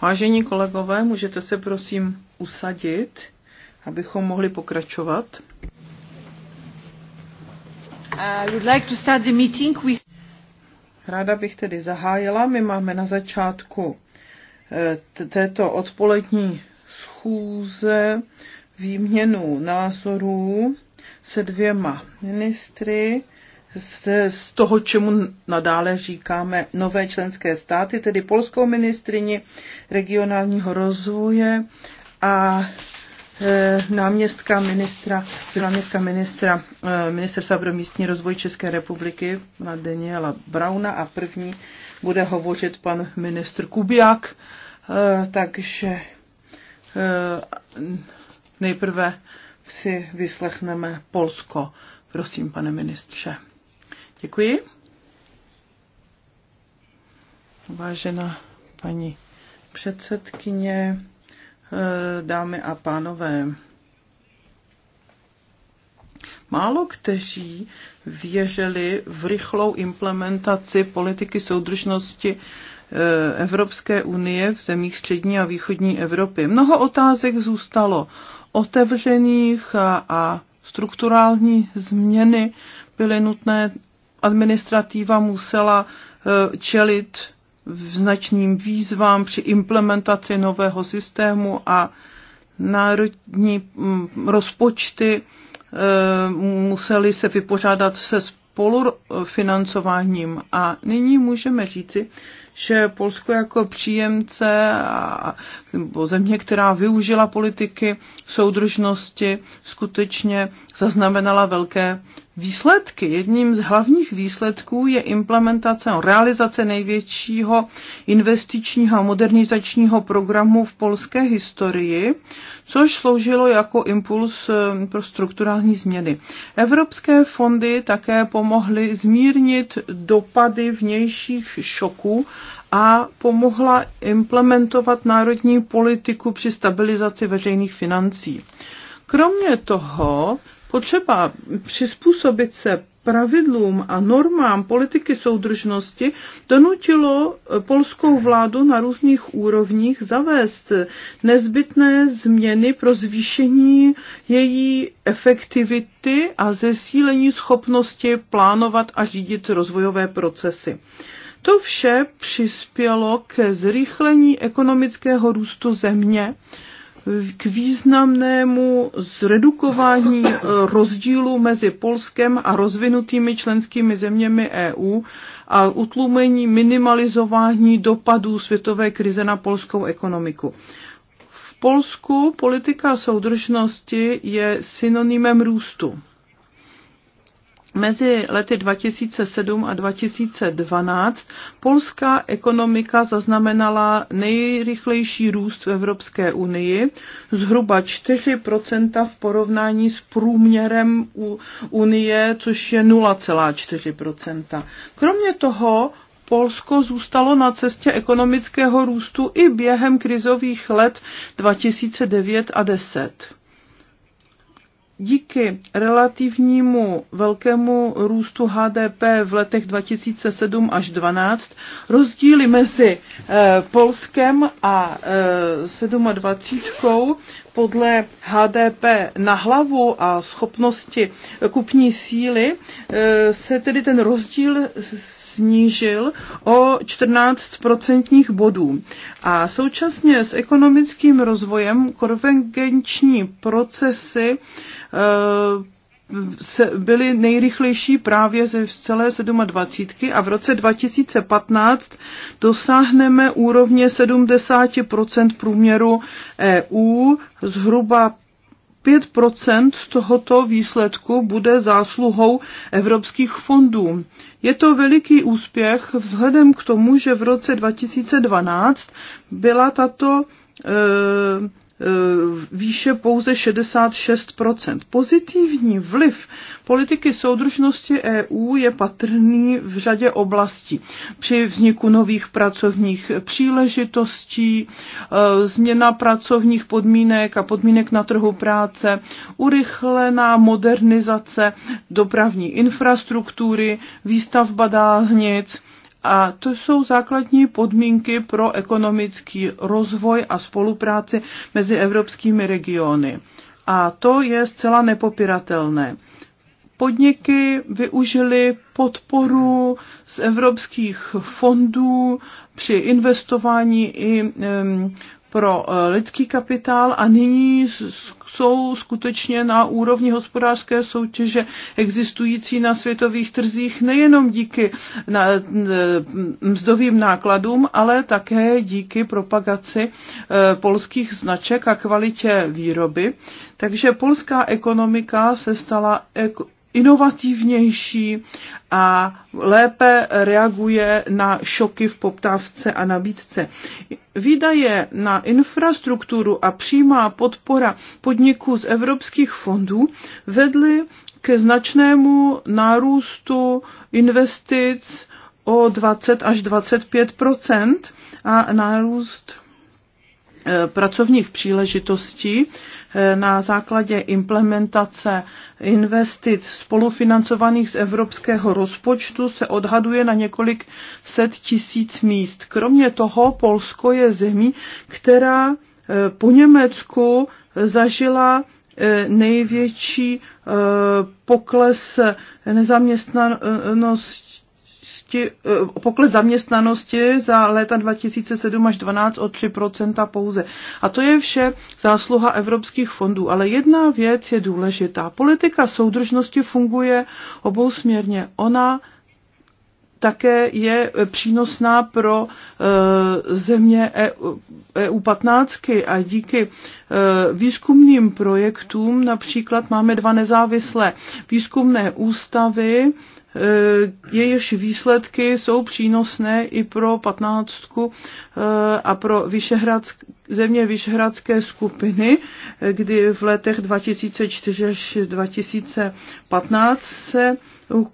Vážení kolegové, můžete se prosím usadit, abychom mohli pokračovat. Uh, Ráda bych tedy zahájila. My máme na začátku eh, této odpolední schůze výměnu názorů se dvěma ministry se z toho, čemu nadále říkáme nové členské státy, tedy polskou ministrini regionálního rozvoje a e, náměstka ministra, náměstka ministra e, ministerstva pro místní rozvoj České republiky, pana Daniela Brauna a první bude hovořit pan ministr Kubiak, e, takže nejprve si vyslechneme Polsko. Prosím, pane ministře. Děkuji. Vážená paní předsedkyně, eh, dámy a pánové, Málo kteří věřili v rychlou implementaci politiky soudržnosti eh, Evropské unie v zemích střední a východní Evropy. Mnoho otázek zůstalo otevřených a, a strukturální změny byly nutné administrativa musela e, čelit značným výzvám při implementaci nového systému a národní rozpočty e, museli se vypořádat se spolufinancováním. A nyní můžeme říci, že Polsko jako příjemce a, nebo země, která využila politiky soudržnosti, skutečně zaznamenala velké výsledky. Jedním z hlavních výsledků je implementace, no, realizace největšího investičního a modernizačního programu v polské historii, což sloužilo jako impuls eh, pro strukturální změny. Evropské fondy také pomohly zmírnit dopady vnějších šoků, a pomohla implementovat národní politiku při stabilizaci veřejných financí. Kromě toho potřeba přizpůsobit se pravidlům a normám politiky soudržnosti donutilo polskou vládu na různých úrovních zavést nezbytné změny pro zvýšení její efektivity a zesílení schopnosti plánovat a řídit rozvojové procesy. To vše přispělo ke zrychlení ekonomického růstu země, k významnému zredukování eh, rozdílu mezi Polskem a rozvinutými členskými zeměmi EU a utlumení minimalizování dopadů světové krize na polskou ekonomiku. V Polsku politika soudržnosti je synonymem růstu. Mezi lety 2007 a 2012 polská ekonomika zaznamenala nejrychlejší růst v Evropské unii, zhruba 4% v porovnání s průměrem u Unie, což je 0,4%. Kromě toho Polsko zůstalo na cestě ekonomického růstu i během krizových let 2009 a 10 díky relativnímu velkému růstu HDP v letech 2007 až 2012 rozdíly mezi eh, Polskem a 27 eh, podle HDP na hlavu a schopnosti kupní síly eh, se tedy ten rozdíl snížil o 14 procentních bodů. A současně s ekonomickým rozvojem konvergenční procesy eh, se, byly nejrychlejší právě ze celé 27 a v roce 2015 dosáhneme úrovně 70 průměru EU, zhruba 5 tohoto výsledku bude zásluhou evropských fondů. Je to veliký úspěch vzhledem k tomu, že v roce 2012 byla tato e, E, výše pouze 66 Pozitivní vliv politiky soudržnosti EU je patrný v řadě oblastí. Při vzniku nových pracovních příležitostí, e, změna pracovních podmínek a podmínek na trhu práce, urychlená modernizace dopravní infrastruktury, výstavba dálnic, a to jsou základní podmínky pro ekonomický rozvoj a spolupráci mezi evropskými regiony. A to je zcela nepopiratelné. Podniky využily podporu z evropských fondů při investování i pro eh, lidský kapitál a nyní jsou skutečně na úrovni hospodářské soutěže existující na světových trzích nejenom díky eh, mzdovým nákladům, ale také díky propagaci eh, polských značek a kvalitě výroby. Takže polská ekonomika se stala inovativnější a lépe reaguje na šoky v poptávce a nabídce. Výdaje na infrastrukturu a přímá podpora podniků z evropských fondů vedly ke značnému nárůstu investic o 20 až 25 a nárůst e, pracovních příležitostí Eh, na základě implementace investic spolufinancovaných z evropského rozpočtu se odhaduje na několik set tisíc míst. Kromě toho Polsko je zemí, která eh, po Německu zažila eh, největší pokles nezaměstnanosti Eh, pokles zaměstnanosti za léta 2007 až 2012 o 3 pouze. A to je vše zásluha evropských fondů. Ale jedna věc je důležitá. Politika soudržnosti funguje obousměrně. Ona také je eh, přínosná pro eh, země EU 15 e a díky výzkumným projektům například máme dva nezávislé výzkumné ústavy, Eh, jejichž výsledky jsou přínosné i pro patnáctku eh, a pro Vyšehradsk země Vyšhradské skupiny, kdy v letech 2004 až 2015 se uh,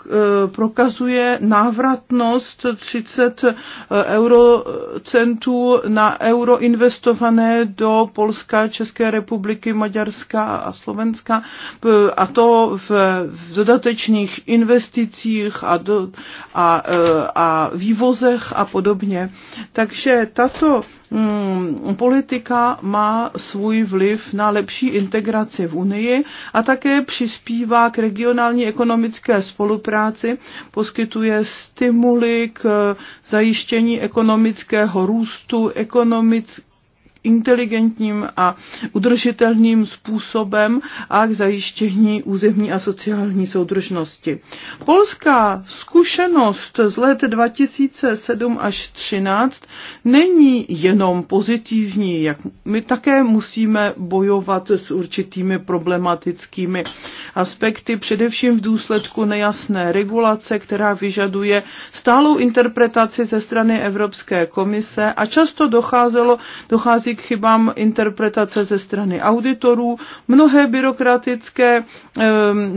prokazuje návratnost 30 uh, eurocentů na euro investované do Polska, České republiky, Maďarska a Slovenska uh, a to v, v dodatečných investicích a, do, a, a vývozech a podobně. Takže tato Mm, politika má svůj vliv na lepší integraci v Unii a také přispívá k regionální ekonomické spolupráci, poskytuje stimuly k zajištění ekonomického růstu, ekonomické inteligentním a udržitelným způsobem a k zajištění územní a sociální soudržnosti. Polská zkušenost z let 2007 až 2013 není jenom pozitivní, jak my také musíme bojovat s určitými problematickými aspekty, především v důsledku nejasné regulace, která vyžaduje stálou interpretaci ze strany Evropské komise a často docházelo, dochází k chybám interpretace ze strany auditorů, mnohé byrokratické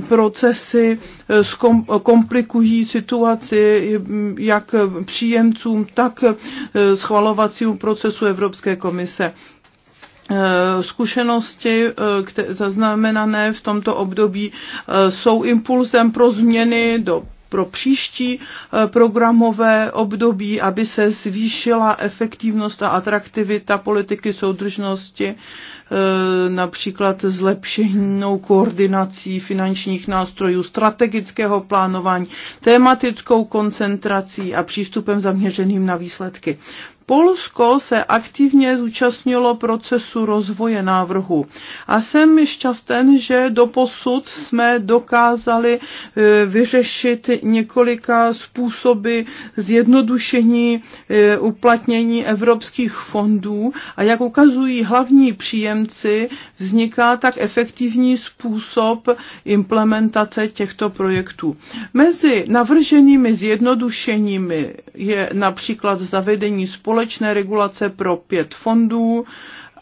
procesy eh, komplikují situaci hm, jak příjemcům, tak eh, schvalovacímu procesu Evropské komise eh, zkušenosti zaznamenané v tomto období jsou impulzem pro změny do pro příští eh, programové období, aby se zvýšila efektivnost a atraktivita politiky soudržnosti, eh, například zlepšenou koordinací finančních nástrojů, strategického plánování, tématickou koncentrací a přístupem zaměřeným na výsledky. Polsko se aktivně zúčastnilo procesu rozvoje návrhu a jsem šťastný, že do posud jsme dokázali e, vyřešit několika způsoby zjednodušení e, uplatnění evropských fondů a jak ukazují hlavní příjemci, vzniká tak efektivní způsob implementace těchto projektů. Mezi navrženými zjednodušeními je například zavedení společnosti společné regulace pro pět fondů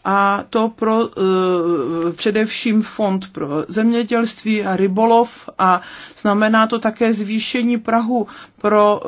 a to pro e, především fond pro zemědělství a rybolov a znamená to také zvýšení Prahu pro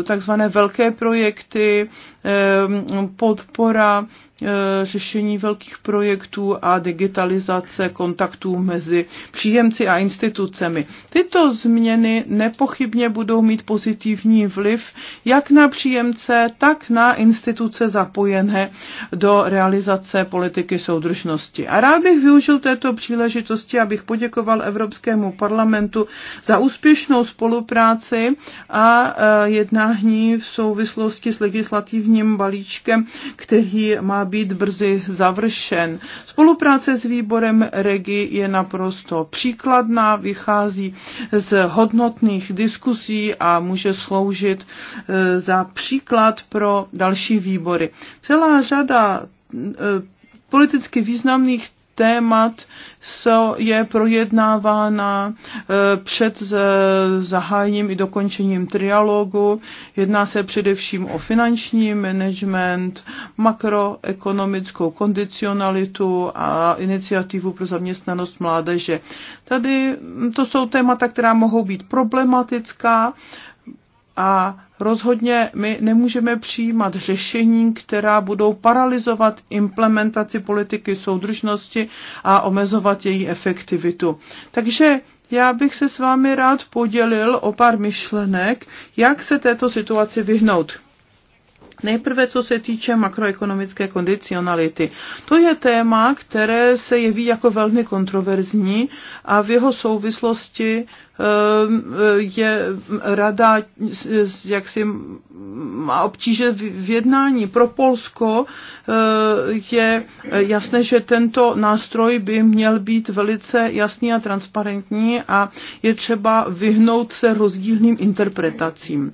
e, takzvané velké projekty, e, podpora E, řešení velkých projektů a digitalizace kontaktů mezi příjemci a institucemi. Tyto změny nepochybně budou mít pozitivní vliv jak na příjemce, tak na instituce zapojené do realizace politiky soudržnosti. A rád bych využil této příležitosti, abych poděkoval Evropskému parlamentu za úspěšnou spolupráci a e, jednání v souvislosti s legislativním balíčkem, který má být brzy završen. Spolupráce s výborem REGI je naprosto příkladná, vychází z hodnotných diskusí a může sloužit eh, za příklad pro další výbory. Celá řada eh, politicky významných témat co je projednávána eh, před eh, zahájením i dokončením trialogu. Jedná se především o finanční management, makroekonomickou kondicionalitu a iniciativu pro zaměstnanost mládeže. Tady mm, to jsou témata, která mohou být problematická a rozhodně my nemůžeme přijímat řešení, která budou paralizovat implementaci politiky soudržnosti a omezovat její efektivitu. Takže já bych se s vámi rád podělil o pár myšlenek, jak se této situaci vyhnout. Nejprve, co se týče makroekonomické kondicionality. To je téma, které se jeví jako velmi kontroverzní a v jeho souvislosti ehm, je rada jaksi má obtíže v jednání. Pro Polsko eh, je jasné, že tento nástroj by měl být velice jasný a transparentní a je třeba vyhnout se rozdílným interpretacím.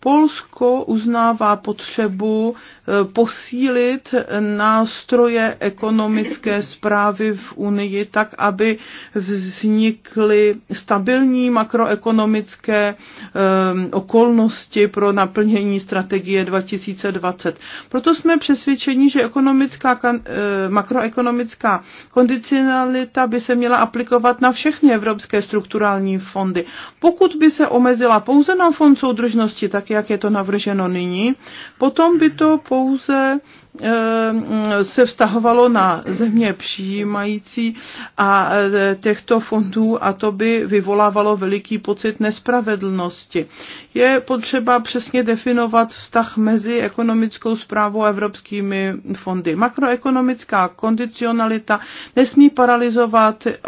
Polsko uznává potřebu eh, posílit nástroje ekonomické zprávy v Unii tak, aby vznikly stabilní makroekonomické eh, okolnosti pro naplnění strategie 2020. Proto jsme přesvědčeni, že ekonomická, eh, makroekonomická kondicionalita by se měla aplikovat na všechny evropské strukturální fondy. Pokud by se omezila pouze na fond soudržnosti, tak jak je to navrženo nyní, potom by to pouze Eh, se vztahovalo na země přijímající a eh, těchto fondů a to by vyvolávalo veliký pocit nespravedlnosti. Je potřeba přesně definovat vztah mezi ekonomickou zprávou a evropskými fondy. Makroekonomická kondicionalita nesmí paralizovat eh,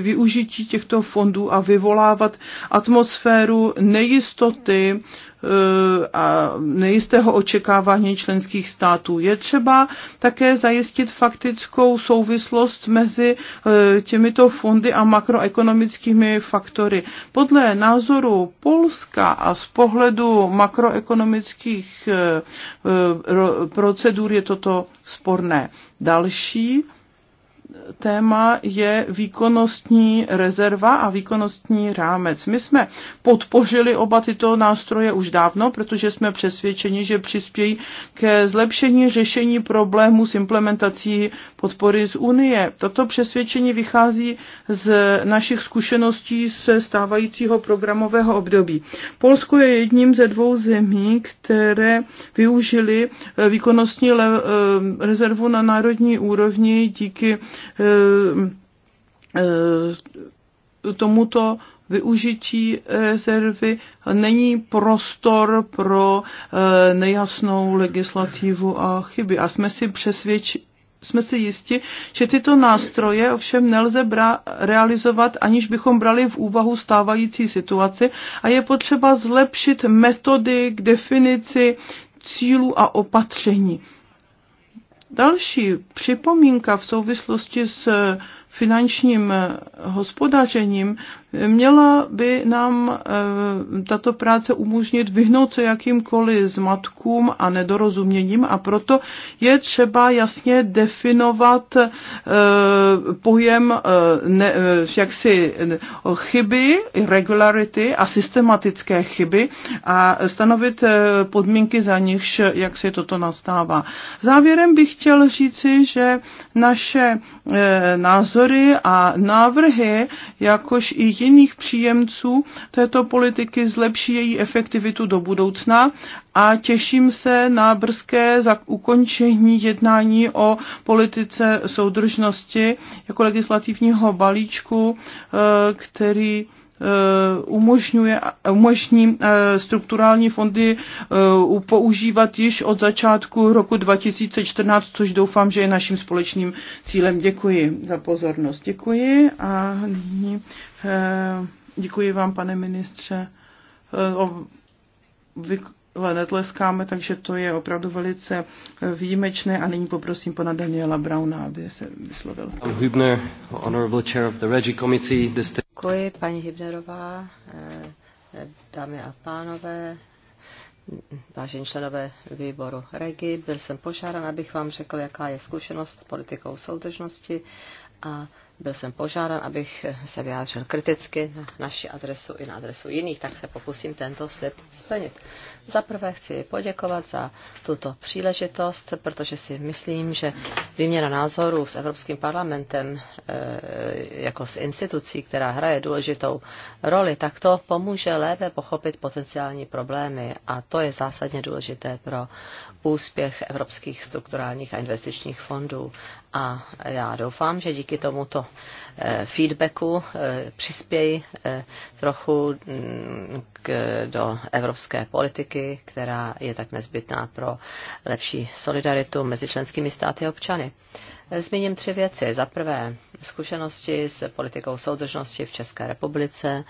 využití těchto fondů a vyvolávat atmosféru nejistoty a nejistého očekávání členských států je třeba také zajistit faktickou souvislost mezi eh, těmito fondy a makroekonomickými faktory. Podle názoru Polska a z pohledu makroekonomických eh, eh, procedur je toto sporné. Další téma je výkonnostní rezerva a výkonnostní rámec. My jsme podpořili oba tyto nástroje už dávno, protože jsme přesvědčeni, že přispějí ke zlepšení řešení problémů s implementací podpory z Unie. Toto přesvědčení vychází z našich zkušeností se stávajícího programového období. Polsko je jedním ze dvou zemí, které využili výkonnostní eh, rezervu na národní úrovni díky Eh, eh, tomuto využití rezervy není prostor pro eh, nejasnou legislativu a chyby. A jsme si přesvědčili, jsme si jisti, že tyto nástroje ovšem nelze bra- realizovat, aniž bychom brali v úvahu stávající situaci a je potřeba zlepšit metody k definici cílů a opatření. Další připomínka v souvislosti s finančním hospodařením Měla by nám eh, tato práce umožnit vyhnout se jakýmkoliv zmatkům a nedorozuměním a proto je třeba jasně definovat eh, pojem eh, ne, jaksi chyby, irregularity a systematické chyby a stanovit podmínky, za nichž jak se toto nastává. Závěrem bych chtěl říci, že naše názory a návrhy, jakož i jiných příjemců této politiky zlepší její efektivitu do budoucna a těším se na brzké ukončení jednání o politice soudržnosti jako legislativního balíčku, eh, který Eh, umožňuje, umožní eh, strukturální fondy eh, používat již od začátku roku 2014, což doufám, že je naším společným cílem. Děkuji za pozornost. Děkuji a nyní děkuji vám, pane ministře. Vy netleskáme, takže to je opravdu velice výjimečné a nyní poprosím pana Daniela Brauna, aby se vyslovil. Děkuji, paní Hübnerová, eh, dámy a pánové, vážení členové výboru Regi. Byl jsem požádán, abych vám řekl, jaká je zkušenost s politikou soudržnosti a byl jsem požádán, abych se vyjádřil kriticky na naši adresu i na adresu jiných, tak se pokusím tento slib splnit. Za prvé chci poděkovat za tuto příležitost, protože si myslím, že výměna názorů s Evropským parlamentem e, jako s institucí, která hraje důležitou roli, tak to pomůže lépe pochopit potenciální problémy a to je zásadně důležité pro úspěch evropských strukturálních a investičních fondů. A já doufám, že díky tomuto eh, feedbacku eh, přispěji eh, trochu mm, k, do evropské politiky, která je tak nezbytná pro lepší solidaritu mezi členskými státy a občany. Zmíním tři věci. Za prvé, zkušenosti s politikou soudržnosti v České republice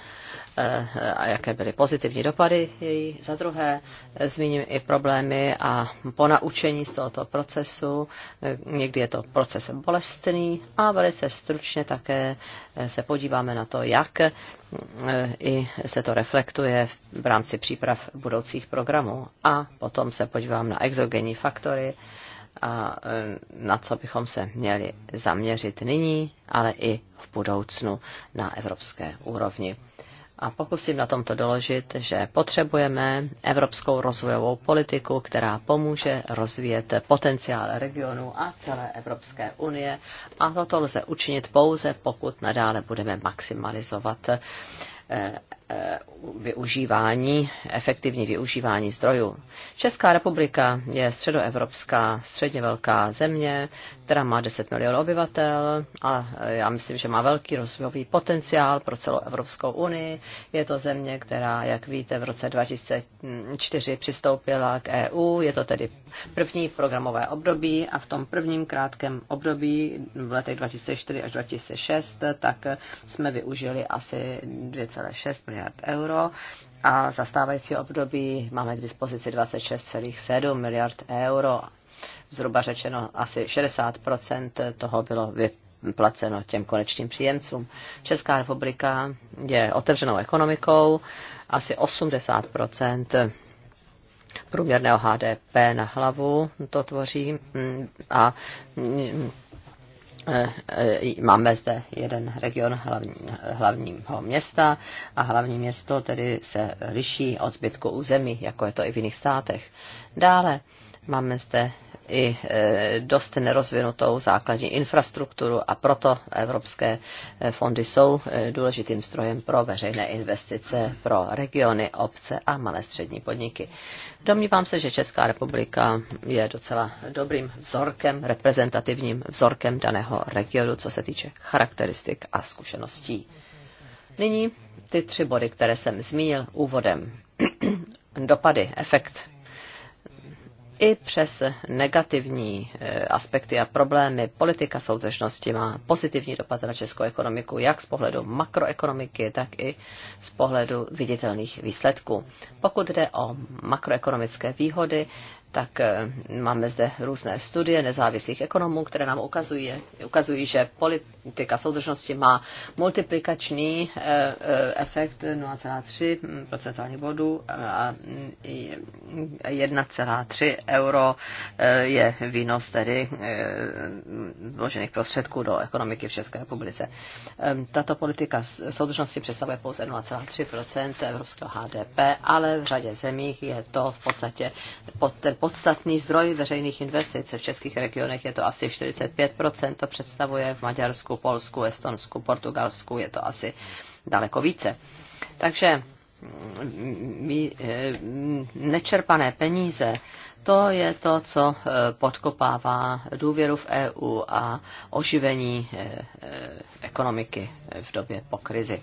eh, a jaké byly pozitivní dopady její. Za druhé, zmíním i problémy a ponaučení z tohoto procesu. Eh, někdy je to proces bolestný a velice stručně také eh, se podíváme na to, jak i se to reflektuje v rámci příprav budoucích programů. A potom se podívám na exogenní faktory, a e, na co bychom se měli zaměřit nyní, ale i v budoucnu na evropské úrovni. A pokusím na tomto doložit, že potřebujeme evropskou rozvojovou politiku, která pomůže rozvíjet potenciál regionu a celé Evropské unie. A toto lze učinit pouze, pokud nadále budeme maximalizovat e, Eh, využívání, efektivní využívání zdrojů. Česká republika je středoevropská, středně velká země, která má 10 milionů obyvatel a eh, já myslím, že má velký rozvojový potenciál pro celou Evropskou unii. Je to země, která, jak víte, v roce 2004 přistoupila k EU. Je to tedy první programové období a v tom prvním krátkém období v letech 2004 až 2006 tak jsme využili asi 2,6 miliard miliard euro a za stávající období máme k dispozici 26,7 miliard euro. Zhruba řečeno asi 60 toho bylo vyplaceno těm konečným příjemcům. Česká republika je otevřenou ekonomikou, asi 80 průměrného HDP na hlavu to tvoří a Eh, eh, máme zde jeden region hlavní, hlavního města a hlavní město tedy se liší od zbytku území, jako je to i v jiných státech. Dále máme zde i e, dost nerozvinutou základní infrastrukturu a proto evropské e, fondy jsou e, důležitým strojem pro veřejné investice, pro regiony, obce a malé střední podniky. Domnívám se, že Česká republika je docela dobrým vzorkem, reprezentativním vzorkem daného regionu, co se týče charakteristik a zkušeností. Nyní ty tři body, které jsem zmínil úvodem. Dopady, efekt i přes negativní eh, aspekty a problémy politika soudržnosti má pozitivní dopad na českou ekonomiku, jak z pohledu makroekonomiky, tak i z pohledu viditelných výsledků. Pokud jde o makroekonomické výhody, tak eh, máme zde různé studie nezávislých ekonomů, které nám ukazují, ukazují že politika soudržnosti má multiplikační eh, eh, efekt 0,3 procentální bodu a 1,3 mm, euro je výnos tedy vložených prostředků do ekonomiky v České republice. Ehm, tato politika soudržnosti představuje pouze 0,3 evropského HDP, ale v řadě zemích je to v podstatě pod podstatný zdroj veřejných investic. V českých regionech je to asi 45%, to představuje v Maďarsku, Polsku, Estonsku, Portugalsku, je to asi daleko více. Takže mm, mm, nečerpané peníze, to je to, co e, podkopává důvěru v EU a oživení e, e, ekonomiky v době po krizi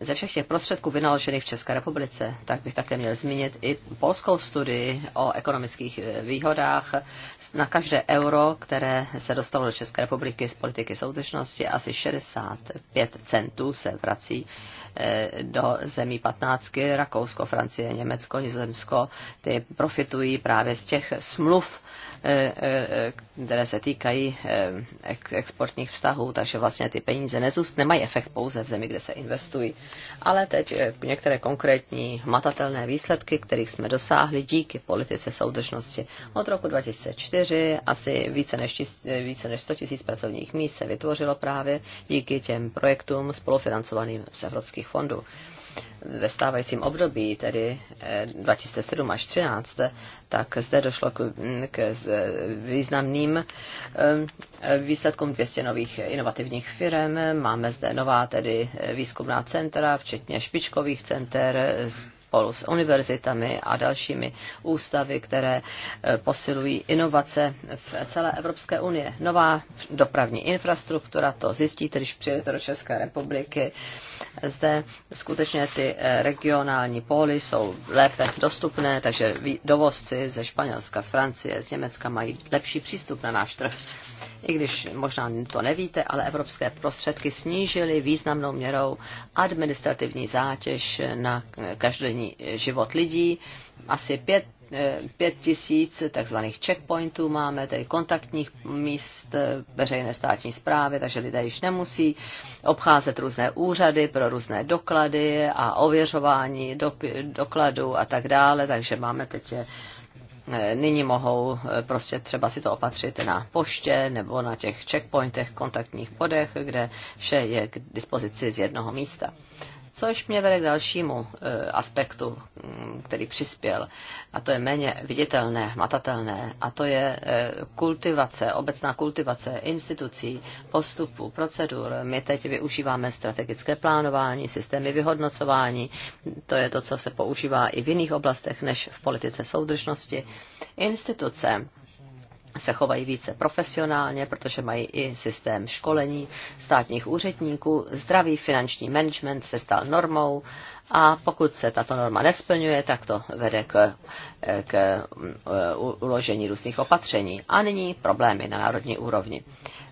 ze všech těch prostředků vynaložených v České republice, tak bych také měl zmínit i polskou studii o ekonomických eh, výhodách. Na každé euro, které se dostalo do České republiky z politiky soudržnosti, asi 65 centů se vrací eh, do zemí 15, Rakousko, Francie, Německo, Nizozemsko, ty profitují právě z těch smluv Eh, eh, které se týkají eh, exportních vztahů, takže vlastně ty peníze nezůst, nemají efekt pouze v zemi, kde se investují. Ale teď některé konkrétní matatelné výsledky, kterých jsme dosáhli díky politice soudržnosti. Od roku 2004 asi více než, více než 100 tisíc pracovních míst se vytvořilo právě díky těm projektům spolufinancovaným z evropských fondů ve stávajícím období, tedy 2007 eh, až 2013, tak zde došlo k, mm, k významným eh, výsledkům 200 nových inovativních firm. Máme zde nová tedy eh, výzkumná centra, včetně špičkových center, spolu s univerzitami a dalšími ústavy, které eh, posilují inovace v celé Evropské unie. Nová dopravní infrastruktura, to zjistíte, když přijedete do České republiky. Zde skutečně ty eh, regionální póly jsou lépe dostupné, takže dovozci ze Španělska, z Francie, z Německa mají lepší přístup na náš trh i když možná to nevíte, ale evropské prostředky snížily významnou měrou administrativní zátěž na každodenní život lidí. Asi pět eh, pět tisíc takzvaných checkpointů máme, tedy kontaktních míst eh, veřejné státní zprávy, takže lidé již nemusí obcházet různé úřady pro různé doklady a ověřování do, dokladů a tak dále, takže máme teď eh, Eh, nyní mohou eh, prostě třeba si to opatřit na poště nebo na těch checkpointech, kontaktních bodech, kde vše je k dispozici z jednoho místa. Což mě vede k dalšímu eh, aspektu, mm, který přispěl, a to je méně viditelné, matatelné, a to je eh, kultivace, obecná kultivace institucí, postupů, procedur. My teď využíváme strategické plánování, systémy vyhodnocování, to je to, co se používá i v jiných oblastech než v politice soudržnosti. Instituce se chovají více profesionálně, protože mají i systém školení státních úředníků, zdravý finanční management se stal normou a pokud se tato norma nesplňuje, tak to vede k, k uložení různých opatření. A nyní problémy na národní úrovni.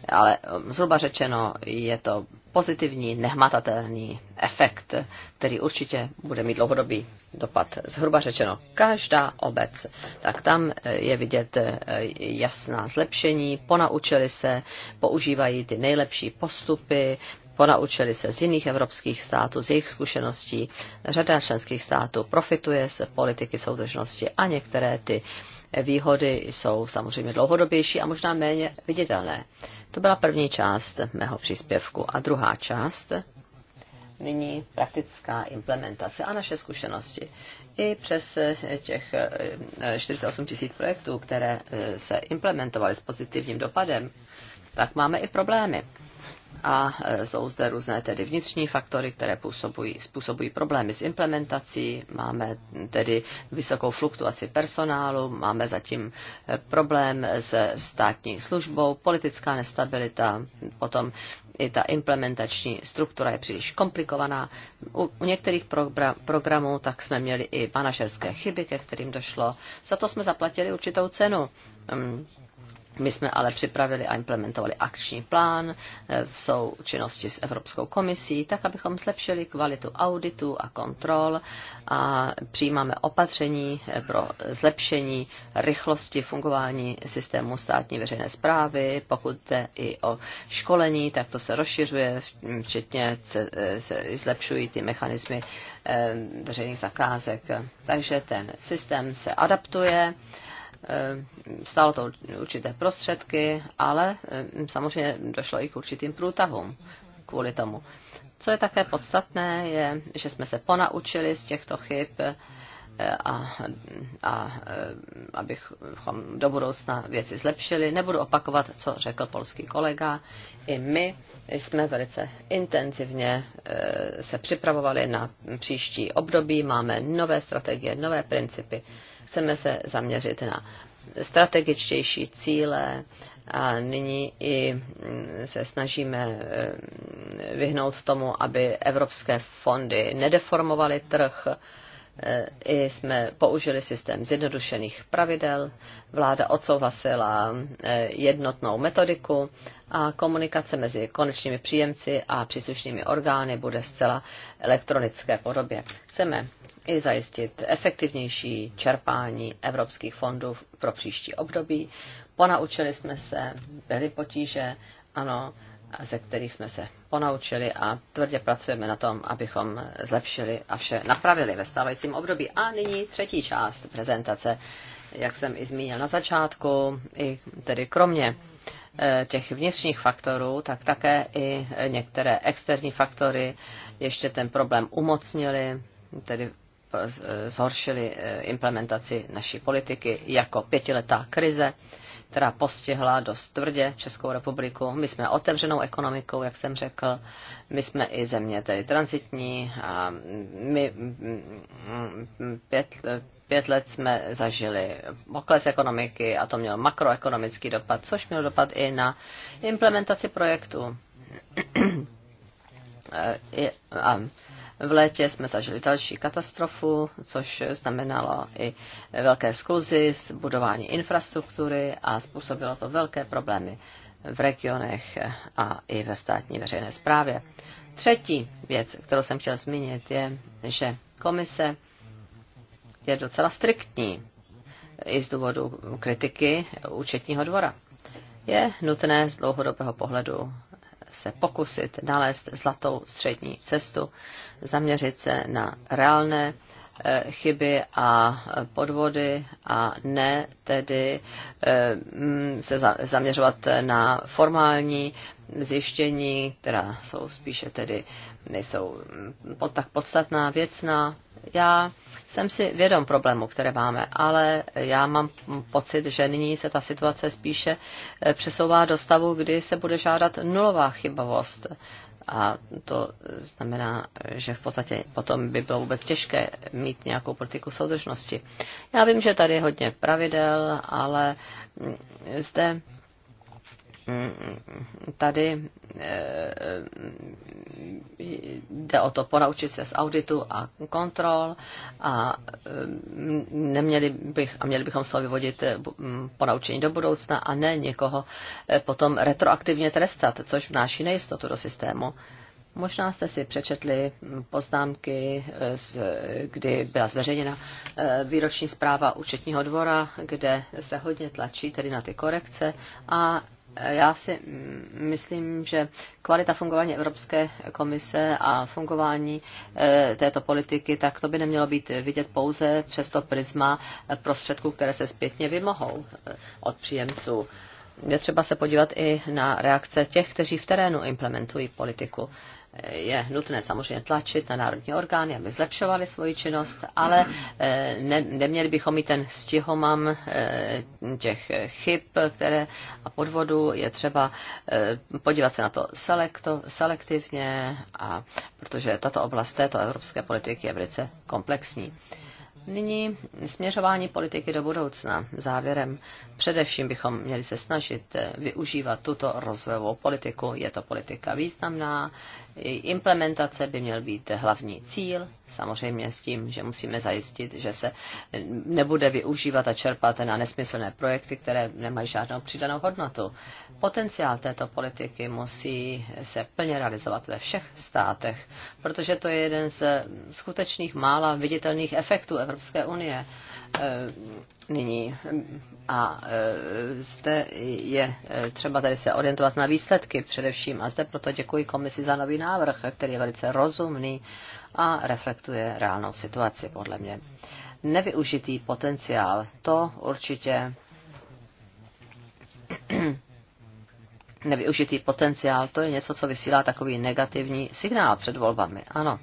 Ale um, zhruba řečeno je to pozitivní, nehmatatelný efekt, který určitě bude mít dlouhodobý dopad. Zhruba řečeno, každá obec, tak tam eh, je vidět eh, jasná zlepšení, ponaučili se, používají ty nejlepší postupy, ponaučili se z jiných evropských států, z jejich zkušeností. Řada členských států profituje z politiky soudržnosti a některé ty uh, výhody jsou samozřejmě dlouhodobější a možná méně viditelné. To byla první část mého příspěvku. A druhá část, nyní praktická implementace a naše zkušenosti. I přes eh, těch 48 eh, tisíc projektů, které eh, se implementovaly s pozitivním dopadem, tak máme i problémy a e, jsou zde různé tedy vnitřní faktory, které působují, způsobují problémy s implementací, máme tedy vysokou fluktuaci personálu, máme zatím e, problém se státní službou, politická nestabilita, potom i ta implementační struktura je příliš komplikovaná. U, u některých progra- programů tak jsme měli i manažerské chyby, ke kterým došlo. Za to jsme zaplatili určitou cenu. Mm. My jsme ale připravili a implementovali akční plán eh, v součinnosti s Evropskou komisí, tak abychom zlepšili kvalitu auditu a kontrol a přijímáme opatření eh, pro zlepšení rychlosti fungování systému státní veřejné zprávy. Pokud jde i o školení, tak to se rozšiřuje, včetně eh, se, se zlepšují ty mechanismy veřejných zakázek. Takže ten systém se adaptuje Eh, stálo to určité prostředky, ale eh, samozřejmě došlo i k určitým průtahům kvůli tomu. Co je také podstatné, je, že jsme se ponaučili z těchto chyb eh, a, a abychom do budoucna věci zlepšili. Nebudu opakovat, co řekl polský kolega. I my jsme velice intenzivně se připravovali na příští období. Máme nové strategie, nové principy Chceme se zaměřit na strategičtější cíle a nyní i mm, se snažíme mm, vyhnout tomu, aby evropské fondy nedeformovaly trh i jsme použili systém zjednodušených pravidel, vláda odsouhlasila e, jednotnou metodiku a komunikace mezi konečnými příjemci a příslušnými orgány bude zcela elektronické podobě. Chceme i zajistit efektivnější čerpání evropských fondů pro příští období. Ponaučili jsme se, byly potíže, ano, ze kterých jsme se ponaučili a tvrdě pracujeme na tom, abychom zlepšili a vše napravili ve stávajícím období. A nyní třetí část prezentace, jak jsem i zmínil na začátku, i tedy kromě eh, těch vnitřních faktorů, tak také i některé externí faktory ještě ten problém umocnili, tedy eh, zhoršili eh, implementaci naší politiky jako pětiletá krize která postihla dost tvrdě Českou republiku. My jsme otevřenou ekonomikou, jak jsem řekl, my jsme i země tedy transitní a my pět, pět let jsme zažili pokles ekonomiky a to měl makroekonomický dopad, což měl dopad i na implementaci projektu. E, a v létě jsme zažili další katastrofu, což znamenalo i velké skluzy, budování infrastruktury a způsobilo to velké problémy v regionech a i ve státní veřejné správě. Třetí věc, kterou jsem chtěl zmínit, je, že komise je docela striktní i z důvodu kritiky účetního dvora. Je nutné z dlouhodobého pohledu se pokusit nalézt zlatou střední cestu, zaměřit se na reálné eh, chyby a eh, podvody a ne tedy eh, mm, se zaměřovat na formální zjištění, která jsou spíše tedy nejsou mm, tak podstatná, věcná. Já jsem si vědom problému, které máme, ale já mám pocit, že nyní se ta situace spíše eh, přesouvá do stavu, kdy se bude žádat nulová chybovost. A to znamená, že v podstatě potom by bylo vůbec těžké mít nějakou politiku soudržnosti. Já vím, že tady je hodně pravidel, ale mm, zde tady eh, jde o to ponaučit se z auditu a kontrol a eh, neměli bych, a měli bychom se vyvodit eh, mm, ponaučení do budoucna a ne někoho potom retroaktivně trestat, což vnáší nejistotu do systému. Možná jste si přečetli mm, poznámky, kdy byla zveřejněna výroční zpráva účetního dvora, kde se hodně tlačí tedy na ty korekce a já si myslím, že kvalita fungování Evropské komise a fungování eh, této politiky, tak to by nemělo být vidět pouze přes to prisma prostředků, které se zpětně vymohou eh, od příjemců. Je třeba se podívat i na reakce těch, kteří v terénu implementují politiku je nutné samozřejmě tlačit na národní orgány, aby zlepšovali svoji činnost, ale eh, ne, neměli bychom i ten stihomam eh, těch chyb které, a podvodů. Je třeba eh, podívat se na to selekto, selektivně, a, protože tato oblast této evropské politiky je velice komplexní. Nyní směřování politiky do budoucna. Závěrem především bychom měli se snažit využívat tuto rozvojovou politiku. Je to politika významná, Implementace by měl být hlavní cíl, samozřejmě s tím, že musíme zajistit, že se nebude využívat a čerpat na nesmyslné projekty, které nemají žádnou přidanou hodnotu. Potenciál této politiky musí se plně realizovat ve všech státech, protože to je jeden z skutečných mála viditelných efektů Evropské unie nyní. A e, zde je e, třeba tady se orientovat na výsledky především. A zde proto děkuji komisi za nový návrh, který je velice rozumný a reflektuje reálnou situaci, podle mě. Nevyužitý potenciál, to určitě nevyužitý potenciál, to je něco, co vysílá takový negativní signál před volbami. Ano,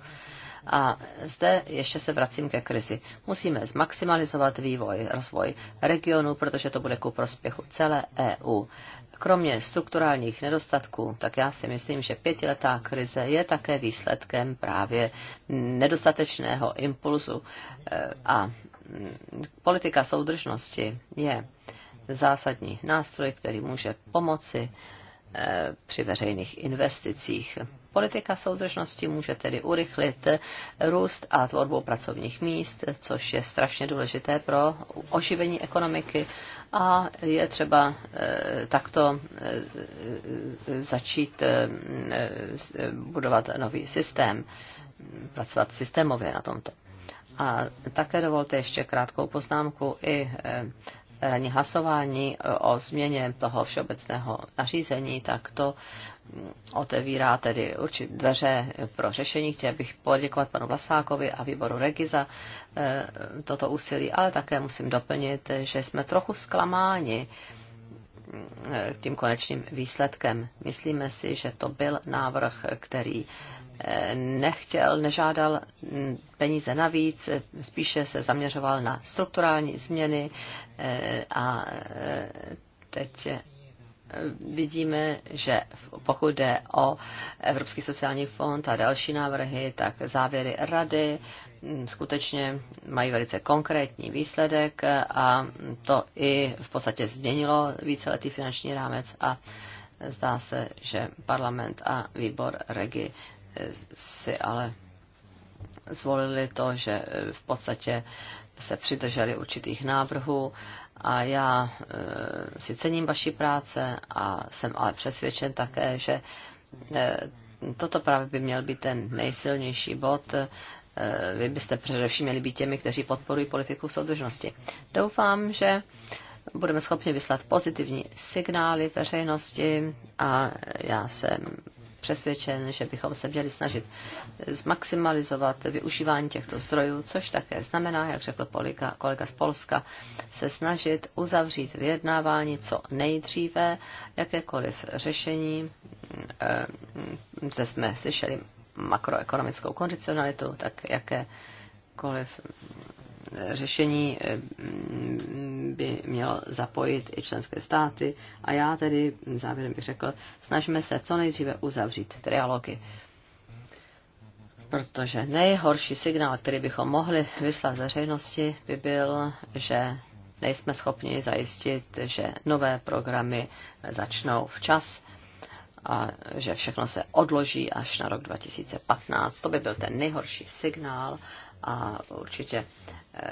a zde ještě se vracím ke krizi. Musíme zmaximalizovat vývoj, rozvoj regionu, protože to bude ku prospěchu celé EU. Kromě strukturálních nedostatků, tak já si myslím, že pětiletá krize je také výsledkem právě nedostatečného impulzu eh, a mm, politika soudržnosti je zásadní nástroj, který může pomoci Eh, při veřejných investicích. Politika soudržnosti může tedy urychlit růst a tvorbu pracovních míst, což je strašně důležité pro oživení ekonomiky a je třeba eh, takto eh, začít budovat nový systém, pracovat systémově na tomto. A také dovolte ještě krátkou poznámku i ranní hlasování e, o změně toho všeobecného nařízení, tak to mm, otevírá tedy určit dveře pro řešení. Chtěl bych poděkovat panu Vlasákovi a výboru regiza za e, toto úsilí, ale také musím doplnit, že jsme trochu zklamáni mm, e, tím konečným výsledkem. Myslíme si, že to byl návrh, který nechtěl, nežádal peníze navíc, spíše se zaměřoval na strukturální změny eh, a eh, teď eh, vidíme, že pokud jde o Evropský sociální fond a další návrhy, tak závěry rady mm, skutečně mají velice konkrétní výsledek a to i v podstatě změnilo víceletý finanční rámec a zdá se, že parlament a výbor REGI si ale zvolili to, že v podstatě se přidrželi určitých návrhů a já eh, si cením vaší práce a jsem ale přesvědčen také, že eh, toto právě by měl být ten nejsilnější bod. Eh, vy byste především měli být těmi, kteří podporují politiku soudržnosti. Doufám, že budeme schopni vyslat pozitivní signály veřejnosti a já jsem přesvědčen, že bychom se měli snažit zmaximalizovat využívání těchto zdrojů, což také znamená, jak řekl polika, kolega z Polska, se snažit uzavřít vyjednávání co nejdříve, jakékoliv řešení. Eh, zde jsme slyšeli makroekonomickou kondicionalitu, tak jakékoliv řešení eh, mm, by měl zapojit i členské státy. A já tedy závěrem bych řekl, snažme se co nejdříve uzavřít trialogy. Protože nejhorší signál, který bychom mohli vyslat veřejnosti, by byl, že nejsme schopni zajistit, že nové programy začnou včas a že všechno se odloží až na rok 2015. To by byl ten nejhorší signál a určitě eh,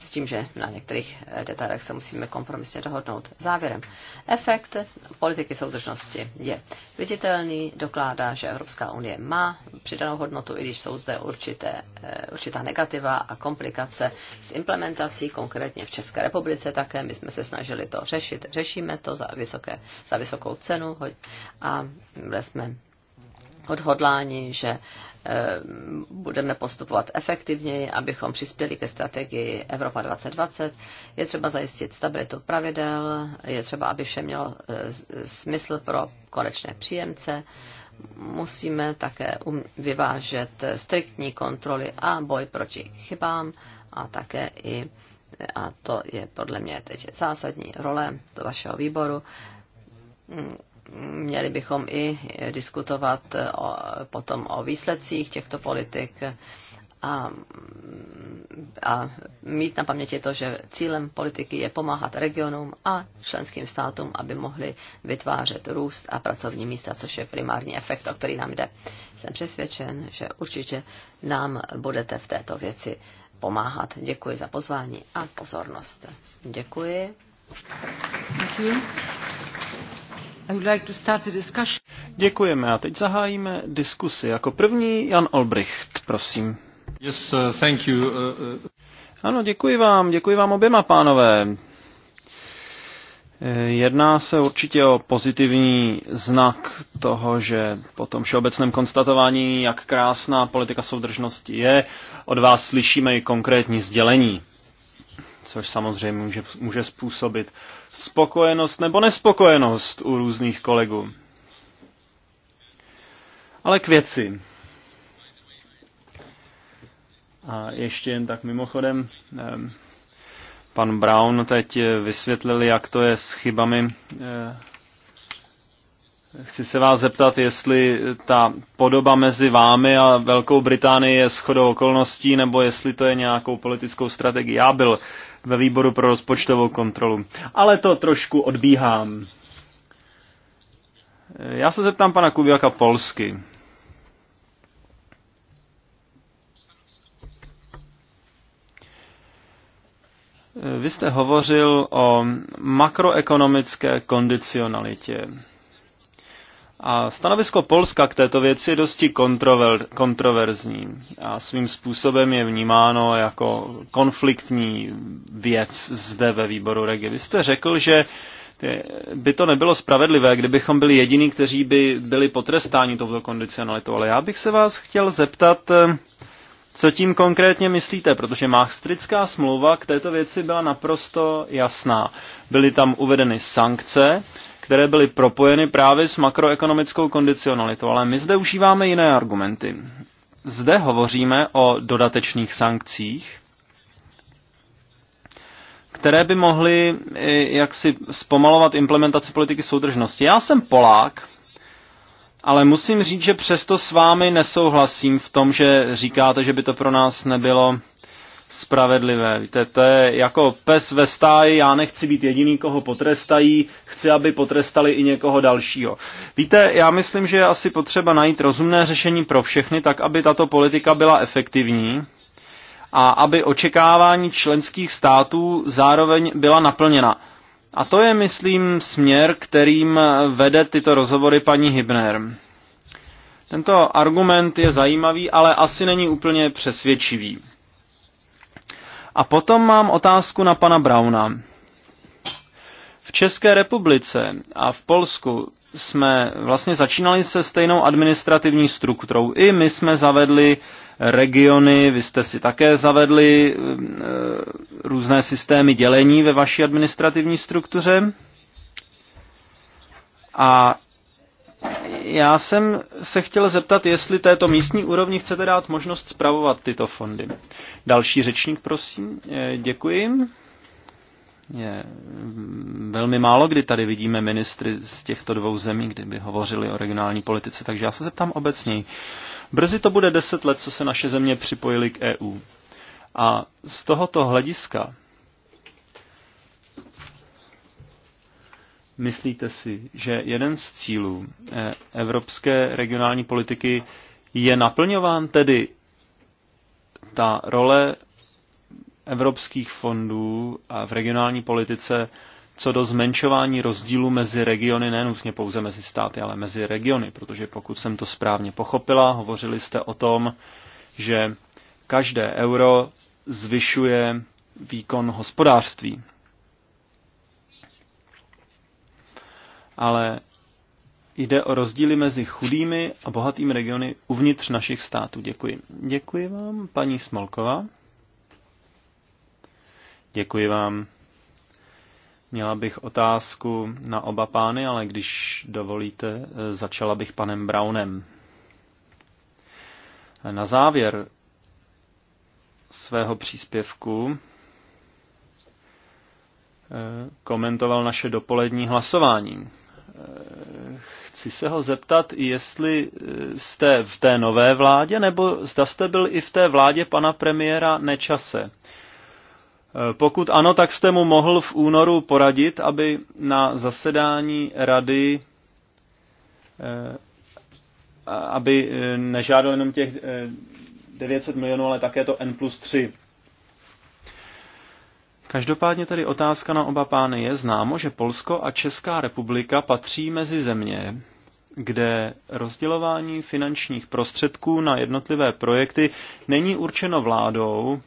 s tím, že na některých eh, detailech se musíme kompromisně dohodnout. Závěrem. Efekt politiky soudržnosti je viditelný, dokládá, že Evropská unie má přidanou hodnotu, i když jsou zde určité, eh, určitá negativa a komplikace s implementací, konkrétně v České republice také. My jsme se snažili to řešit, řešíme to za, vysoké, za vysokou cenu a byli jsme odhodlání, že eh, budeme postupovat efektivněji, abychom přispěli ke strategii Evropa 2020. Je třeba zajistit stabilitu pravidel, je třeba, aby vše mělo eh, smysl pro konečné příjemce. Musíme také um-, vyvážet striktní kontroly a boj proti chybám a také i a to je podle mě teď zásadní role do vašeho výboru měli bychom i diskutovat o, potom o výsledcích těchto politik a, a mít na paměti to, že cílem politiky je pomáhat regionům a členským státům, aby mohli vytvářet růst a pracovní místa, což je primární efekt, o který nám jde. Jsem přesvědčen, že určitě nám budete v této věci pomáhat. Děkuji za pozvání a pozornost. Děkuji. Děkuji. Děkujeme a teď zahájíme diskusi. Jako první Jan Olbricht, prosím. Yes, uh, thank you. Uh, uh... Ano, děkuji vám, děkuji vám oběma, pánové. Eh, jedná se určitě o pozitivní znak toho, že po tom všeobecném konstatování, jak krásná politika soudržnosti je, od vás slyšíme i konkrétní sdělení což samozřejmě může, může způsobit spokojenost nebo nespokojenost u různých kolegů. Ale k věci. A ještě jen tak mimochodem, pan Brown teď vysvětlil, jak to je s chybami eh, Chci se vás zeptat, jestli ta podoba mezi vámi a Velkou Británií je shodou okolností, nebo jestli to je nějakou politickou strategii. Já byl ve výboru pro rozpočtovou kontrolu, ale to trošku odbíhám. Já se zeptám pana Kubiaka polsky. Vy jste hovořil o makroekonomické kondicionalitě. A stanovisko Polska k této věci je dosti kontrover, kontroverzní a svým způsobem je vnímáno jako konfliktní věc zde ve výboru Regi. Vy jste řekl, že by to nebylo spravedlivé, kdybychom byli jediní, kteří by byli potrestáni touto kondicionalitou, ale já bych se vás chtěl zeptat, eh, co tím konkrétně myslíte? Protože Maastrichtská smlouva k této věci byla naprosto jasná. Byly tam uvedeny sankce, které byly propojeny právě s makroekonomickou kondicionalitou. Ale my zde užíváme jiné argumenty. Zde hovoříme o dodatečných sankcích, které by mohly eh, jaksi zpomalovat implementaci politiky soudržnosti. Já jsem Polák, ale musím říct, že přesto s vámi nesouhlasím v tom, že říkáte, že by to pro nás nebylo spravedlivé. Víte, to je jako pes ve stáji, já nechci být jediný, koho potrestají, chci, aby potrestali i někoho dalšího. Víte, já myslím, že je asi potřeba najít rozumné řešení pro všechny, tak aby tato politika byla efektivní a aby očekávání členských států zároveň byla naplněna. A to je, myslím, směr, kterým vede tyto rozhovory paní Hibner. Tento argument je zajímavý, ale asi není úplně přesvědčivý. A potom mám otázku na pana Brauna. V České republice a v Polsku jsme vlastně začínali se stejnou administrativní strukturou. I my jsme zavedli regiony, vy jste si také zavedli eh, různé systémy dělení ve vaší administrativní struktuře. A já jsem se chtěl zeptat, jestli této místní úrovni chcete dát možnost zpravovat tyto fondy. Další řečník, prosím. Eh, děkuji. Je mm, velmi málo, kdy tady vidíme ministry z těchto dvou zemí, kdyby hovořili o regionální politice, takže já se zeptám obecněji. Brzy to bude deset let, co se naše země připojily k EU. A z tohoto hlediska Myslíte si, že jeden z cílů eh, evropské regionální politiky je naplňován, tedy ta role evropských fondů a v regionální politice co do zmenšování rozdílu mezi regiony, ne nutně vlastně pouze mezi státy, ale mezi regiony, protože pokud jsem to správně pochopila, hovořili jste o tom, že každé euro zvyšuje výkon hospodářství. ale jde o rozdíly mezi chudými a bohatými regiony uvnitř našich států. Děkuji. Děkuji vám, paní Smolková. Děkuji vám. Měla bych otázku na oba pány, ale když dovolíte, začala bych panem Brownem. Na závěr svého příspěvku eh, komentoval naše dopolední hlasování chci se ho zeptat, jestli eh, jste v té nové vládě, nebo zda jste byl i v té vládě pana premiéra Nečase. Eh, pokud ano, tak jste mu mohl v únoru poradit, aby na zasedání rady eh, aby nežádal jenom těch 900 milionů, ale také to N plus 3. Každopádně tedy otázka na oba pány je známo, že Polsko a Česká republika patří mezi země, kde rozdělování finančních prostředků na jednotlivé projekty není určeno vládou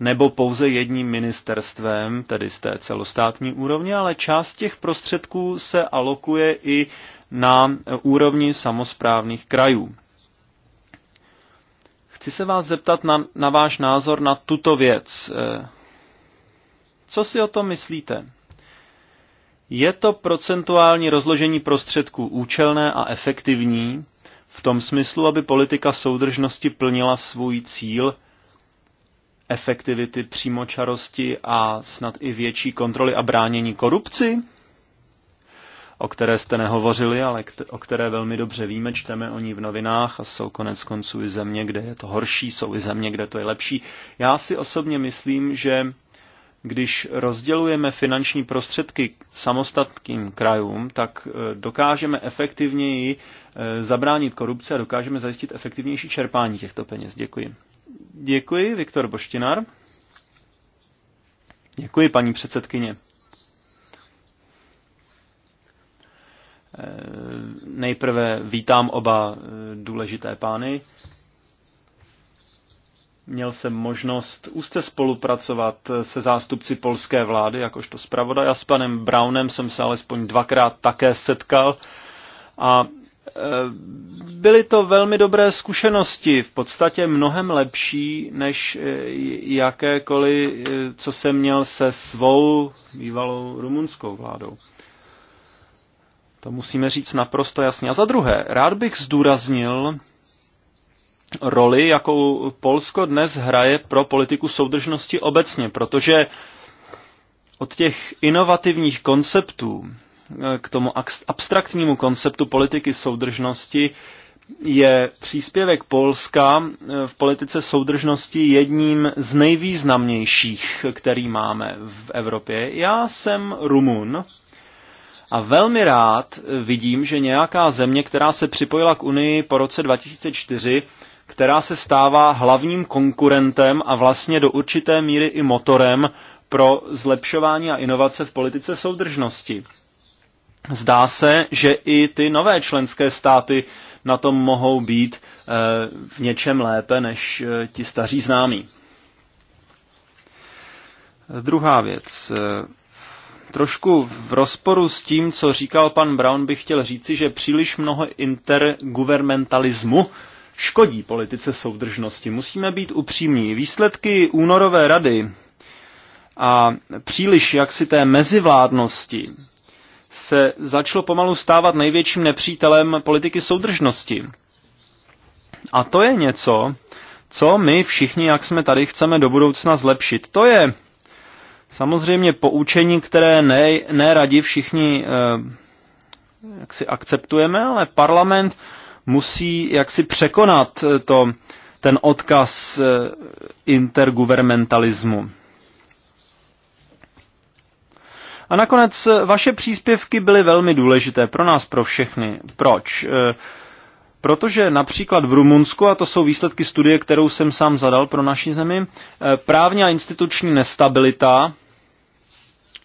nebo pouze jedním ministerstvem, tedy z té celostátní úrovně, ale část těch prostředků se alokuje i na úrovni samozprávných krajů. Chci se vás zeptat na, na váš názor na tuto věc. Co si o tom myslíte? Je to procentuální rozložení prostředků účelné a efektivní v tom smyslu, aby politika soudržnosti plnila svůj cíl efektivity, přímočarosti a snad i větší kontroly a bránění korupci? o které jste nehovořili, ale o které velmi dobře víme, čteme o ní v novinách a jsou konec konců i země, kde je to horší, jsou i země, kde to je lepší. Já si osobně myslím, že když rozdělujeme finanční prostředky samostatným krajům, tak eh, dokážeme efektivněji eh, zabránit korupci a dokážeme zajistit efektivnější čerpání těchto peněz. Děkuji. Děkuji, Viktor Boštinar. Děkuji, paní předsedkyně. Eh, nejprve vítám oba důležité pány. Měl jsem možnost úzce spolupracovat se zástupci polské vlády, jakožto zpravodaj a s panem Brownem jsem se alespoň dvakrát také setkal a e, byly to velmi dobré zkušenosti, v podstatě mnohem lepší, než e, jakékoliv, e, co jsem měl se svou bývalou rumunskou vládou. To musíme říct naprosto jasně. A za druhé, rád bych zdůraznil roli, jakou Polsko dnes hraje pro politiku soudržnosti obecně, protože od těch inovativních konceptů eh, k tomu abstraktnímu konceptu politiky soudržnosti je příspěvek Polska eh, v politice soudržnosti jedním z nejvýznamnějších, který máme v Evropě. Já jsem Rumun a velmi rád vidím, že nějaká země, která se připojila k Unii po roce 2004, která se stává hlavním konkurentem a vlastně do určité míry i motorem pro zlepšování a inovace v politice soudržnosti. Zdá se, že i ty nové členské státy na tom mohou být eh, v něčem lépe než eh, ti staří známí. Druhá věc. Eh, trošku v rozporu s tím, co říkal pan Brown, bych chtěl říci, že příliš mnoho intergovernmentalismu škodí politice soudržnosti. Musíme být upřímní. Výsledky únorové rady a příliš jaksi té mezivládnosti se začalo pomalu stávat největším nepřítelem politiky soudržnosti. A to je něco, co my všichni, jak jsme tady, chceme do budoucna zlepšit. To je samozřejmě poučení, které ne, všichni eh, jak si akceptujeme, ale parlament eh, musí jaksi překonat eh, to, ten odkaz eh, intergovernmentalismu. A nakonec eh, vaše příspěvky byly velmi důležité pro nás, pro všechny. Proč? Protože například v Rumunsku, a to jsou výsledky studie, kterou jsem sám zadal pro naši zemi, právní a instituční nestabilita,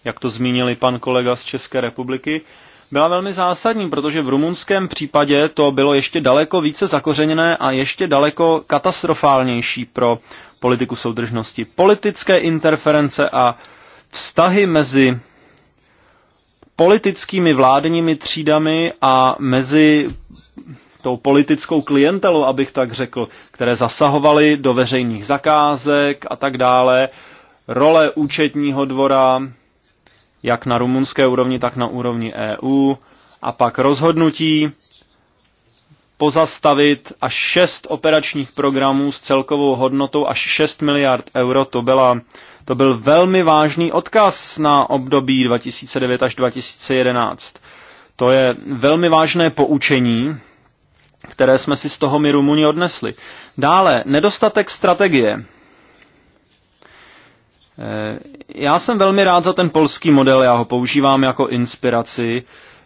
jak to zmínili pan kolega z České republiky, byla velmi zásadní, protože v rumunském případě to bylo ještě daleko více zakořeněné a ještě daleko katastrofálnější pro politiku soudržnosti. Politické interference a vztahy mezi politickými vládními třídami a mezi tou politickou klientelou, abych tak řekl, které zasahovaly do veřejných zakázek a tak dále, role účetního dvora, jak na rumunské úrovni, tak na úrovni EU. A pak rozhodnutí pozastavit až šest operačních programů s celkovou hodnotou až 6 miliard euro. To, byla, to byl velmi vážný odkaz na období 2009 až 2011. To je velmi vážné poučení, které jsme si z toho my Rumuni odnesli. Dále, nedostatek strategie. Eh, já jsem velmi rád za ten polský model, já ho používám jako inspiraci,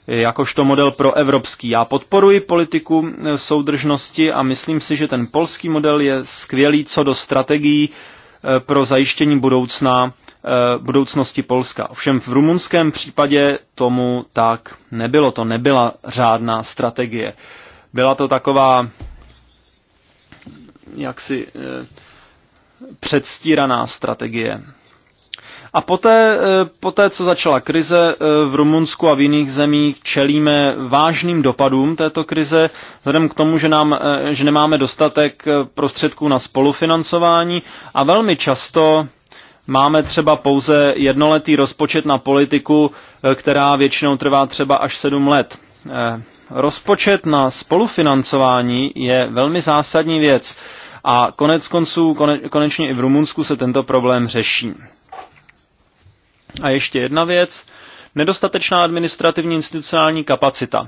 jakožto model pro evropský. Já podporuji politiku eh, soudržnosti a myslím si, že ten polský model je skvělý co do strategií eh, pro zajištění budoucna, budoucnosti Polska. Ovšem v rumunském případě tomu tak nebylo, to nebyla řádná strategie. Byla to taková jaksi předstíraná strategie. A poté, eh, poté, co začala krize eh, v Rumunsku a v jiných zemích, čelíme vážným dopadům této krize, vzhledem k tomu, že, nám, eh, že nemáme dostatek prostředků na spolufinancování a velmi často máme třeba pouze jednoletý rozpočet na politiku, která většinou trvá třeba až sedm let. Rozpočet na spolufinancování je velmi zásadní věc a konec konců konečně i v Rumunsku se tento problém řeší. A ještě jedna věc. Nedostatečná administrativní institucionální kapacita.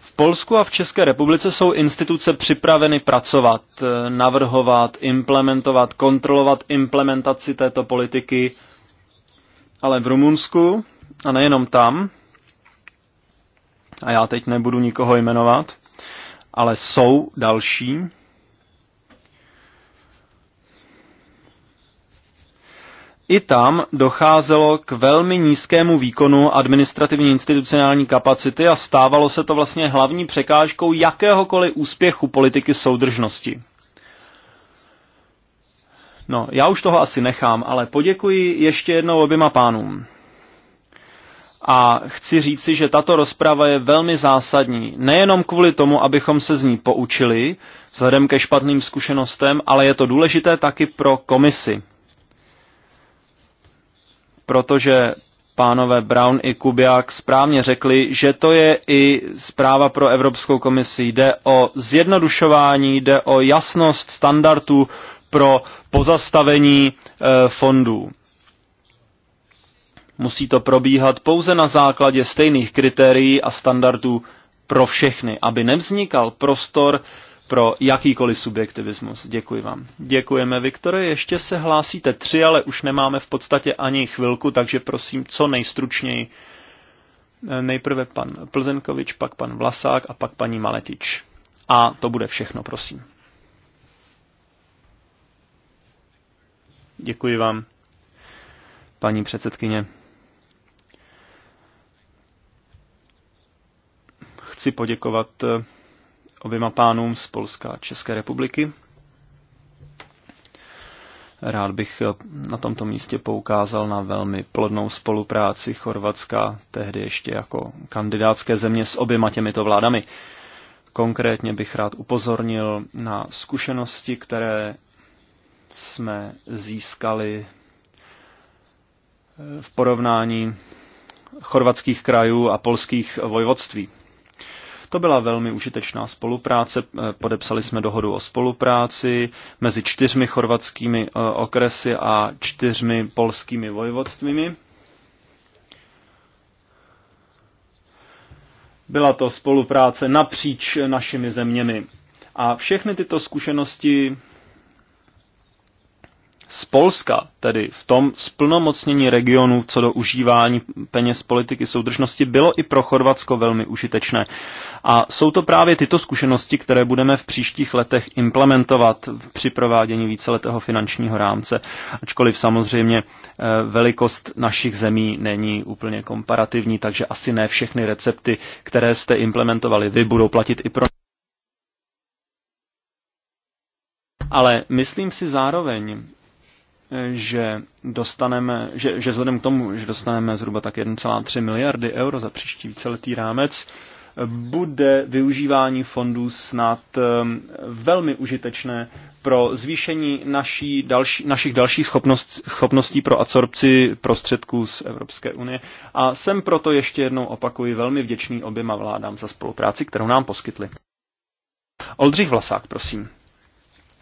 V Polsku a v České republice jsou instituce připraveny pracovat, navrhovat, implementovat, kontrolovat implementaci této politiky, ale v Rumunsku, a nejenom tam, a já teď nebudu nikoho jmenovat, ale jsou další I tam docházelo k velmi nízkému výkonu administrativní institucionální kapacity a stávalo se to vlastně hlavní překážkou jakéhokoliv úspěchu politiky soudržnosti. No, já už toho asi nechám, ale poděkuji ještě jednou oběma pánům. A chci říci, že tato rozprava je velmi zásadní, nejenom kvůli tomu, abychom se z ní poučili, vzhledem ke špatným zkušenostem, ale je to důležité taky pro komisi protože pánové Brown i Kubiak správně řekli, že to je i zpráva pro Evropskou komisi. Jde o zjednodušování, jde o jasnost standardů pro pozastavení e, fondů. Musí to probíhat pouze na základě stejných kritérií a standardů pro všechny, aby nevznikal prostor pro jakýkoliv subjektivismus. Děkuji vám. Děkujeme, Viktore. Ještě se hlásíte tři, ale už nemáme v podstatě ani chvilku, takže prosím, co nejstručněji. Eh, nejprve pan Plzenkovič, pak pan Vlasák a pak paní Maletič. A to bude všechno, prosím. Děkuji vám, paní předsedkyně. Chci poděkovat eh, oběma pánům z Polska a České republiky. Rád bych eh, na tomto místě poukázal na velmi plodnou spolupráci Chorvatska, tehdy ještě jako kandidátské země s oběma těmito vládami. Konkrétně bych rád upozornil na zkušenosti, které jsme získali eh, v porovnání chorvatských krajů a polských vojvodství. To byla velmi užitečná spolupráce. Podepsali jsme dohodu o spolupráci mezi čtyřmi chorvatskými eh, okresy a čtyřmi polskými vojvodstvími. Byla to spolupráce napříč našimi zeměmi. A všechny tyto zkušenosti z Polska, tedy v tom splnomocnění regionu, co do užívání peněz politiky soudržnosti, bylo i pro Chorvatsko velmi užitečné. A jsou to právě tyto zkušenosti, které budeme v příštích letech implementovat při provádění víceletého finančního rámce, ačkoliv samozřejmě eh, velikost našich zemí není úplně komparativní, takže asi ne všechny recepty, které jste implementovali vy, budou platit i pro ale myslím si zároveň, že dostaneme, že, že vzhledem k tomu, že dostaneme zhruba tak 1,3 miliardy euro za příští víceletý rámec, bude využívání fondů snad ehm, velmi užitečné pro zvýšení naší další, našich dalších schopnost, schopností pro absorpci prostředků z Evropské unie. A jsem proto ještě jednou opakuji velmi vděčný oběma vládám za spolupráci, kterou nám poskytli. Oldřich Vlasák, prosím.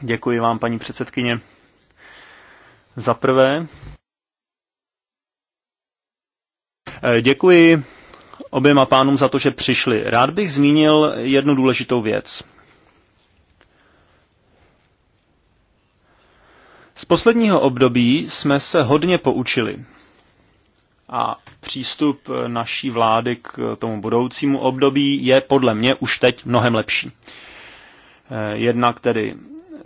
Děkuji vám, paní předsedkyně. Za prvé, eh, děkuji oběma pánům za to, že přišli. Rád bych zmínil jednu důležitou věc. Z posledního období jsme se hodně poučili. A přístup naší vlády k tomu budoucímu období je podle mě už teď mnohem lepší. Eh, jednak tedy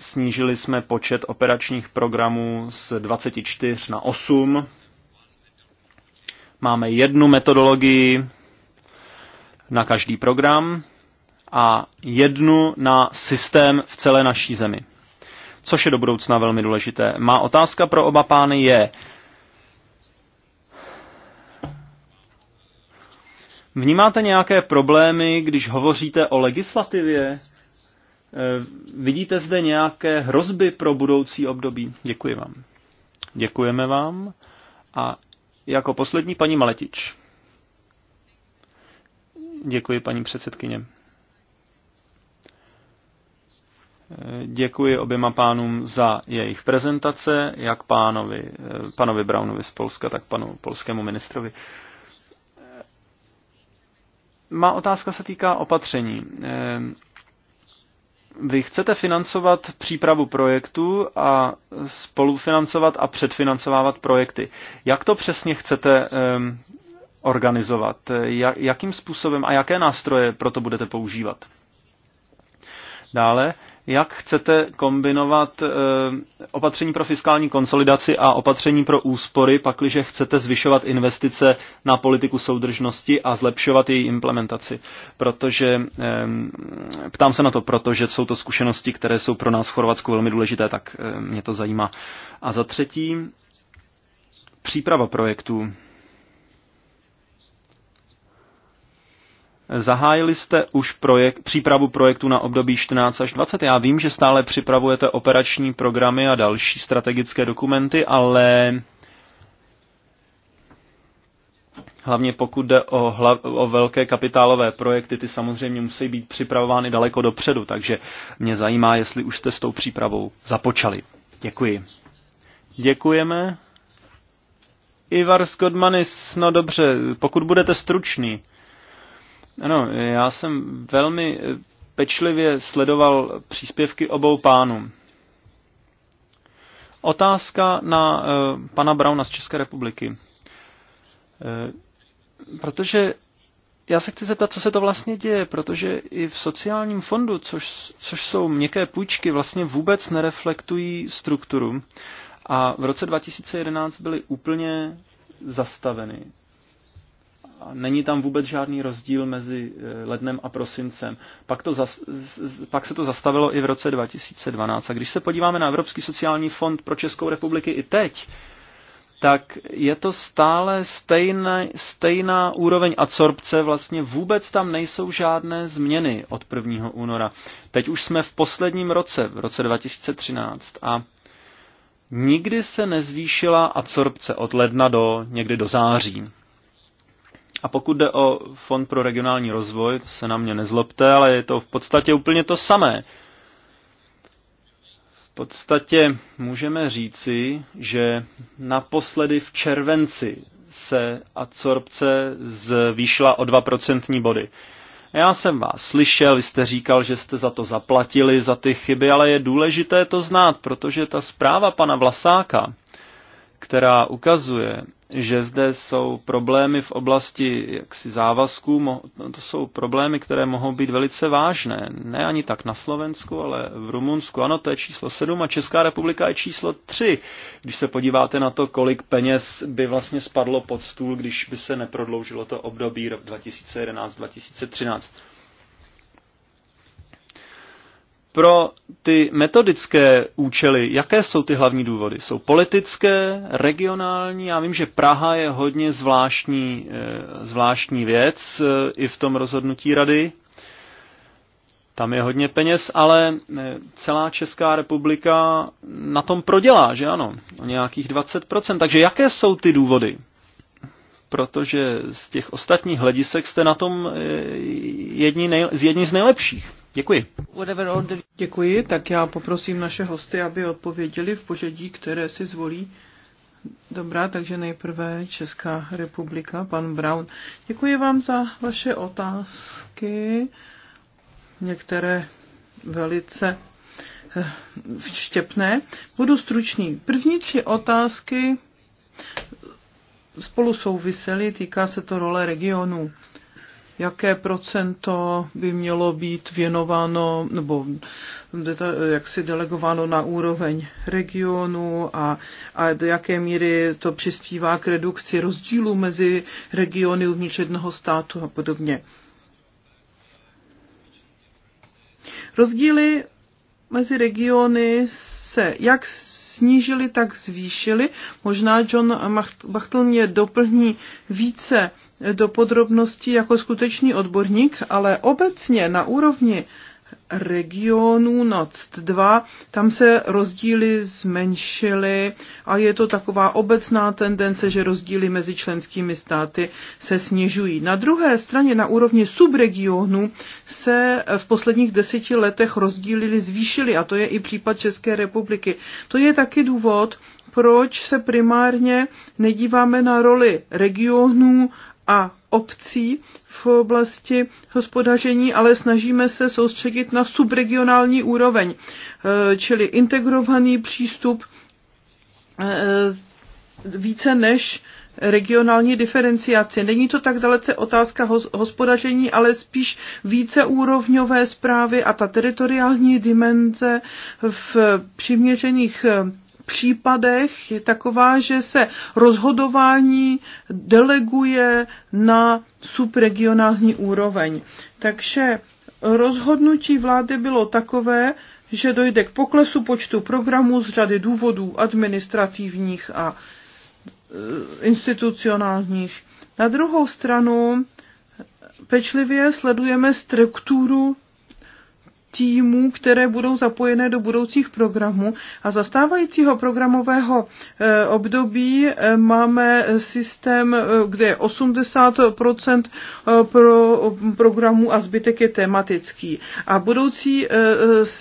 Snížili jsme počet operačních programů z 24 na 8. Máme jednu metodologii na každý program a jednu na systém v celé naší zemi, což je do budoucna velmi důležité. Má otázka pro oba pány je, vnímáte nějaké problémy, když hovoříte o legislativě? Eh, vidíte zde nějaké hrozby pro budoucí období? Děkuji vám. Děkujeme vám. A jako poslední paní Maletič. Děkuji, paní předsedkyně. Eh, děkuji oběma pánům za jejich prezentace, jak pánovi, eh, panovi Braunovi z Polska, tak panu polskému ministrovi. Má otázka se týká opatření. Vy chcete financovat přípravu projektu a spolufinancovat a předfinancovávat projekty. Jak to přesně chcete um, organizovat? Jakým způsobem a jaké nástroje pro to budete používat? Dále, jak chcete kombinovat eh, opatření pro fiskální konsolidaci a opatření pro úspory, pakliže chcete zvyšovat investice na politiku soudržnosti a zlepšovat její implementaci. Protože eh, ptám se na to, protože jsou to zkušenosti, které jsou pro nás v Chorvatsku velmi důležité, tak eh, mě to zajímá. A za třetí, příprava projektů. Zahájili jste už projekt, přípravu projektu na období 14 až 20. Já vím, že stále připravujete operační programy a další strategické dokumenty, ale hlavně pokud jde o, hla, o velké kapitálové projekty, ty samozřejmě musí být připravovány daleko dopředu, takže mě zajímá, jestli už jste s tou přípravou započali. Děkuji. Děkujeme. Ivar Skodmanis, no dobře, pokud budete stručný. Ano, já jsem velmi eh, pečlivě sledoval příspěvky obou pánů. Otázka na uh, pana Brauna z České republiky. Uh, protože já se chci zeptat, co se to vlastně děje, protože i v sociálním fondu, což, což jsou měkké půjčky, vlastně vůbec nereflektují strukturu a v roce 2011 byly úplně zastaveny není tam vůbec žádný rozdíl mezi eh, lednem a prosincem. Pak, to zas, pak se to zastavilo i v roce 2012. A když se podíváme na Evropský sociální fond pro Českou republiky i teď, tak je to stále stejná, stejná úroveň adsorbce, vlastně vůbec tam nejsou žádné změny od 1. února. Teď už jsme v posledním roce, v roce 2013 a nikdy se nezvýšila adsorbce od ledna do někdy do září. A pokud jde o Fond pro regionální rozvoj, to se na mě nezlobte, ale je to v podstatě úplně to samé. V podstatě můžeme říci, že naposledy v červenci se adsorpce zvýšila o 2% body. Já jsem vás slyšel, vy jste říkal, že jste za to zaplatili, za ty chyby, ale je důležité to znát, protože ta zpráva pana Vlasáka, která ukazuje, že zde jsou problémy v oblasti jaksi závazků, to jsou problémy, které mohou být velice vážné. Ne ani tak na Slovensku, ale v Rumunsku. Ano, to je číslo 7 a Česká republika je číslo 3. Když se podíváte na to, kolik peněz by vlastně spadlo pod stůl, když by se neprodloužilo to období rok 2011-2013. Pro ty metodické účely, jaké jsou ty hlavní důvody? Jsou politické, regionální? Já vím, že Praha je hodně zvláštní, eh, zvláštní věc eh, i v tom rozhodnutí rady. Tam je hodně peněz, ale eh, celá Česká republika na tom prodělá, že ano? O nějakých 20%. Takže jaké jsou ty důvody? Protože z těch ostatních hledisek jste na tom jedni, nej, jedni z nejlepších. Děkuji. Děkuji, tak já poprosím naše hosty, aby odpověděli v pořadí, které si zvolí. Dobrá, takže nejprve Česká republika, pan Brown. Děkuji vám za vaše otázky. Některé velice vštěpné. Eh, Budu stručný. První tři otázky spolu souvisely, týká se to role regionů jaké procento by mělo být věnováno nebo jak si delegováno na úroveň regionu a, a do jaké míry to přispívá k redukci rozdílů mezi regiony uvnitř jednoho státu a podobně. Rozdíly mezi regiony se jak snížily, tak zvýšily. Možná John Bachtl mě doplní více do podrobností jako skutečný odborník, ale obecně na úrovni regionů NOC 2, tam se rozdíly zmenšily a je to taková obecná tendence, že rozdíly mezi členskými státy se snižují. Na druhé straně na úrovni subregionů se v posledních deseti letech rozdíly zvýšily a to je i případ České republiky. To je taky důvod, proč se primárně nedíváme na roli regionů a obcí v oblasti hospodaření, ale snažíme se soustředit na subregionální úroveň, e, čili integrovaný přístup e, více než regionální diferenciaci. Není to tak dalece otázka hospodaření, ale spíš víceúrovňové zprávy a ta teritoriální dimenze v přiměřených e, případech je taková, že se rozhodování deleguje na subregionální úroveň. Takže rozhodnutí vlády bylo takové, že dojde k poklesu počtu programů z řady důvodů administrativních a e, institucionálních. Na druhou stranu pečlivě sledujeme strukturu týmů, které budou zapojené do budoucích programů. A zastávajícího programového eh, období eh, máme systém, eh, kde je 80 pro programů a zbytek je tematický. A budoucí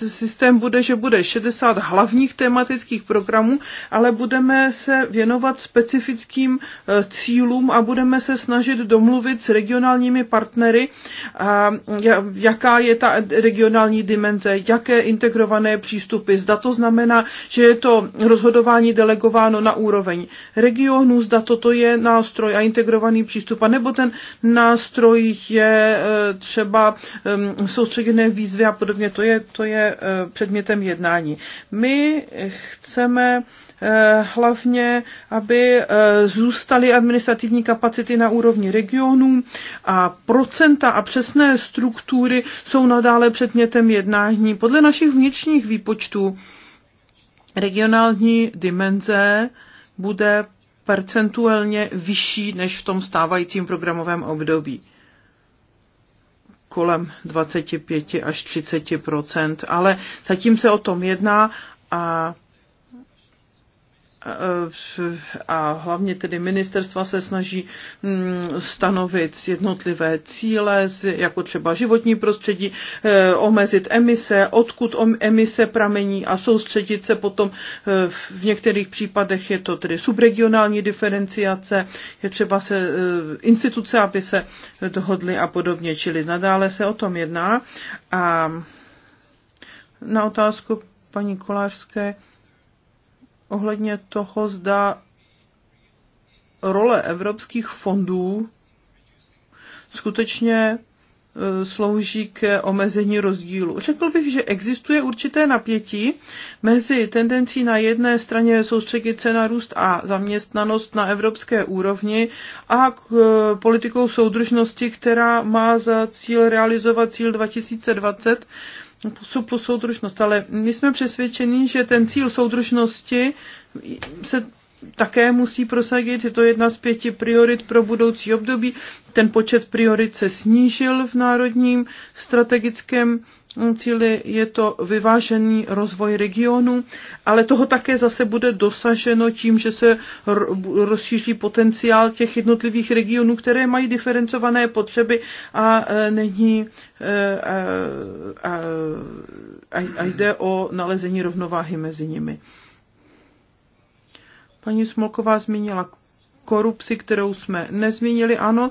systém bude, že bude 60 hlavních tematických programů, ale budeme se věnovat specifickým cílům a budeme se snažit domluvit s regionálními partnery, jaká je ta regionální dimenze, jaké integrované přístupy. Zda to znamená, že je to rozhodování delegováno na úroveň regionu, zda toto je nástroj a integrovaný přístup, a nebo ten nástroj je e, třeba soustředěné výzvy a podobně. To je, to je e, předmětem jednání. My chceme Eh, hlavně, aby eh, zůstaly administrativní kapacity na úrovni regionů a procenta a přesné struktury jsou nadále předmětem jednání. Podle našich vnitřních výpočtů regionální dimenze bude percentuálně vyšší než v tom stávajícím programovém období kolem 25 až 30 ale zatím se o tom jedná a a hlavně tedy ministerstva se snaží mm, stanovit jednotlivé cíle, jako třeba životní prostředí, eh, omezit emise, odkud emise pramení a soustředit se potom eh, v některých případech je to tedy subregionální diferenciace, je třeba se eh, instituce, aby se dohodly a podobně, čili nadále se o tom jedná. A na otázku paní Kolářské, ohledně toho, zda role evropských fondů skutečně e, slouží k omezení rozdílu. Řekl bych, že existuje určité napětí mezi tendencí na jedné straně soustředit se na růst a zaměstnanost na evropské úrovni a k e, politikou soudržnosti, která má za cíl realizovat cíl 2020 pro soudružnost, ale my jsme přesvědčeni, že ten cíl soudružnosti se také musí prosadit, je to jedna z pěti priorit pro budoucí období. Ten počet priorit se snížil v národním strategickém cíli je to vyvážený rozvoj regionu, ale toho také zase bude dosaženo tím, že se rozšíří potenciál těch jednotlivých regionů, které mají diferencované potřeby a e, není e, a, a, a jde o nalezení rovnováhy mezi nimi. Paní Smolková zmínila korupci, kterou jsme nezmínili. Ano,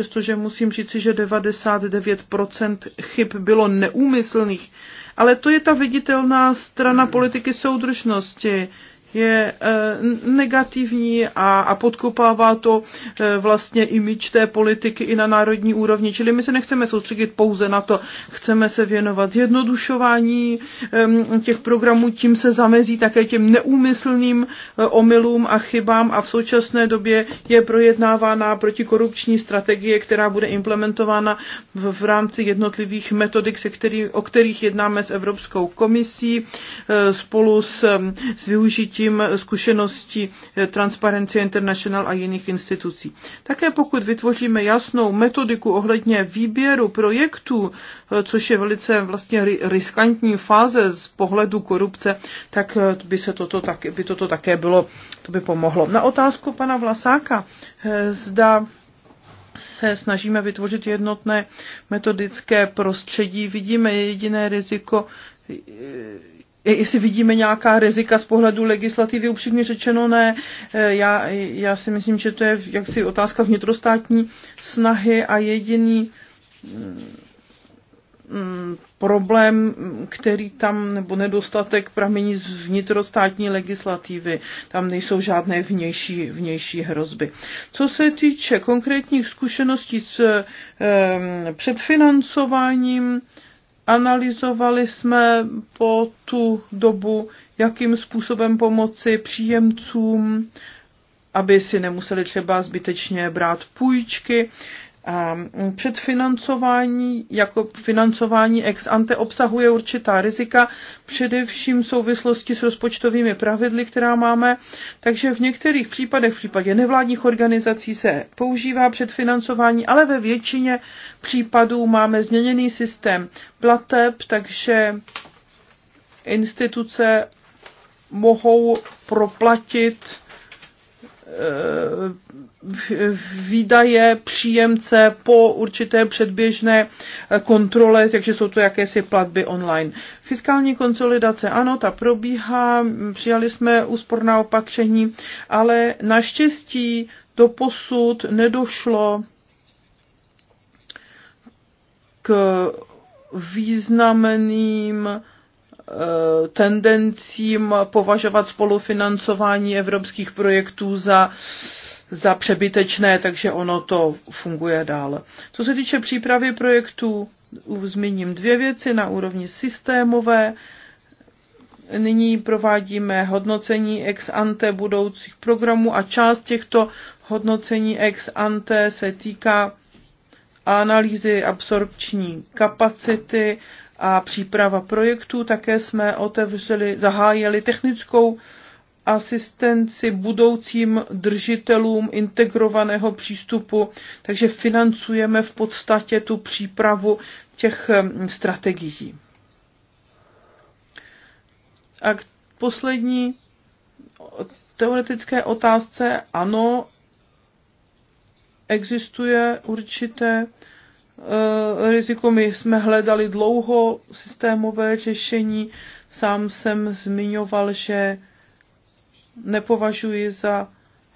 přestože musím říci, že 99% chyb bylo neúmyslných. Ale to je ta viditelná strana politiky soudržnosti je eh, negativní a, a podkopává to eh, vlastně imič té politiky i na národní úrovni. Čili my se nechceme soustředit pouze na to, chceme se věnovat zjednodušování eh, těch programů, tím se zamezí také těm neúmyslným omylům a chybám a v současné době je projednávána protikorupční strategie, která bude implementována v, v rámci jednotlivých metodik, se který, o kterých jednáme s Evropskou komisí spolu s, s využitím tím zkušeností eh, Transparency International a jiných institucí. Také pokud vytvoříme jasnou metodiku ohledně výběru projektů, eh, což je velice vlastně riskantní fáze z pohledu korupce, tak eh, by, se toto, tak, by toto také bylo, to by pomohlo. Na otázku pana Vlasáka, zda se snažíme vytvořit jednotné metodické prostředí, vidíme jediné riziko, jestli vidíme nějaká rizika z pohledu legislativy, upřímně řečeno ne. E, já, já si myslím, že to je jaksi otázka vnitrostátní snahy a jediný mm, mm, problém, který tam, nebo nedostatek pramení z vnitrostátní legislativy. Tam nejsou žádné vnější, vnější hrozby. Co se týče konkrétních zkušeností s eh, předfinancováním, eh, analyzovali jsme po tu dobu, jakým způsobem pomoci příjemcům, aby si nemuseli třeba zbytečně brát půjčky. Mm, předfinancování jako financování ex ante obsahuje určitá rizika, především v souvislosti s rozpočtovými pravidly, která máme. Takže v některých případech, v případě nevládních organizací se používá předfinancování, ale ve většině případů máme změněný systém plateb, takže instituce mohou proplatit výdaje příjemce po určité předběžné kontrole, takže jsou to jakési platby online. Fiskální konsolidace, ano, ta probíhá, přijali jsme úsporná opatření, ale naštěstí do posud nedošlo k významným Eh, tendencím považovat spolufinancování evropských projektů za za přebytečné, takže ono to funguje dále. Co se týče přípravy projektů, zmíním dvě věci na úrovni systémové. Nyní provádíme hodnocení ex ante budoucích programů a část těchto hodnocení ex ante se týká analýzy absorpční kapacity a příprava projektů. Také jsme otevřeli, zahájili technickou asistenci budoucím držitelům integrovaného přístupu, takže financujeme v podstatě tu přípravu těch hm, strategií. A k poslední teoretické otázce, ano, existuje určité Eh, riziko. My jsme hledali dlouho systémové řešení. Sám jsem zmiňoval, že nepovažuji za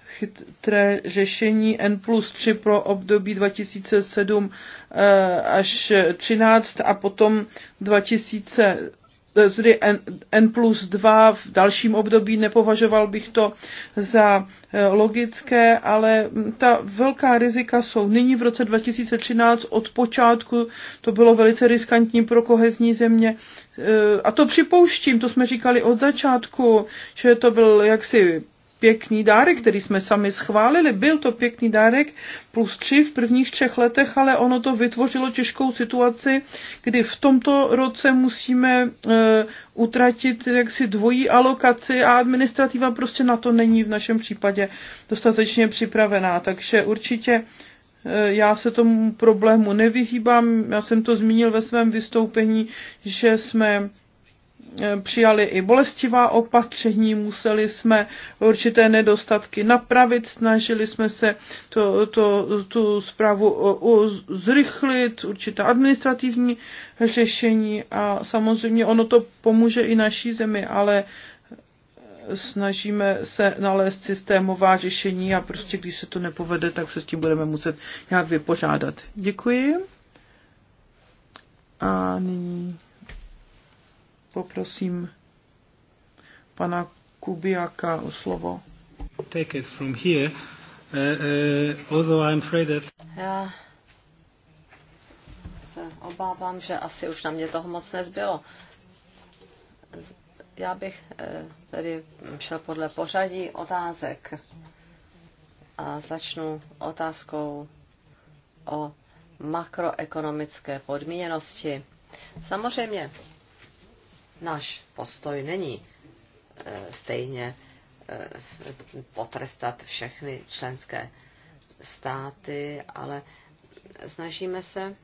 chytré řešení N plus 3 pro období 2007 eh, až 13 a potom 2000 tedy N, N plus 2 v dalším období, nepovažoval bych to za eh, logické, ale ta velká rizika jsou nyní v roce 2013 od počátku, to bylo velice riskantní pro kohezní země, eh, a to připouštím, to jsme říkali od začátku, že to byl jaksi pěkný dárek, který jsme sami schválili. Byl to pěkný dárek plus tři v prvních třech letech, ale ono to vytvořilo těžkou situaci, kdy v tomto roce musíme e, utratit jaksi dvojí alokaci a administrativa prostě na to není v našem případě dostatečně připravená. Takže určitě e, já se tomu problému nevyhýbám. Já jsem to zmínil ve svém vystoupení, že jsme přijali i bolestivá opatření, museli jsme určité nedostatky napravit, snažili jsme se to, to, tu zprávu zrychlit, určité administrativní řešení a samozřejmě ono to pomůže i naší zemi, ale snažíme se nalézt systémová řešení a prostě když se to nepovede, tak se s tím budeme muset nějak vypořádat. Děkuji. A nyní Poprosím pana Kubiaka o slovo. Take it from here. Uh, uh, although I'm afraid that... Já se obávám, že asi už na mě toho moc nezbylo. Já bych eh, tedy šel podle pořadí otázek a začnu otázkou o makroekonomické podmíněnosti. Samozřejmě náš postoj není e, stejně e, potrestat všechny členské státy, ale snažíme se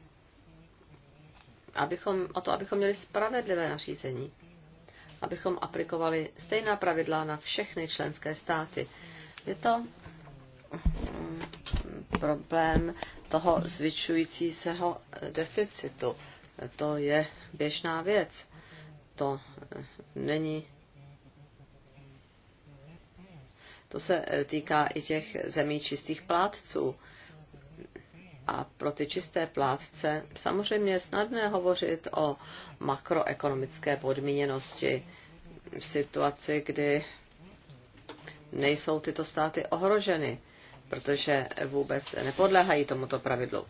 abychom, o to, abychom měli spravedlivé nařízení, abychom aplikovali stejná pravidla na všechny členské státy. Je to mm, problém toho zvyšujícího deficitu. To je běžná věc to eh, není. To se eh, týká i těch zemí čistých plátců. A pro ty čisté plátce samozřejmě je snadné hovořit o makroekonomické podmíněnosti v situaci, kdy nejsou tyto státy ohroženy, protože vůbec nepodléhají tomuto pravidlu.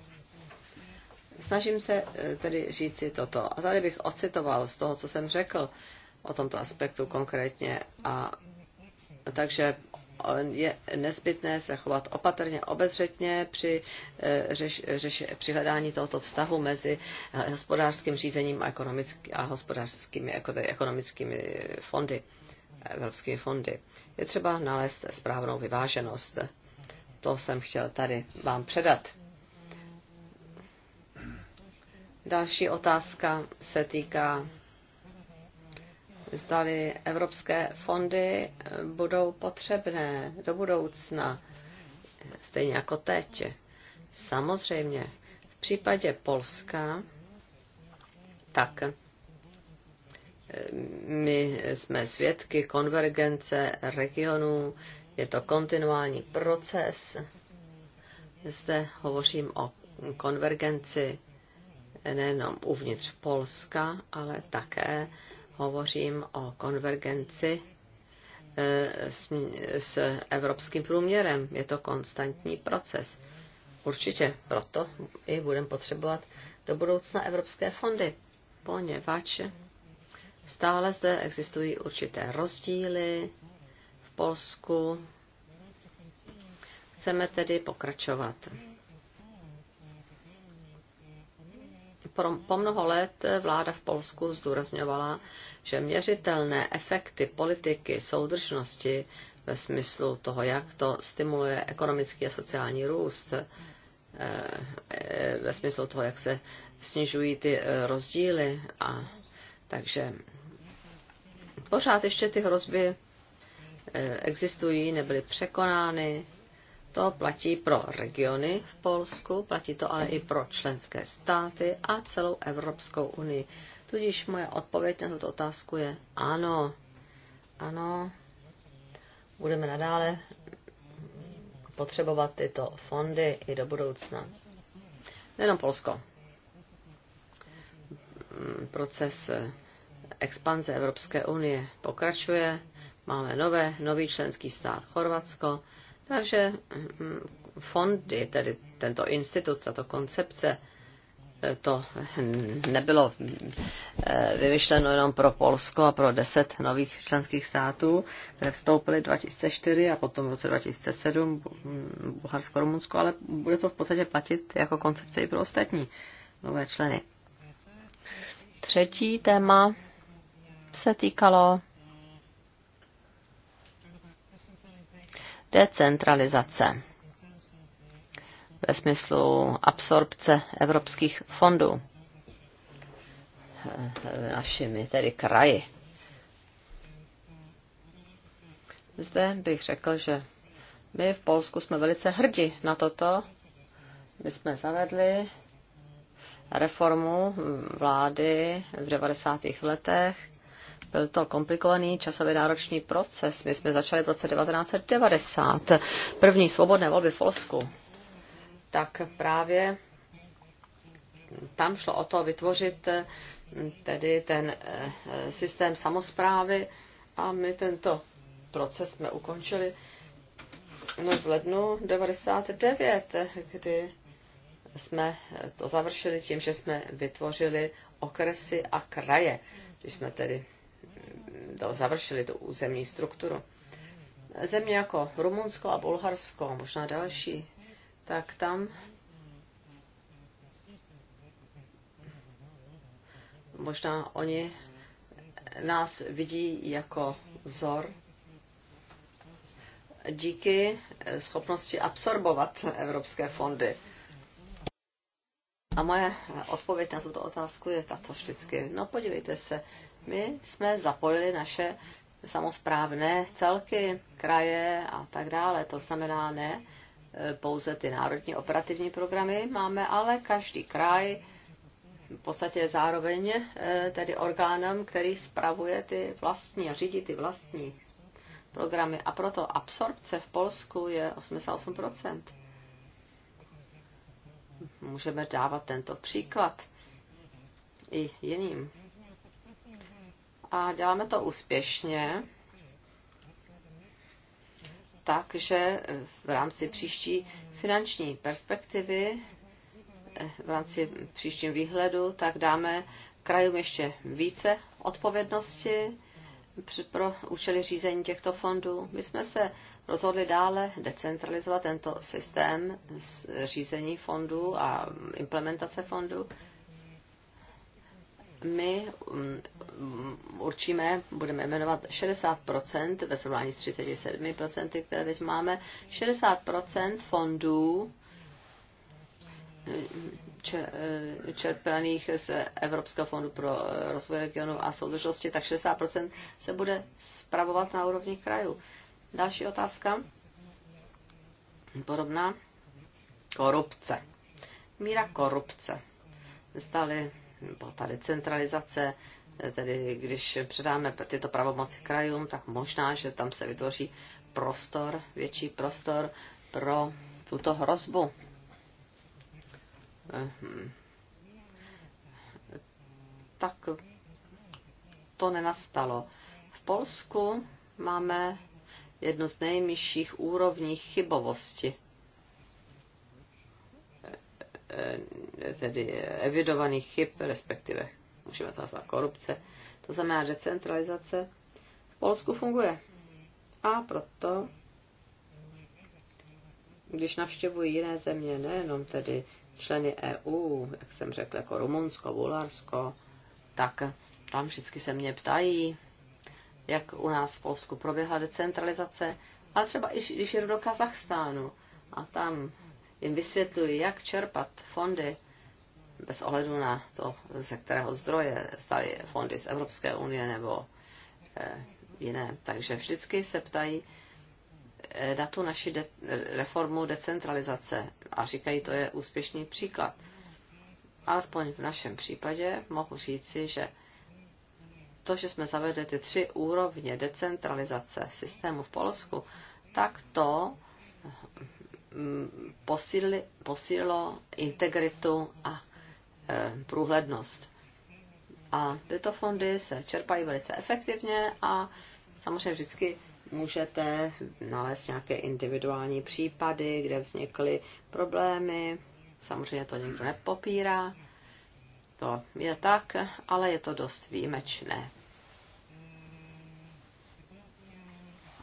Snažím se eh, tedy říci toto. A tady bych ocitoval z toho, co jsem řekl o tomto aspektu konkrétně. A takže eh, je nezbytné se chovat opatrně, obezřetně při, eh, řeš, řeš, při hledání tohoto vztahu mezi hospodářským řízením a, ekonomický, a hospodářskými jako ekonomickými fondy, evropskými fondy. Je třeba nalézt správnou vyváženost. To jsem chtěl tady vám předat. Další otázka se týká, zdali evropské fondy budou potřebné do budoucna, stejně jako teď. Samozřejmě, v případě Polska, tak eh, my jsme svědky konvergence regionů, je to kontinuální proces. Zde hovořím o konvergenci nejenom uvnitř Polska, ale také hovořím o konvergenci e, s, s evropským průměrem. Je to konstantní proces. Určitě proto i budeme potřebovat do budoucna evropské fondy, poněvadž stále zde existují určité rozdíly v Polsku. Chceme tedy pokračovat pro, po mnoho let vláda v Polsku zdůrazňovala, že měřitelné efekty politiky soudržnosti ve smyslu toho, jak to stimuluje ekonomický a sociální růst, eh, ve smyslu toho, jak se snižují ty eh, rozdíly. A, takže pořád ještě ty hrozby eh, existují, nebyly překonány to platí pro regiony v Polsku, platí to ale i pro členské státy a celou Evropskou unii. Tudíž moje odpověď na tuto otázku je ano. Ano, budeme nadále potřebovat tyto fondy i do budoucna. Nejenom Polsko. Proces expanze Evropské unie pokračuje. Máme nové, nový členský stát Chorvatsko takže mm, fondy, tedy tento institut, tato koncepce, to nebylo mm, eh, vymyšleno jenom pro Polsko a pro deset nových členských států, které vstoupily 2004 a potom v roce 2007 mm, Bulharsko, Rumunsko, ale bude to v podstatě platit jako koncepce i pro ostatní nové členy. Třetí téma se týkalo decentralizace ve smyslu absorpce evropských fondů našimi, tedy kraji. Zde bych řekl, že my v Polsku jsme velice hrdí na toto. My jsme zavedli reformu vlády v 90. letech byl to komplikovaný časově náročný proces. My jsme začali v roce 1990. První svobodné volby v Polsku. Tak právě tam šlo o to vytvořit mm, tedy ten eh, systém samozprávy a my tento proces jsme ukončili no, v lednu 99, kdy jsme to završili tím, že jsme vytvořili okresy a kraje, když jsme tedy to završili, tu územní strukturu. Země jako Rumunsko a Bulharsko, možná další, tak tam možná oni nás vidí jako vzor díky schopnosti absorbovat evropské fondy. A moje odpověď na tuto otázku je tato vždycky. No podívejte se, my jsme zapojili naše samozprávné celky, kraje a tak dále. To znamená ne e, pouze ty národní operativní programy máme, ale každý kraj v podstatě zároveň e, tedy orgánem, který spravuje ty vlastní a řídí ty vlastní programy. A proto absorpce v Polsku je 88%. Můžeme dávat tento příklad i jiným a děláme to úspěšně. Takže v rámci příští finanční perspektivy, v rámci příštím výhledu, tak dáme krajům ještě více odpovědnosti pro účely řízení těchto fondů. My jsme se rozhodli dále decentralizovat tento systém řízení fondů a implementace fondů my mm, určíme, budeme jmenovat 60% ve srovnání s 37%, které teď máme, 60% fondů eh, eh, čerpaných z Evropského fondu pro eh, rozvoj regionu a soudržnosti, tak 60% se bude spravovat na úrovni krajů. Další otázka, podobná, korupce. Míra korupce. Zdali byla ta decentralizace, tedy když předáme tyto pravomoci krajům, tak možná, že tam se vytvoří prostor, větší prostor pro tuto hrozbu. Ehm. Tak to nenastalo. V Polsku máme jednu z nejmyšších úrovní chybovosti Eh, tedy evidovaných chyb, respektive můžeme to nazvat korupce. To znamená, že centralizace v Polsku funguje. A proto, když navštěvují jiné země, nejenom tedy členy EU, jak jsem řekl, jako Rumunsko, Bulharsko, tak tam vždycky se mě ptají, jak u nás v Polsku proběhla decentralizace, ale třeba i když jdu do Kazachstánu a tam jim vysvětluji, jak čerpat fondy bez ohledu na to, ze kterého zdroje, staly fondy z Evropské unie nebo eh, jiné. Takže vždycky se ptají eh, na tu naši de- reformu decentralizace a říkají, to je úspěšný příklad. Alespoň v našem případě mohu říci, že to, že jsme zavedli ty tři úrovně decentralizace systému v Polsku, tak to posílili, posílilo integritu a e, průhlednost. A tyto fondy se čerpají velice efektivně a samozřejmě vždycky můžete nalézt nějaké individuální případy, kde vznikly problémy. Samozřejmě to někdo nepopírá. To je tak, ale je to dost výjimečné.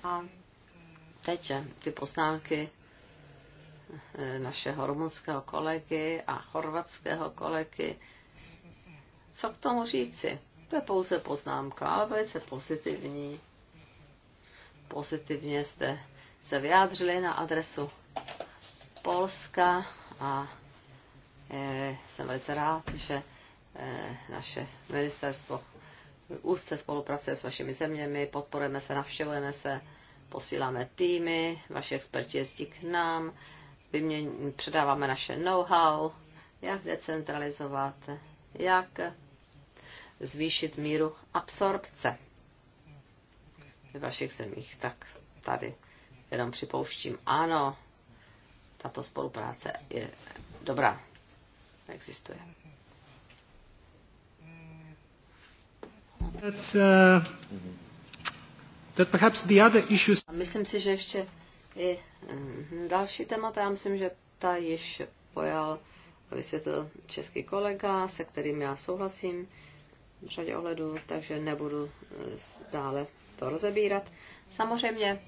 A teď ty poznámky našeho rumunského kolegy a chorvatského kolegy. Co k tomu říci? To je pouze poznámka, ale velice pozitivní. Pozitivně jste se vyjádřili na adresu Polska a e, jsem velice rád, že e, naše ministerstvo úzce spolupracuje s vašimi zeměmi, podporujeme se, navštěvujeme se, posíláme týmy, vaši experti jezdí k nám vyměň, předáváme naše know-how, jak decentralizovat, jak zvýšit míru absorpce ve vašich zemích. Tak tady jenom připouštím, ano, tato spolupráce je dobrá, existuje. That's, uh, that perhaps the other issues... Myslím si, že ještě i mm, další témata, já myslím, že ta již pojal vysvětlil český kolega, se kterým já souhlasím v řadě ohledu, takže nebudu eh, dále to rozebírat. Samozřejmě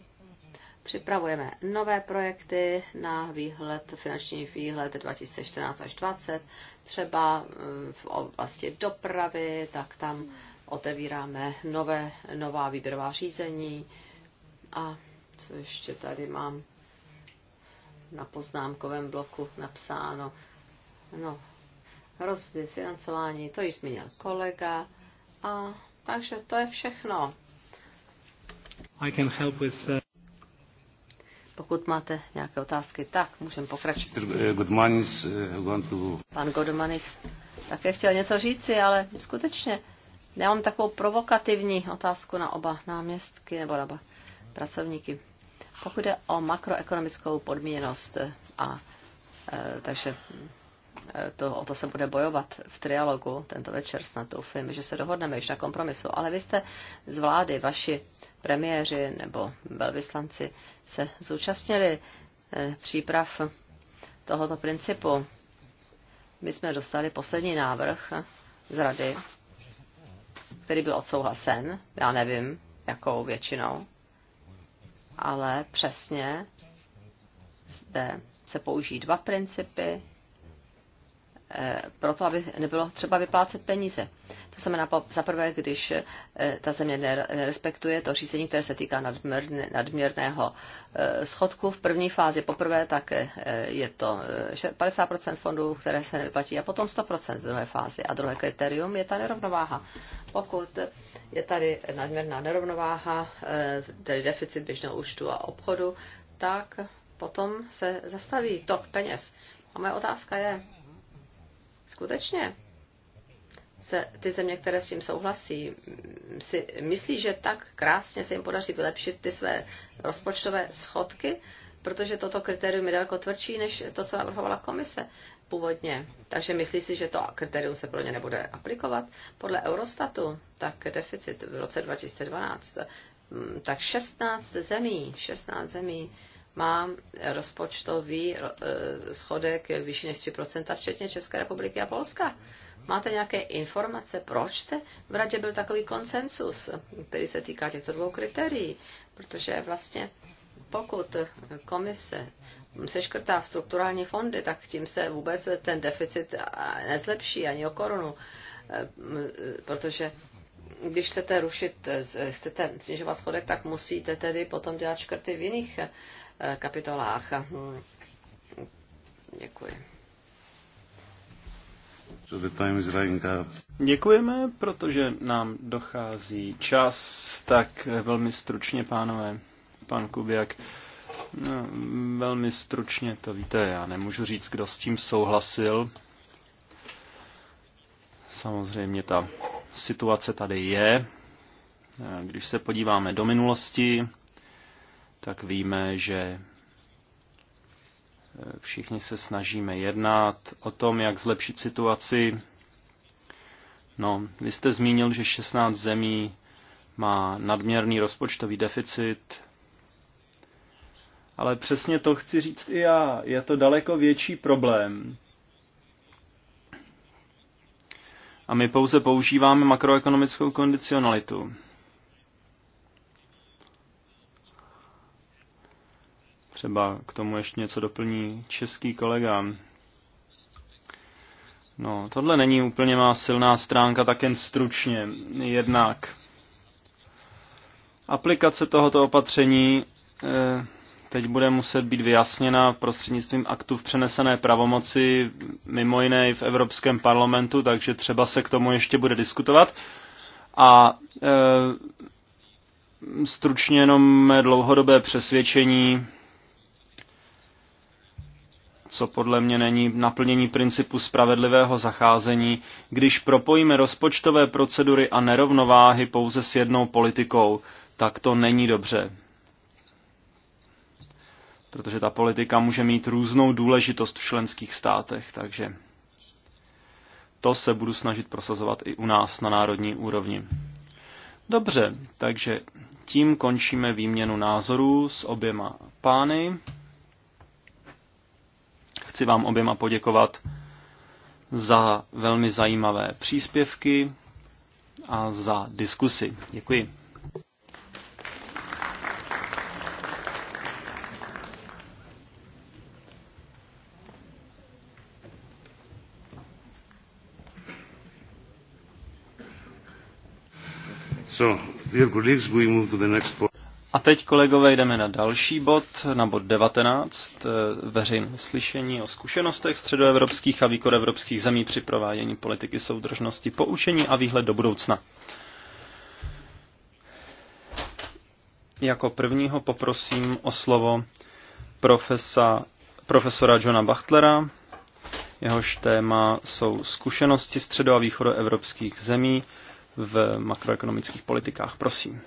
připravujeme nové projekty na výhled, finanční výhled 2014 až 2020, třeba eh, v oblasti dopravy, tak tam otevíráme nové, nová výběrová řízení a co ještě tady mám na poznámkovém bloku napsáno. No, rozvoj financování, to již zmínil kolega. A takže to je všechno. I can help with, uh... Pokud máte nějaké otázky, tak můžeme pokračovat. Eh, Godmanis, uh, Pan Godmanis také chtěl něco říci, ale skutečně já mám takovou provokativní otázku na oba náměstky nebo na oba pracovníky. Pokud jde o makroekonomickou podmíněnost a e, takže e, to, o to se bude bojovat v trialogu tento večer, snad doufím, že se dohodneme již na kompromisu. Ale vy jste z vlády, vaši premiéři nebo velvyslanci se zúčastnili e, příprav tohoto principu. My jsme dostali poslední návrh z rady, který byl odsouhlasen, já nevím, jakou většinou, ale přesně zde se použijí dva principy eh, proto, aby nebylo třeba vyplácet peníze. To znamená, zaprvé, když eh, ta země nerespektuje to řízení, které se týká nadměrného eh, schodku v první fázi, poprvé, tak je to 50% fondů, které se nevyplatí, a potom 100% v druhé fázi. A druhé kritérium je ta nerovnováha. Pokud je tady nadměrná nerovnováha, eh, tedy deficit běžného účtu a obchodu, tak potom se zastaví tok peněz. A moje otázka je, skutečně se ty země, které s tím souhlasí, mm, si myslí, že tak krásně se jim podaří vylepšit ty své rozpočtové schodky, protože toto kritérium je daleko tvrdší než to, co navrhovala komise původně. Takže myslí si, že to kritérium se pro ně nebude aplikovat. Podle Eurostatu tak deficit v roce 2012, mm, tak 16 zemí, 16 zemí má rozpočtový e, schodek vyšší než 3%, včetně České republiky a Polska. Máte nějaké informace, proč jste v radě byl takový konsensus, který se týká těchto dvou kritérií? Protože vlastně pokud komise seškrtá strukturální fondy, tak tím se vůbec ten deficit nezlepší ani o korunu, protože když chcete rušit, chcete snižovat schodek, tak musíte tedy potom dělat škrty v jiných kapitolách. Děkuji. Děkujeme, protože nám dochází čas, tak velmi stručně, pánové pan Kubiak. No, velmi stručně to víte, já nemůžu říct, kdo s tím souhlasil. Samozřejmě ta situace tady je. Když se podíváme do minulosti, tak víme, že eh, všichni se snažíme jednat o tom, jak zlepšit situaci. No, vy jste zmínil, že 16 zemí má nadměrný rozpočtový deficit, ale přesně to chci říct i já. Je to daleko větší problém. A my pouze používáme makroekonomickou kondicionalitu. Třeba k tomu ještě něco doplní český kolega. No, tohle není úplně má silná stránka, tak jen stručně. Jednak aplikace tohoto opatření Eh, teď bude muset být vyjasněna prostřednictvím aktu v přenesené pravomoci, mimo jiné i v Evropském parlamentu, takže třeba se k tomu ještě bude diskutovat. A e, stručně jenom mé dlouhodobé přesvědčení, co podle mě není naplnění principu spravedlivého zacházení, když propojíme rozpočtové procedury a nerovnováhy pouze s jednou politikou, tak to není dobře protože ta politika může mít různou důležitost v členských státech, takže to se budu snažit prosazovat i u nás na národní úrovni. Dobře, takže tím končíme výměnu názorů s oběma pány. Chci vám oběma poděkovat za velmi zajímavé příspěvky a za diskusy. Děkuji. A teď, kolegové, jdeme na další bod, na bod 19, eh, veřejné slyšení o zkušenostech středoevropských a východoevropských zemí při provádění politiky soudržnosti, poučení a výhled do budoucna. Jako prvního poprosím o slovo profesa, profesora Johna Bachtlera, jehož téma jsou zkušenosti středo- a východoevropských zemí v makroekonomických politikách. Prosím.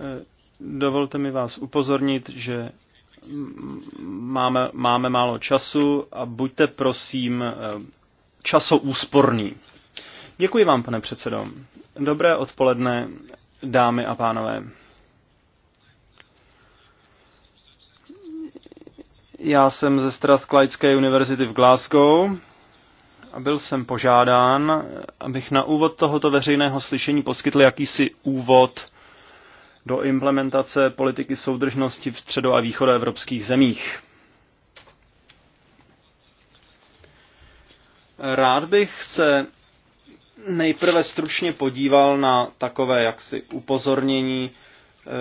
Eh, dovolte mi vás upozornit, že máme, máme málo času a buďte prosím eh, časoúsporní. Děkuji vám, pane předsedo. Dobré odpoledne, dámy a pánové. Já jsem ze Strathclydeské univerzity v Glasgow a byl jsem požádán, abych na úvod tohoto veřejného slyšení poskytl jakýsi úvod do implementace politiky soudržnosti v středo- a východoevropských zemích. Rád bych se nejprve stručně podíval na takové jaksi upozornění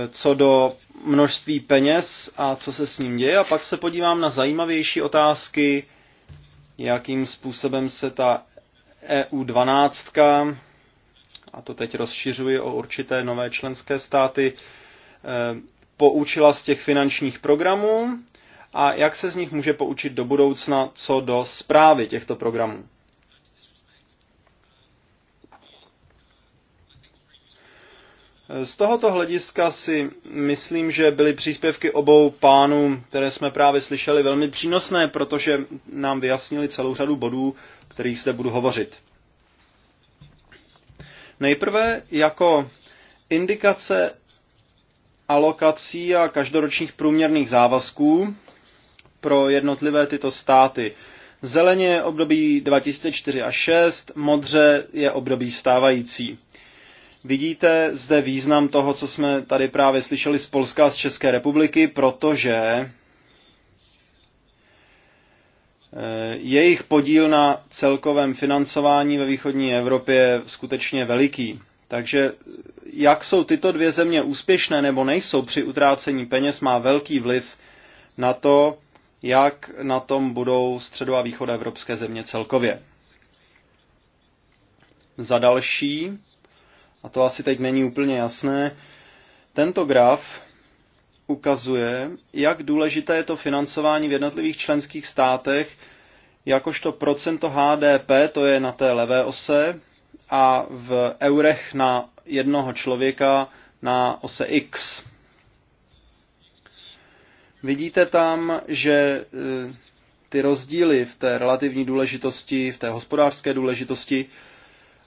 co do množství peněz a co se s ním děje. A pak se podívám na zajímavější otázky, jakým způsobem se ta EU12, a to teď rozšiřuji o určité nové členské státy, eh, poučila z těch finančních programů a jak se z nich může poučit do budoucna co do zprávy těchto programů. Z tohoto hlediska si myslím, že byly příspěvky obou pánů, které jsme právě slyšeli, velmi přínosné, protože nám vyjasnili celou řadu bodů, kterých zde budu hovořit. Nejprve jako indikace alokací a každoročních průměrných závazků pro jednotlivé tyto státy. Zeleně je období 2004 a 6, modře je období stávající. Vidíte zde význam toho, co jsme tady právě slyšeli z Polska a z České republiky, protože eh, jejich podíl na celkovém financování ve východní Evropě je skutečně veliký. Takže eh, jak jsou tyto dvě země úspěšné nebo nejsou při utrácení peněz, má velký vliv na to, jak na tom budou středo- a východoevropské země celkově. Za další, a to asi teď není úplně jasné, tento graf ukazuje, jak důležité je to financování v jednotlivých členských státech, jakožto procento HDP, to je na té levé ose, a v eurech na jednoho člověka na ose X. Vidíte tam, že eh, ty rozdíly v té relativní důležitosti, v té hospodářské důležitosti,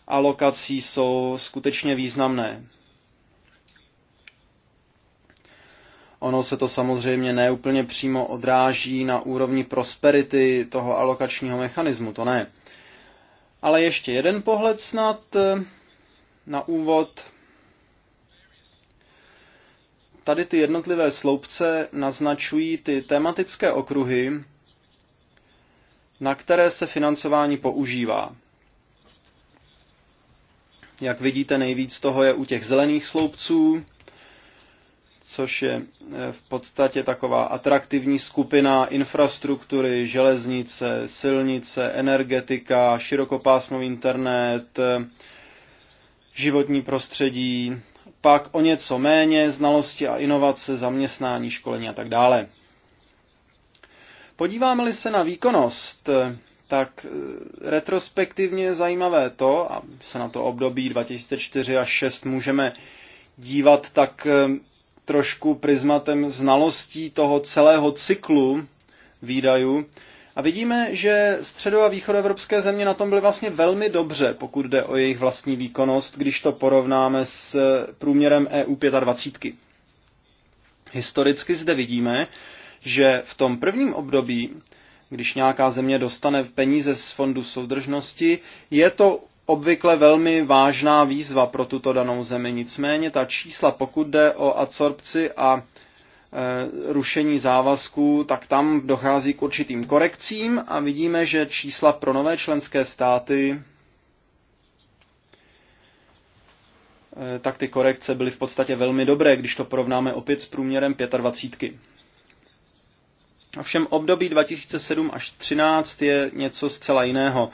alokací jsou skutečně významné. Ono se to samozřejmě neúplně přímo odráží na úrovni prosperity toho alokačního mechanismu, to ne. Ale ještě jeden pohled snad eh, na úvod. Tady ty jednotlivé sloupce naznačují ty tematické okruhy, na které se financování používá. Jak vidíte, nejvíc toho je u těch zelených sloupců, což je eh, v podstatě taková atraktivní skupina infrastruktury, železnice, silnice, energetika, širokopásmový internet, životní prostředí, pak o něco méně znalosti a inovace, zaměstnání, školení a tak dále. Podíváme-li se na výkonnost, tak e, retrospektivně je zajímavé to, a se na to období 2004 až 6 můžeme dívat tak e, trošku prismatem znalostí toho celého cyklu výdajů. A vidíme, že středo- a východoevropské země na tom byly vlastně velmi dobře, pokud jde o jejich vlastní výkonnost, když to porovnáme s e, průměrem EU 25. Historicky zde vidíme, že v tom prvním období když nějaká země dostane peníze z fondu soudržnosti, je to obvykle velmi vážná výzva pro tuto danou zemi. Nicméně ta čísla, pokud jde o adsorpci a e, rušení závazků, tak tam dochází k určitým korekcím a vidíme, že čísla pro nové členské státy e, tak ty korekce byly v podstatě velmi dobré, když to porovnáme opět s průměrem 25. Ovšem období 2007 až 2013 je něco zcela jiného.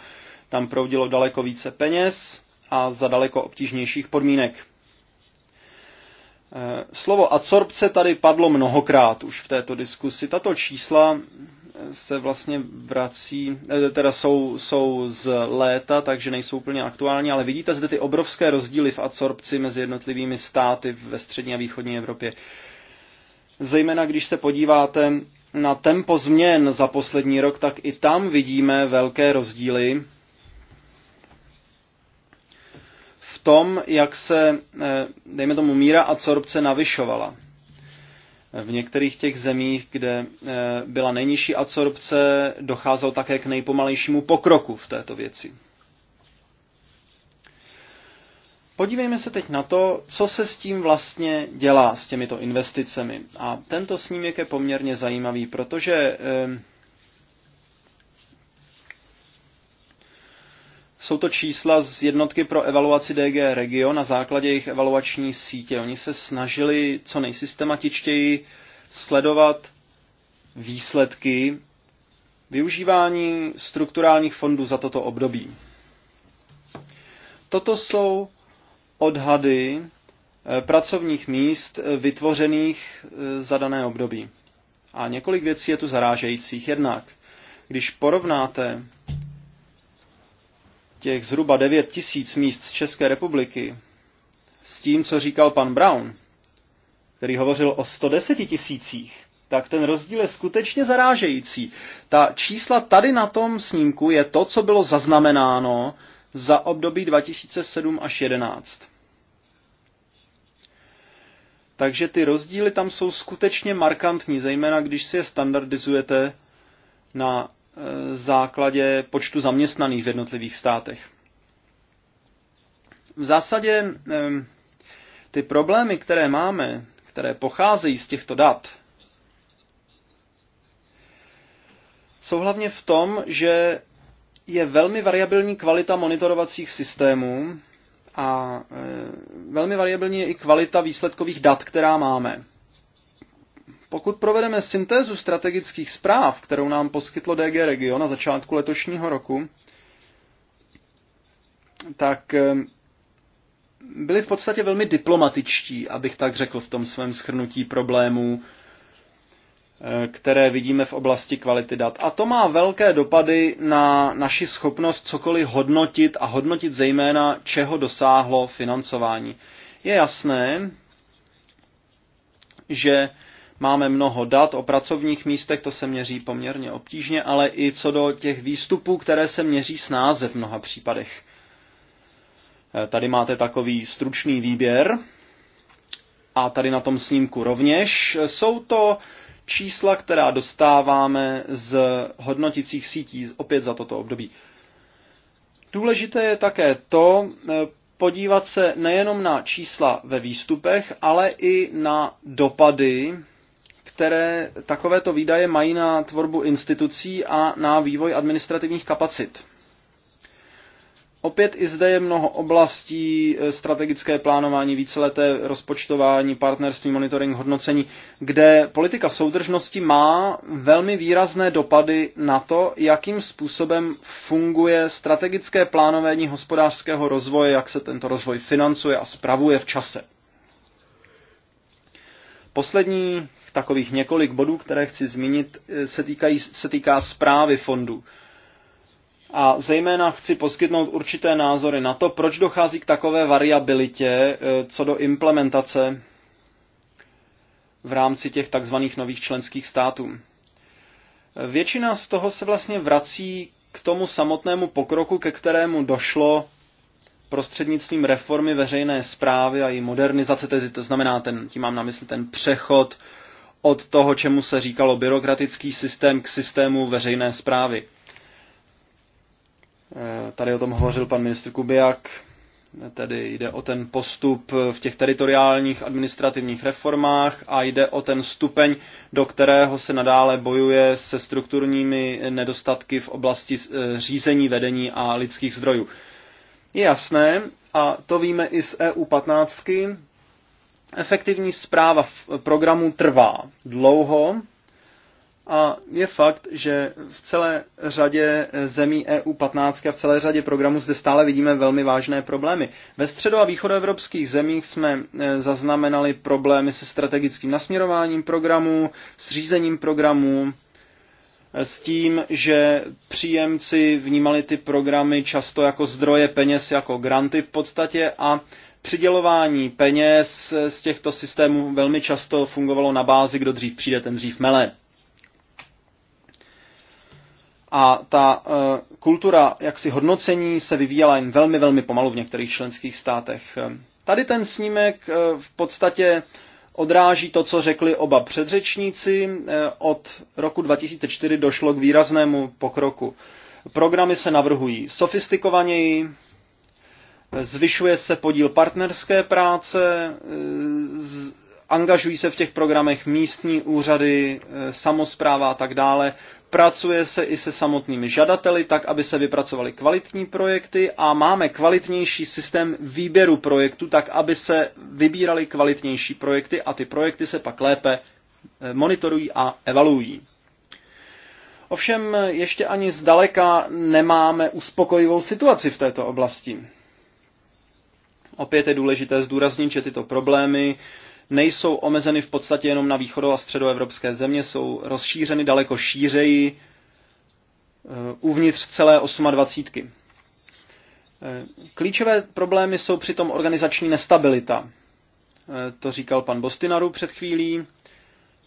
Tam proudilo daleko více peněz a za daleko obtížnějších podmínek. Eh, slovo adsorpce tady padlo mnohokrát už v této diskusi. Tato čísla se vlastně vrací, eh, teda jsou, jsou z léta, takže nejsou úplně aktuální, ale vidíte zde ty obrovské rozdíly v adsorpci mezi jednotlivými státy ve střední a východní Evropě. Zejména když se podíváte na tempo změn za poslední rok, tak i tam vidíme velké rozdíly v tom, jak se, eh, dejme tomu, míra adsorpce navyšovala. V některých těch zemích, kde eh, byla nejnižší adsorpce, docházelo také k nejpomalejšímu pokroku v této věci. Podívejme se teď na to, co se s tím vlastně dělá, s těmito investicemi. A tento snímek je poměrně zajímavý, protože ehm, Jsou to čísla z jednotky pro evaluaci DG Regio na základě jejich evaluační sítě. Oni se snažili co nejsystematičtěji sledovat výsledky využívání strukturálních fondů za toto období. Toto jsou odhady eh, pracovních míst eh, vytvořených eh, za dané období. A několik věcí je tu zarážejících. Jednak, když porovnáte těch zhruba 9 tisíc míst z České republiky s tím, co říkal pan Brown, který hovořil o 110 tisících, tak ten rozdíl je skutečně zarážející. Ta čísla tady na tom snímku je to, co bylo zaznamenáno za období 2007 až 2011. Takže ty rozdíly tam jsou skutečně markantní, zejména když si je standardizujete na e, základě počtu zaměstnaných v jednotlivých státech. V zásadě e, ty problémy, které máme, které pocházejí z těchto dat, jsou hlavně v tom, že je velmi variabilní kvalita monitorovacích systémů a e, velmi variabilní je i kvalita výsledkových dat, která máme. Pokud provedeme syntézu strategických zpráv, kterou nám poskytlo DG Region na začátku letošního roku, tak e, byli v podstatě velmi diplomatičtí, abych tak řekl v tom svém schrnutí problémů Eh, které vidíme v oblasti kvality dat. A to má velké dopady na naši schopnost cokoliv hodnotit a hodnotit zejména, čeho dosáhlo financování. Je jasné, že máme mnoho dat o pracovních místech, to se měří poměrně obtížně, ale i co do těch výstupů, které se měří snáze v mnoha případech. Eh, tady máte takový stručný výběr a tady na tom snímku rovněž. Eh, jsou to čísla, která dostáváme z hodnoticích sítí opět za toto období. Důležité je také to, eh, podívat se nejenom na čísla ve výstupech, ale i na dopady, které takovéto výdaje mají na tvorbu institucí a na vývoj administrativních kapacit. Opět i zde je mnoho oblastí, eh, strategické plánování, víceleté rozpočtování, partnerství, monitoring, hodnocení, kde politika soudržnosti má velmi výrazné dopady na to, jakým způsobem funguje strategické plánování hospodářského rozvoje, jak se tento rozvoj financuje a spravuje v čase. Poslední takových několik bodů, které chci zmínit, eh, se, týkají, se týká zprávy fondů a zejména chci poskytnout určité názory na to, proč dochází k takové variabilitě e, co do implementace v rámci těch takzvaných nových členských států. E, většina z toho se vlastně vrací k tomu samotnému pokroku, ke kterému došlo prostřednictvím reformy veřejné zprávy a její modernizace, tedy to znamená, ten, tím mám na mysli ten přechod od toho, čemu se říkalo byrokratický systém k systému veřejné zprávy. Eh, tady o tom hovořil pan ministr Kubiak, tedy jde o ten postup v těch teritoriálních administrativních reformách a jde o ten stupeň, do kterého se nadále bojuje se strukturními nedostatky v oblasti eh, řízení, vedení a lidských zdrojů. Je jasné, a to víme i z EU 15, efektivní zpráva programu trvá dlouho a je fakt, že v celé řadě zemí EU 15 a v celé řadě programů zde stále vidíme velmi vážné problémy. Ve středo- a východoevropských zemích jsme e, zaznamenali problémy se strategickým nasměrováním programů, s řízením programů, e, s tím, že příjemci vnímali ty programy často jako zdroje peněz, jako granty v podstatě a přidělování peněz z těchto systémů velmi často fungovalo na bázi, kdo dřív přijde, ten dřív mele a ta e, kultura jaksi hodnocení se vyvíjela jen velmi, velmi pomalu v některých členských státech. E, tady ten snímek e, v podstatě odráží to, co řekli oba předřečníci. Od roku 2004 došlo k výraznému pokroku. Programy se navrhují sofistikovaněji, zvyšuje se podíl partnerské práce, angažují se v těch programech místní úřady, samozpráva a tak dále. Pracuje se i se samotnými žadateli, tak aby se vypracovaly kvalitní projekty a máme kvalitnější systém výběru projektu, tak aby se vybíraly kvalitnější projekty a ty projekty se pak lépe eh, monitorují a evaluují. Ovšem ještě ani zdaleka nemáme uspokojivou situaci v této oblasti. Opět je důležité zdůraznit, že tyto problémy nejsou omezeny v podstatě jenom na východo a středoevropské země, jsou rozšířeny daleko šířeji eh, uvnitř celé 28. Eh, klíčové problémy jsou přitom organizační nestabilita. Eh, to říkal pan Bostinaru před chvílí.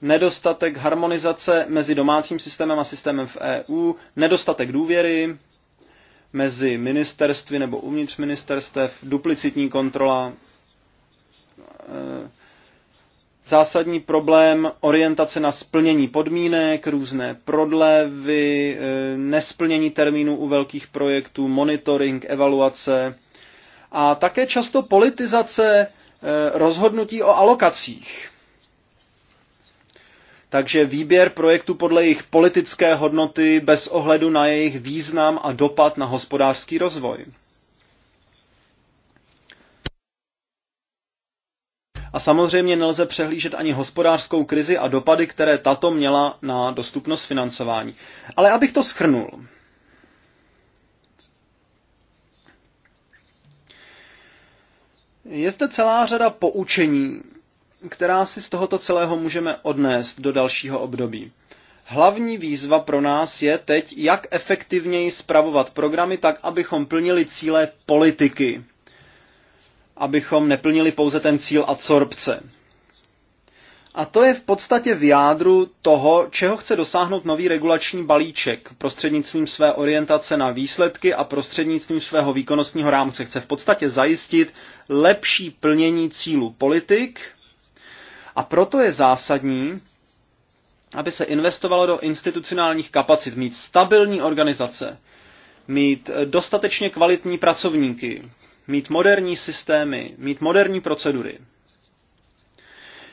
Nedostatek harmonizace mezi domácím systémem a systémem v EU, nedostatek důvěry mezi ministerstvy nebo uvnitř ministerstev, duplicitní kontrola, zásadní problém orientace na splnění podmínek, různé prodlevy, e, nesplnění termínů u velkých projektů, monitoring, evaluace a také často politizace e, rozhodnutí o alokacích. Takže výběr projektu podle jejich politické hodnoty bez ohledu na jejich význam a dopad na hospodářský rozvoj. A samozřejmě nelze přehlížet ani hospodářskou krizi a dopady, které tato měla na dostupnost financování. Ale abych to schrnul. Je zde celá řada poučení, která si z tohoto celého můžeme odnést do dalšího období. Hlavní výzva pro nás je teď, jak efektivněji spravovat programy tak, abychom plnili cíle politiky abychom neplnili pouze ten cíl adsorpce. A to je v podstatě v jádru toho, čeho chce dosáhnout nový regulační balíček prostřednictvím své orientace na výsledky a prostřednictvím svého výkonnostního rámce. Chce v podstatě zajistit lepší plnění cílů politik a proto je zásadní, aby se investovalo do institucionálních kapacit, mít stabilní organizace, mít dostatečně kvalitní pracovníky, mít moderní systémy, mít moderní procedury.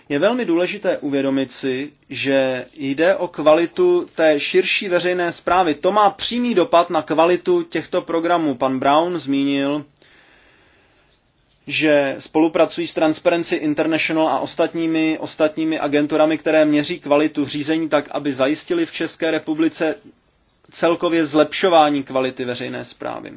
Je velmi důležité uvědomit si, že jde o kvalitu té širší veřejné zprávy. To má přímý dopad na kvalitu těchto programů. Pan Brown zmínil, že spolupracují s Transparency International a ostatními, ostatními agenturami, které měří kvalitu řízení tak, aby zajistili v České republice celkově zlepšování kvality veřejné zprávy.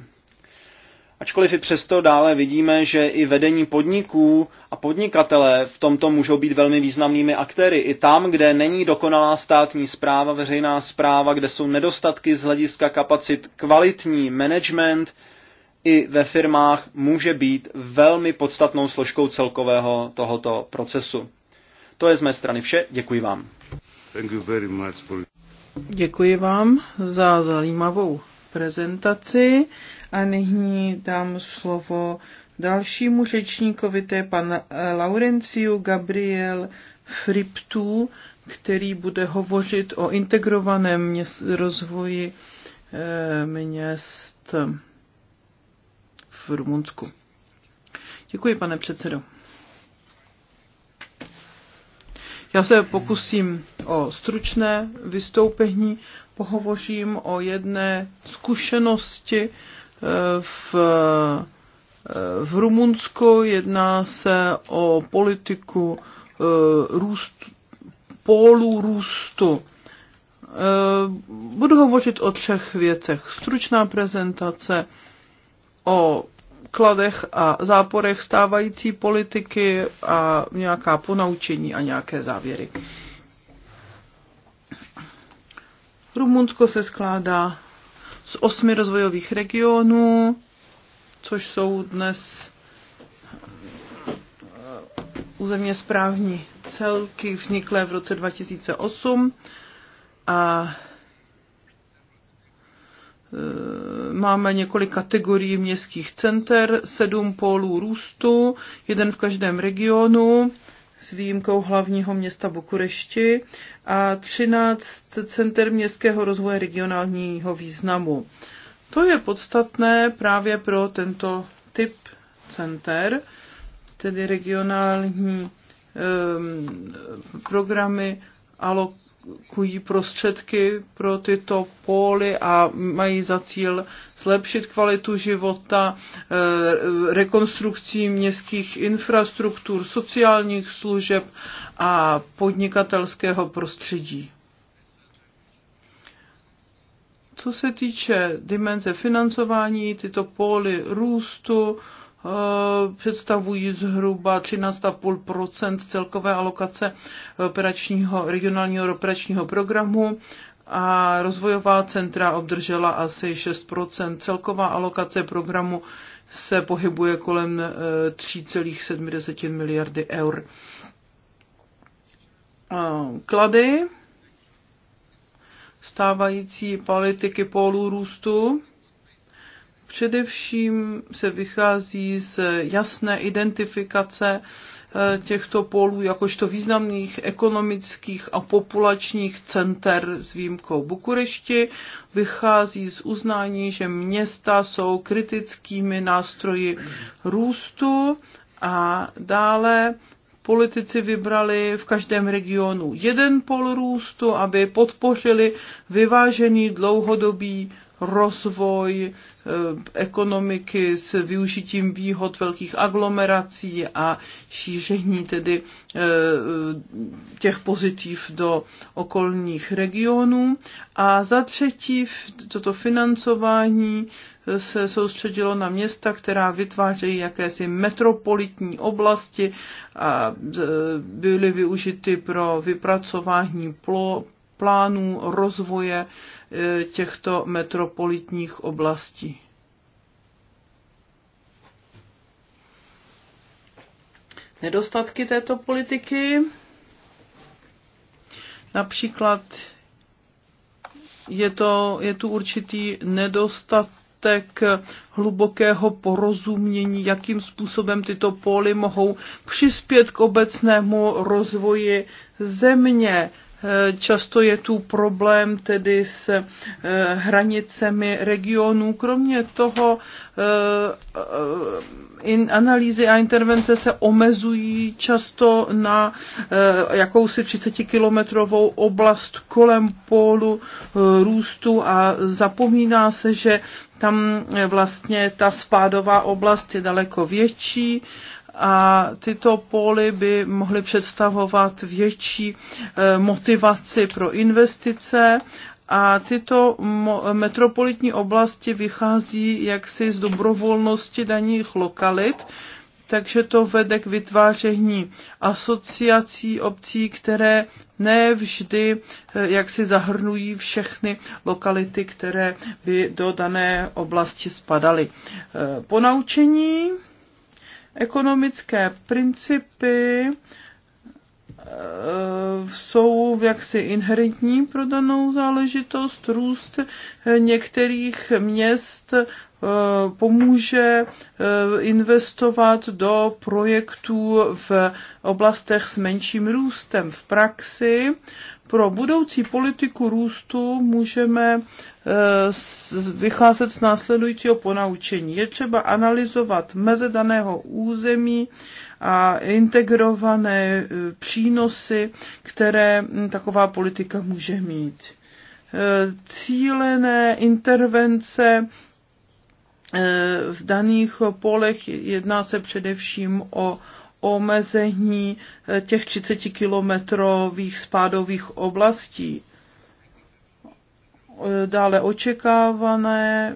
Ačkoliv i přesto dále vidíme, že i vedení podniků a podnikatele v tomto můžou být velmi významnými aktéry. I tam, kde není dokonalá státní zpráva, veřejná zpráva, kde jsou nedostatky z hlediska kapacit, kvalitní management i ve firmách může být velmi podstatnou složkou celkového tohoto procesu. To je z mé strany vše. Děkuji vám. Děkuji vám za zajímavou prezentaci a nyní dám slovo dalšímu řečníkovi, to je pan eh, Laurenciu Gabriel Friptu, který bude hovořit o integrovaném měst, rozvoji eh, měst v Rumunsku. Děkuji, pane předsedo. Já se pokusím o stručné vystoupení, pohovořím o jedné zkušenosti, v, v Rumunsku, jedná se o politiku eh, růst, polu růstu. Eh, budu hovořit o třech věcech. Stručná prezentace o kladech a záporech stávající politiky a nějaká ponaučení a nějaké závěry. Rumunsko se skládá z osmi rozvojových regionů, což jsou dnes eh, územně správní celky vzniklé v roce 2008 a eh, máme několik kategorií městských center, sedm pólů růstu, jeden v každém regionu s výjimkou hlavního města Bukurešti a 13 center městského rozvoje regionálního významu. To je podstatné právě pro tento typ center, tedy regionální um, programy alok alokují prostředky pro tyto póly a mají za cíl zlepšit kvalitu života eh, rekonstrukcí městských infrastruktur, sociálních služeb a podnikatelského prostředí. Co se týče dimenze financování, tyto póly růstu, Eh, představují zhruba 13,5 celkové alokace operačního, regionálního operačního programu a rozvojová centra obdržela asi 6 Celková alokace programu se pohybuje kolem 3,7 eh, miliardy eur. Eh, klady stávající politiky polů růstu Především se vychází z jasné identifikace eh, těchto polů jakožto významných ekonomických a populačních center s výjimkou Bukurešti. Vychází z uznání, že města jsou kritickými nástroji růstu a dále politici vybrali v každém regionu jeden pol růstu, aby podpořili vyvážený dlouhodobý rozvoj eh, ekonomiky s využitím výhod velkých aglomerací a šíření tedy eh, eh, těch pozitiv do okolních regionů. A za třetí, toto financování se soustředilo na města, která vytvářejí jakési metropolitní oblasti a byly využity pro vypracování plánů rozvoje těchto metropolitních oblastí. Nedostatky této politiky například je, to, je tu určitý nedostatek hlubokého porozumění, jakým způsobem tyto póly mohou přispět k obecnému rozvoji země Eh, často je tu problém tedy s eh, hranicemi regionů. Kromě toho eh, in analýzy a intervence se omezují často na jakousi 30-kilometrovou oblast kolem pólu růstu a zapomíná se, že tam vlastně ta spádová oblast je daleko větší a tyto póly by mohly představovat větší eh, motivaci pro investice a tyto metropolitní oblasti vychází jaksi z dobrovolnosti daných lokalit, takže to vede k vytváření asociací obcí, které nevždy eh, jak si zahrnují všechny lokality, které by do dané oblasti spadaly. Eh, ponaučení ekonomické principy Eh, jsou jaksi inherentní pro danou záležitost. Růst některých měst eh, pomůže eh, investovat do projektů v oblastech s menším růstem. V praxi pro budoucí politiku růstu můžeme vycházet z následujícího ponaučení. Je třeba analyzovat meze daného území, a integrované e, přínosy, které taková politika může mít. E, cílené intervence e, v daných polech jedná se především o omezení těch 30 kilometrových spádových oblastí. Dále očekávané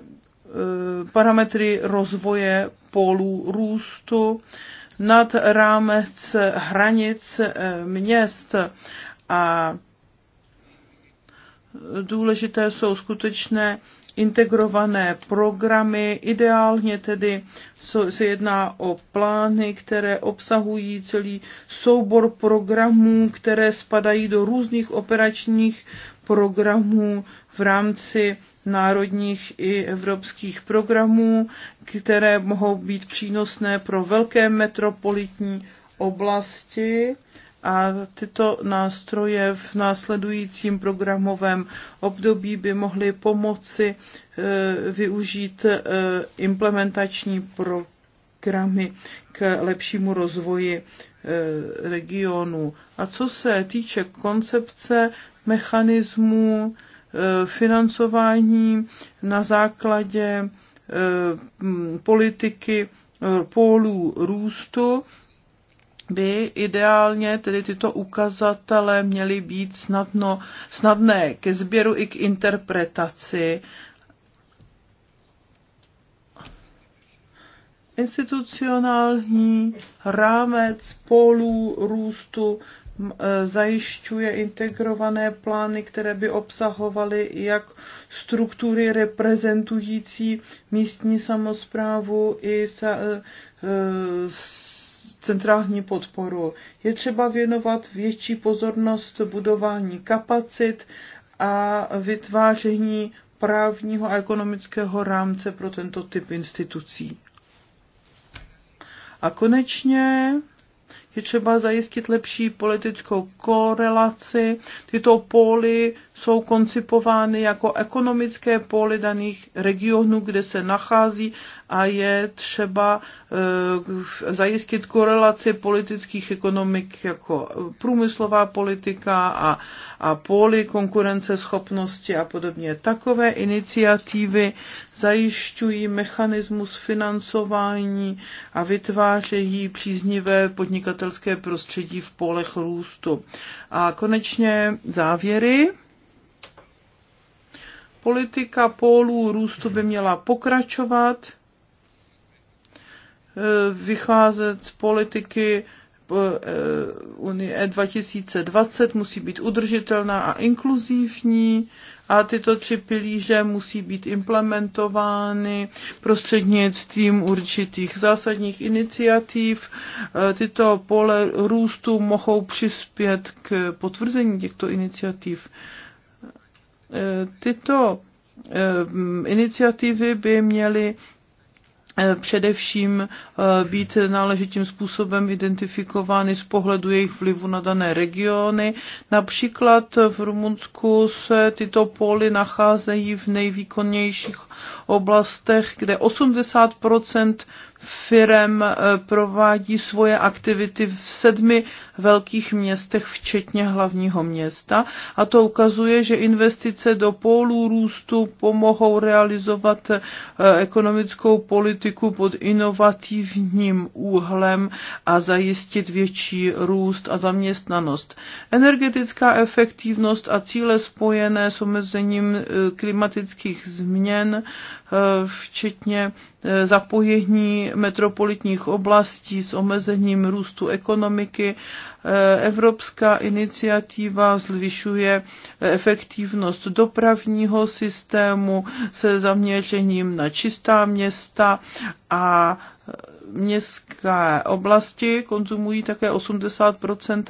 parametry rozvoje polů růstu, nad rámec hranic eh, měst a důležité jsou skutečné integrované programy. Ideálně tedy se jedná o plány, které obsahují celý soubor programů, které spadají do různých operačních programů v rámci národních i evropských programů, které mohou být přínosné pro velké metropolitní oblasti a tyto nástroje v následujícím programovém období by mohly pomoci e, využít e, implementační programy k lepšímu rozvoji e, regionu. A co se týče koncepce mechanismů financování na základě eh, politiky eh, pólů růstu by ideálně tedy tyto ukazatele měly být snadno, snadné ke sběru i k interpretaci. Institucionální rámec pólů růstu E, zajišťuje integrované plány, které by obsahovaly jak struktury reprezentující místní samozprávu i e, e, centrální podporu. Je třeba věnovat větší pozornost budování kapacit a vytváření právního a ekonomického rámce pro tento typ institucí. A konečně je třeba zajistit lepší politickou korelaci. Tyto póly jsou koncipovány jako ekonomické póly daných regionů, kde se nachází a je třeba eh, zajistit korelaci politických ekonomik jako průmyslová politika a, a poli konkurenceschopnosti a podobně. Takové iniciativy zajišťují mechanismus financování a vytvářejí příznivé podnikatelské prostředí v polech růstu. A konečně závěry. Politika pólů růstu by měla pokračovat Eh, vycházet z politiky eh, Unie 2020, musí být udržitelná a inkluzivní a tyto tři pilíže musí být implementovány prostřednictvím určitých zásadních iniciativ. Eh, tyto pole růstu mohou přispět k potvrzení těchto iniciativ. Tyto iniciativy by měly Eh, především eh, být náležitým způsobem identifikovány z pohledu jejich vlivu na dané regiony. Například v Rumunsku se tyto póly nacházejí v nejvýkonnějších oblastech, kde 80 firem eh, provádí svoje aktivity v sedmi velkých městech, včetně hlavního města. A to ukazuje, že investice do pólů růstu pomohou realizovat eh, ekonomickou politiku pod inovativním úhlem a zajistit větší růst a zaměstnanost. Energetická efektivnost a cíle spojené s omezením eh, klimatických změn Eh, včetně eh, zapojení metropolitních oblastí s omezením růstu ekonomiky. Eh, evropská iniciativa zvyšuje efektivnost dopravního systému se zaměřením na čistá města a městské oblasti konzumují také 80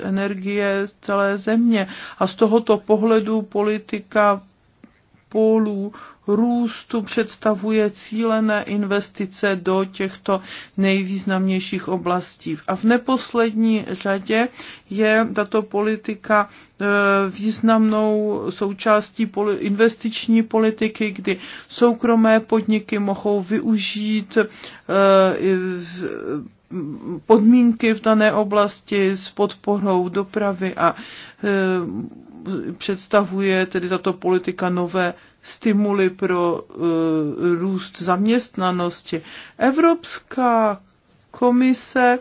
energie z celé země. A z tohoto pohledu politika polů růstu představuje cílené investice do těchto nejvýznamnějších oblastí. A v neposlední řadě je tato politika e, významnou součástí investiční politiky, kdy soukromé podniky mohou využít e, podmínky v dané oblasti s podporou dopravy a e, představuje tedy tato politika nové stimuly pro eh, růst zaměstnanosti. Evropská komise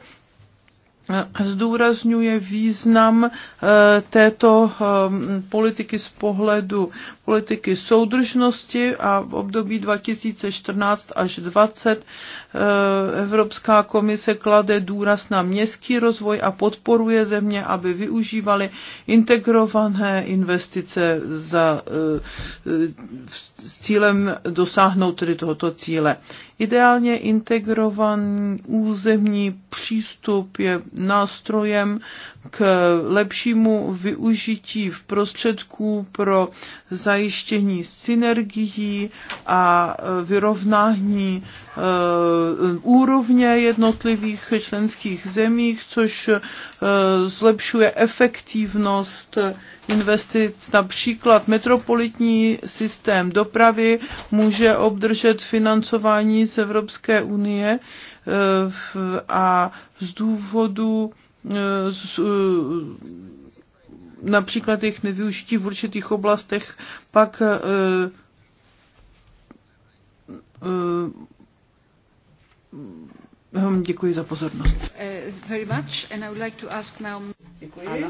zdůrazňuje význam eh, této eh, politiky z pohledu politiky soudržnosti a v období 2014 až 2020 eh, Evropská komise klade důraz na městský rozvoj a podporuje země, aby využívaly integrované investice za, s cílem dosáhnout tedy tohoto cíle. Ideálně integrovaný územní přístup je nástrojem k lepšímu využití v prostředků pro zajištění synergií a vyrovnání eh, úrovně jednotlivých členských zemích, což eh, zlepšuje efektivnost investic. Například metropolitní systém dopravy může obdržet financování hranic Evropské unie eh, a z důvodu eh, eh, například jejich nevyužití v určitých oblastech pak vám hm, děkuji za pozornost. very much and I would like to ask now... Děkuji.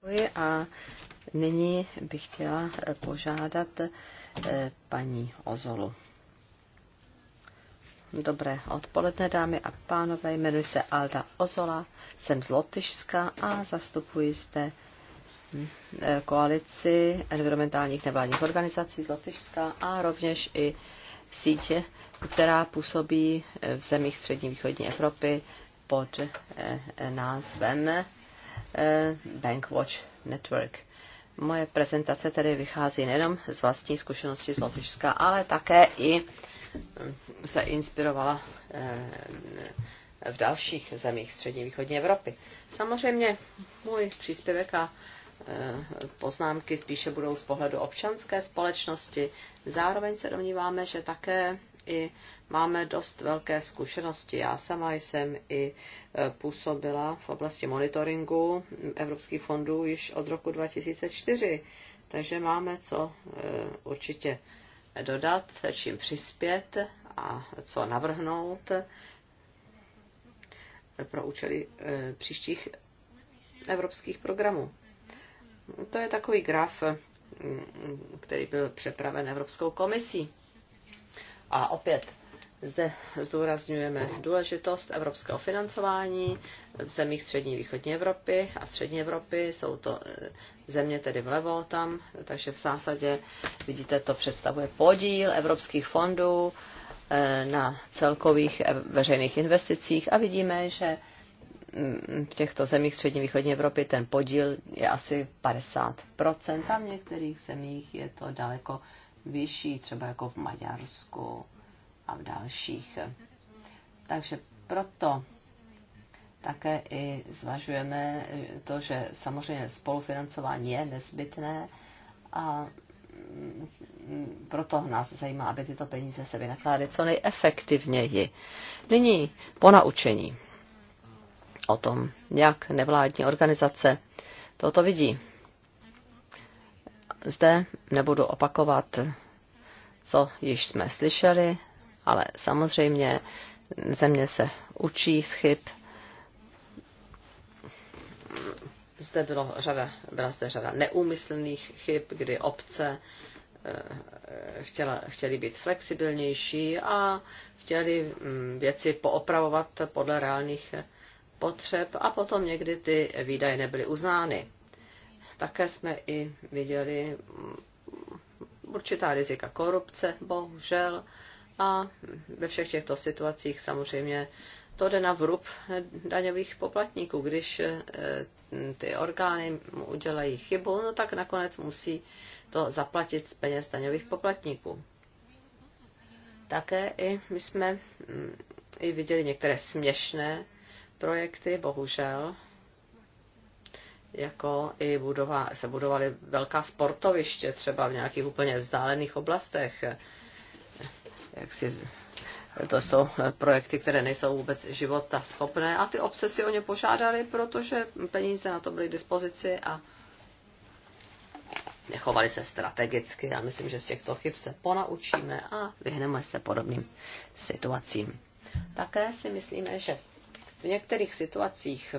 Děkuji a nyní bych chtěla požádat paní Ozolu. Dobré odpoledne, dámy a pánové. Jmenuji se Alda Ozola, jsem z Lotyšska a zastupuji zde hm, eh, koalici environmentálních nevládních organizací z Lotyšska a rovněž i sítě, která působí eh, v zemích střední východní Evropy pod eh, názvem Bankwatch Network. Moje prezentace tedy vychází nejenom z vlastní zkušenosti z Lotyšska, ale také i se inspirovala eh, v dalších zemích střední východní Evropy. Samozřejmě můj příspěvek a eh, poznámky spíše budou z pohledu občanské společnosti. Zároveň se domníváme, že také i máme dost velké zkušenosti. Já sama jsem i eh, působila v oblasti monitoringu evropských fondů již od roku 2004, takže máme co určitě dodat, čím přispět a co navrhnout pro účely e, příštích evropských programů. To je takový graf, který byl přepraven Evropskou komisí. A opět zde zdůrazňujeme důležitost evropského financování v zemích střední východní Evropy a střední Evropy. Jsou to eh, země tedy vlevo tam, takže v zásadě, vidíte, to představuje podíl evropských fondů eh, na celkových veřejných investicích a vidíme, že mm, v těchto zemích střední východní Evropy ten podíl je asi 50%, a v některých zemích je to daleko vyšší, třeba jako v Maďarsku a v dalších. Takže proto také i zvažujeme to, že samozřejmě spolufinancování je nezbytné a proto nás zajímá, aby tyto peníze se vynakládaly co nejefektivněji. Nyní po naučení o tom, jak nevládní organizace toto vidí. Zde nebudu opakovat, co již jsme slyšeli ale samozřejmě země se učí z chyb. Zde bylo řada, byla zde řada neúmyslných chyb, kdy obce eh, chtěla, chtěli být flexibilnější a chtěli mm, věci poopravovat podle reálných potřeb a potom někdy ty výdaje nebyly uznány. Také jsme i viděli mm, určitá rizika korupce, bohužel. A ve všech těchto situacích samozřejmě to jde na vrub daňových poplatníků. Když eh, ty orgány mu udělají chybu, no tak nakonec musí to zaplatit z peněz daňových poplatníků. Také i my jsme mm, i viděli některé směšné projekty, bohužel, jako i budova, se budovaly velká sportoviště třeba v nějakých úplně vzdálených oblastech jak si to jsou eh, projekty, které nejsou vůbec života schopné a ty obce si o ně požádali, protože peníze na to byly k dispozici a nechovali se strategicky. Já myslím, že z těchto chyb se ponaučíme a vyhneme se podobným situacím. Také si myslíme, že v některých situacích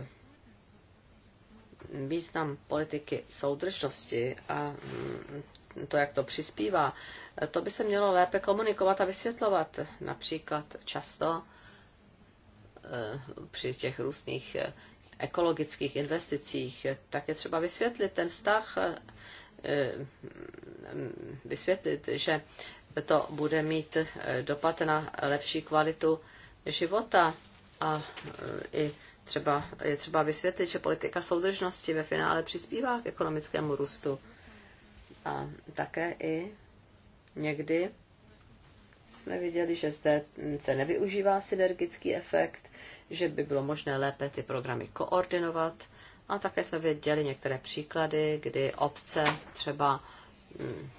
význam politiky soudržnosti a mm, to, jak to přispívá, to by se mělo lépe komunikovat a vysvětlovat. Například často eh, při těch různých eh, ekologických investicích, tak je třeba vysvětlit ten vztah, eh, mm, vysvětlit, že to bude mít dopad na lepší kvalitu života a i třeba, je třeba vysvětlit, že politika soudržnosti ve finále přispívá k ekonomickému růstu. A také i někdy jsme viděli, že zde se nevyužívá synergický efekt, že by bylo možné lépe ty programy koordinovat. A také jsme viděli některé příklady, kdy obce třeba mm,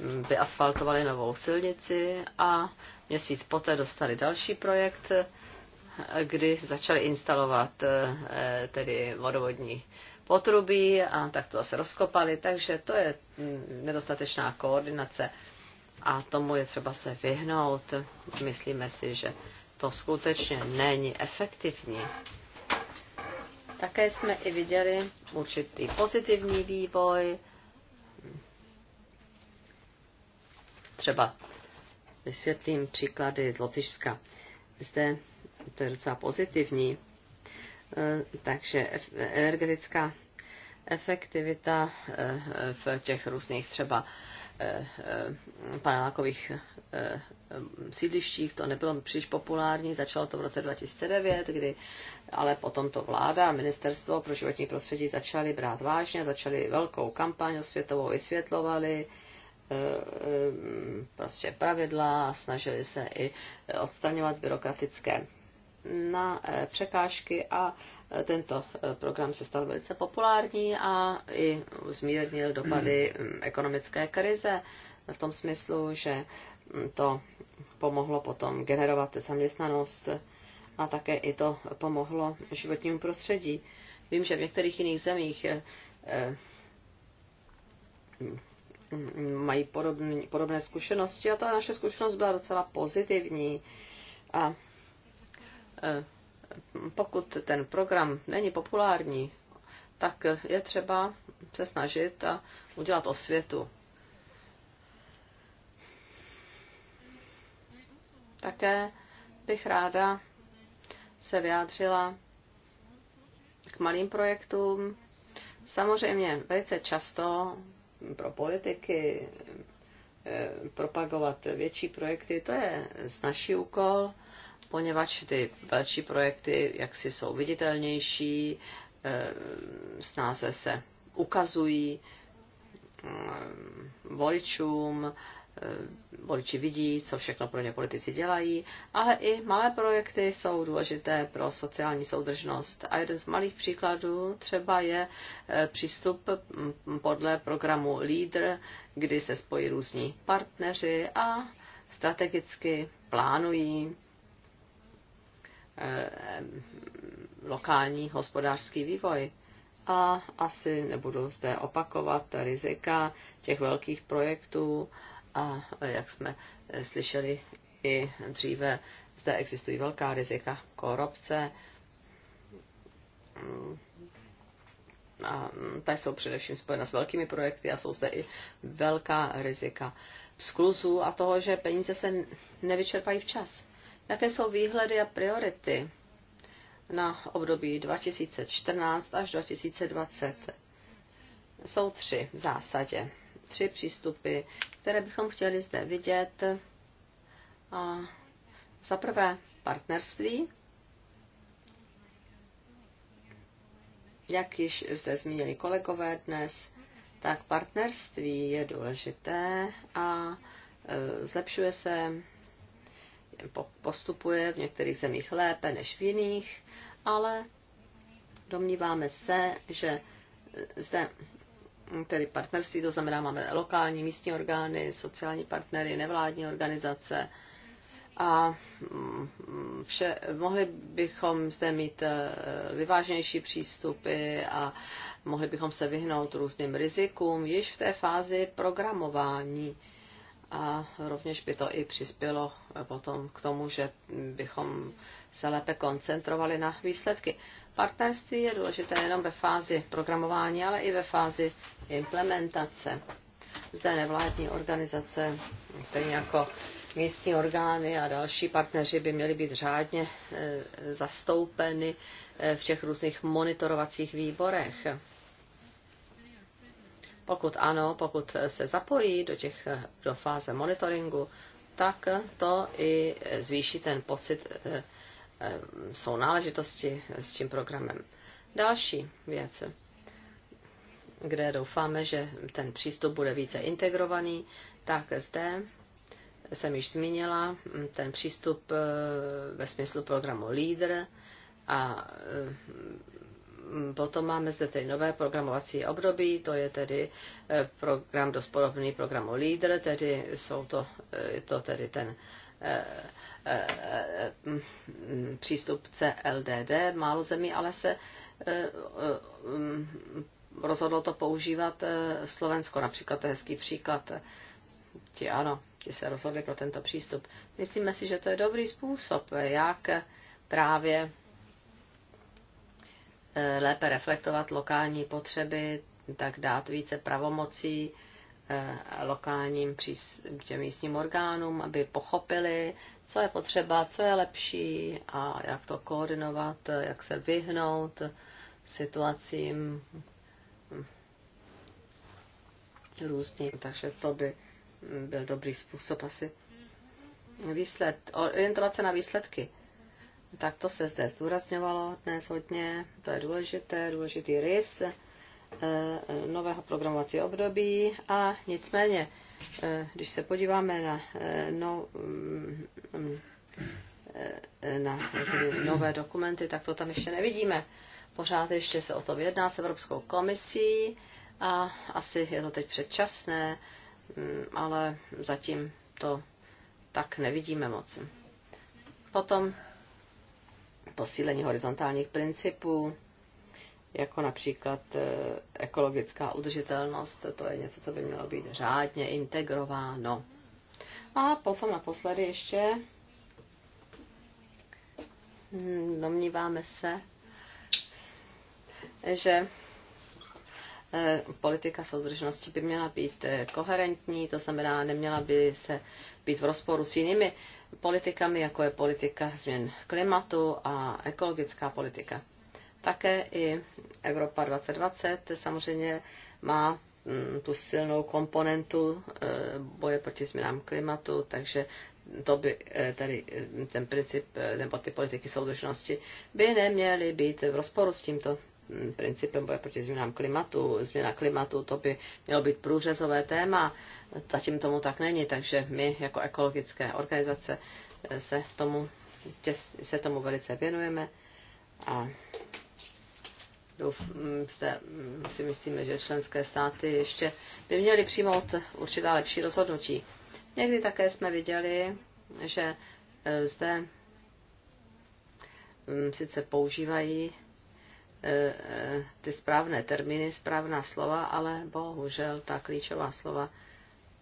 mm, by asfaltovaly novou silnici a měsíc poté dostali další projekt, kdy začali instalovat eh, tedy vodovodní potrubí a tak to zase rozkopali, takže to je mm, nedostatečná koordinace a tomu je třeba se vyhnout. Myslíme si, že to skutečně není efektivní. Také jsme i viděli určitý pozitivní vývoj, třeba vysvětlím příklady z Lotyšska. Zde to je docela pozitivní. Eh, takže energetická efektivita eh, v těch různých třeba eh, panelákových sídlištích. To nebylo příliš populární, začalo to v roce 2009, kdy ale potom to vláda a ministerstvo pro životní prostředí začaly brát vážně, začaly velkou kampaň světovou, vysvětlovali prostě pravidla, a snažili se i odstraňovat byrokratické na eh, překážky a eh, tento eh, program se stal velice populární a i zmírnil dopady hmm. mm, ekonomické krize v tom smyslu, že mm, to pomohlo potom generovat zaměstnanost a také i to pomohlo životnímu prostředí. Vím, že v některých jiných zemích mají podobné zkušenosti a ta naše zkušenost byla docela pozitivní. A Eh, pokud ten program není populární, tak je třeba se snažit a udělat osvětu. Také bych ráda se vyjádřila k malým projektům. Samozřejmě velice často pro politiky eh, propagovat větší projekty, to je snažší úkol, poněvadž ty velší projekty jaksi jsou viditelnější, eh, snáze se ukazují eh, voličům, eh, voliči vidí, co všechno pro ně politici dělají, ale i malé projekty jsou důležité pro sociální soudržnost. A jeden z malých příkladů třeba je přístup mm, podle programu LEADER, kdy se spojí různí partneři a strategicky plánují Eh, lokální hospodářský vývoj. A asi nebudu zde opakovat rizika těch velkých projektů a jak jsme eh, slyšeli i dříve, zde existují velká rizika korupce. Mm. A mm, ta jsou především spojena s velkými projekty a jsou zde i velká rizika skluzů a toho, že peníze se nevyčerpají včas. Jaké jsou výhledy a priority na období 2014 až 2020? Jsou tři v zásadě. Tři přístupy, které bychom chtěli zde vidět. A za prvé partnerství, jak již zde zmínili kolegové dnes, tak partnerství je důležité a e, zlepšuje se postupuje v některých zemích lépe než v jiných, ale domníváme se, že zde mm, tedy partnerství, to znamená máme lokální místní orgány, sociální partnery, nevládní organizace a mm, vše, mohli bychom zde mít e, vyváženější přístupy a mohli bychom se vyhnout různým rizikům již v té fázi programování a rovněž by to i přispělo potom k tomu, že bychom se lépe koncentrovali na výsledky. Partnerství je důležité jenom ve fázi programování, ale i ve fázi implementace. Zde nevládní organizace, stejně jako místní orgány a další partneři by měli být řádně e, zastoupeny e, v těch různých monitorovacích výborech. Pokud ano, pokud se zapojí do těch do fáze monitoringu, tak to i zvýší ten pocit eh, eh, náležitosti s tím programem. Další věc, kde doufáme, že ten přístup bude více integrovaný, tak zde jsem již zmínila mm, ten přístup eh, ve smyslu programu LEADER a Mm, potom máme zde tedy nové programovací období, to je tedy eh, program dost podobný programu LEADER, tedy jsou to, eh, je to tedy ten eh, mm, přístup CLDD, málo zemí, ale se mm, rozhodlo to používat Slovensko. Například to je hezký příklad. Ti ano, ti se rozhodli pro tento přístup. Myslíme si, že to je dobrý způsob, jak právě Eh, lépe reflektovat lokální potřeby, tak dát více pravomocí eh, lokálním těm místním orgánům, aby pochopili, co je potřeba, co je lepší a jak to koordinovat, eh, jak se vyhnout situacím hm, různým. Takže to by hm, byl dobrý způsob asi. Výsled, orientovat se na výsledky tak to se zde zdůrazňovalo dnes hodně, to je důležité, důležitý rys eh, nového programovacího období a nicméně, eh, když se podíváme na, eh, no, mm, mm, na nové dokumenty, tak to tam ještě nevidíme. Pořád ještě se o tom jedná s Evropskou komisí a asi je to teď předčasné, mm, ale zatím to tak nevidíme moc. Potom posílení horizontálních principů, jako například eh, ekologická udržitelnost, to je něco, co by mělo být řádně integrováno. A potom naposledy ještě hm, domníváme se, že eh, politika soudržnosti by měla být eh, koherentní, to znamená, neměla by se být v rozporu s jinými politikami, jako je politika změn klimatu a ekologická politika. Také i Evropa 2020 samozřejmě má mm, tu silnou komponentu e, boje proti změnám klimatu, takže to by e, tedy e, ten princip nebo ty politiky soudržnosti by neměly být v rozporu s tímto principem boje proti změnám klimatu. Změna klimatu to by mělo být průřezové téma. Zatím tomu tak není, takže my jako ekologické organizace se tomu, se tomu velice věnujeme a jste, mm, mm, si myslíme, že členské státy ještě by měly přijmout určitá lepší rozhodnutí. Někdy také jsme viděli, že e, zde mm, sice používají E, e, ty správné termíny, správná slova, ale bohužel ta klíčová slova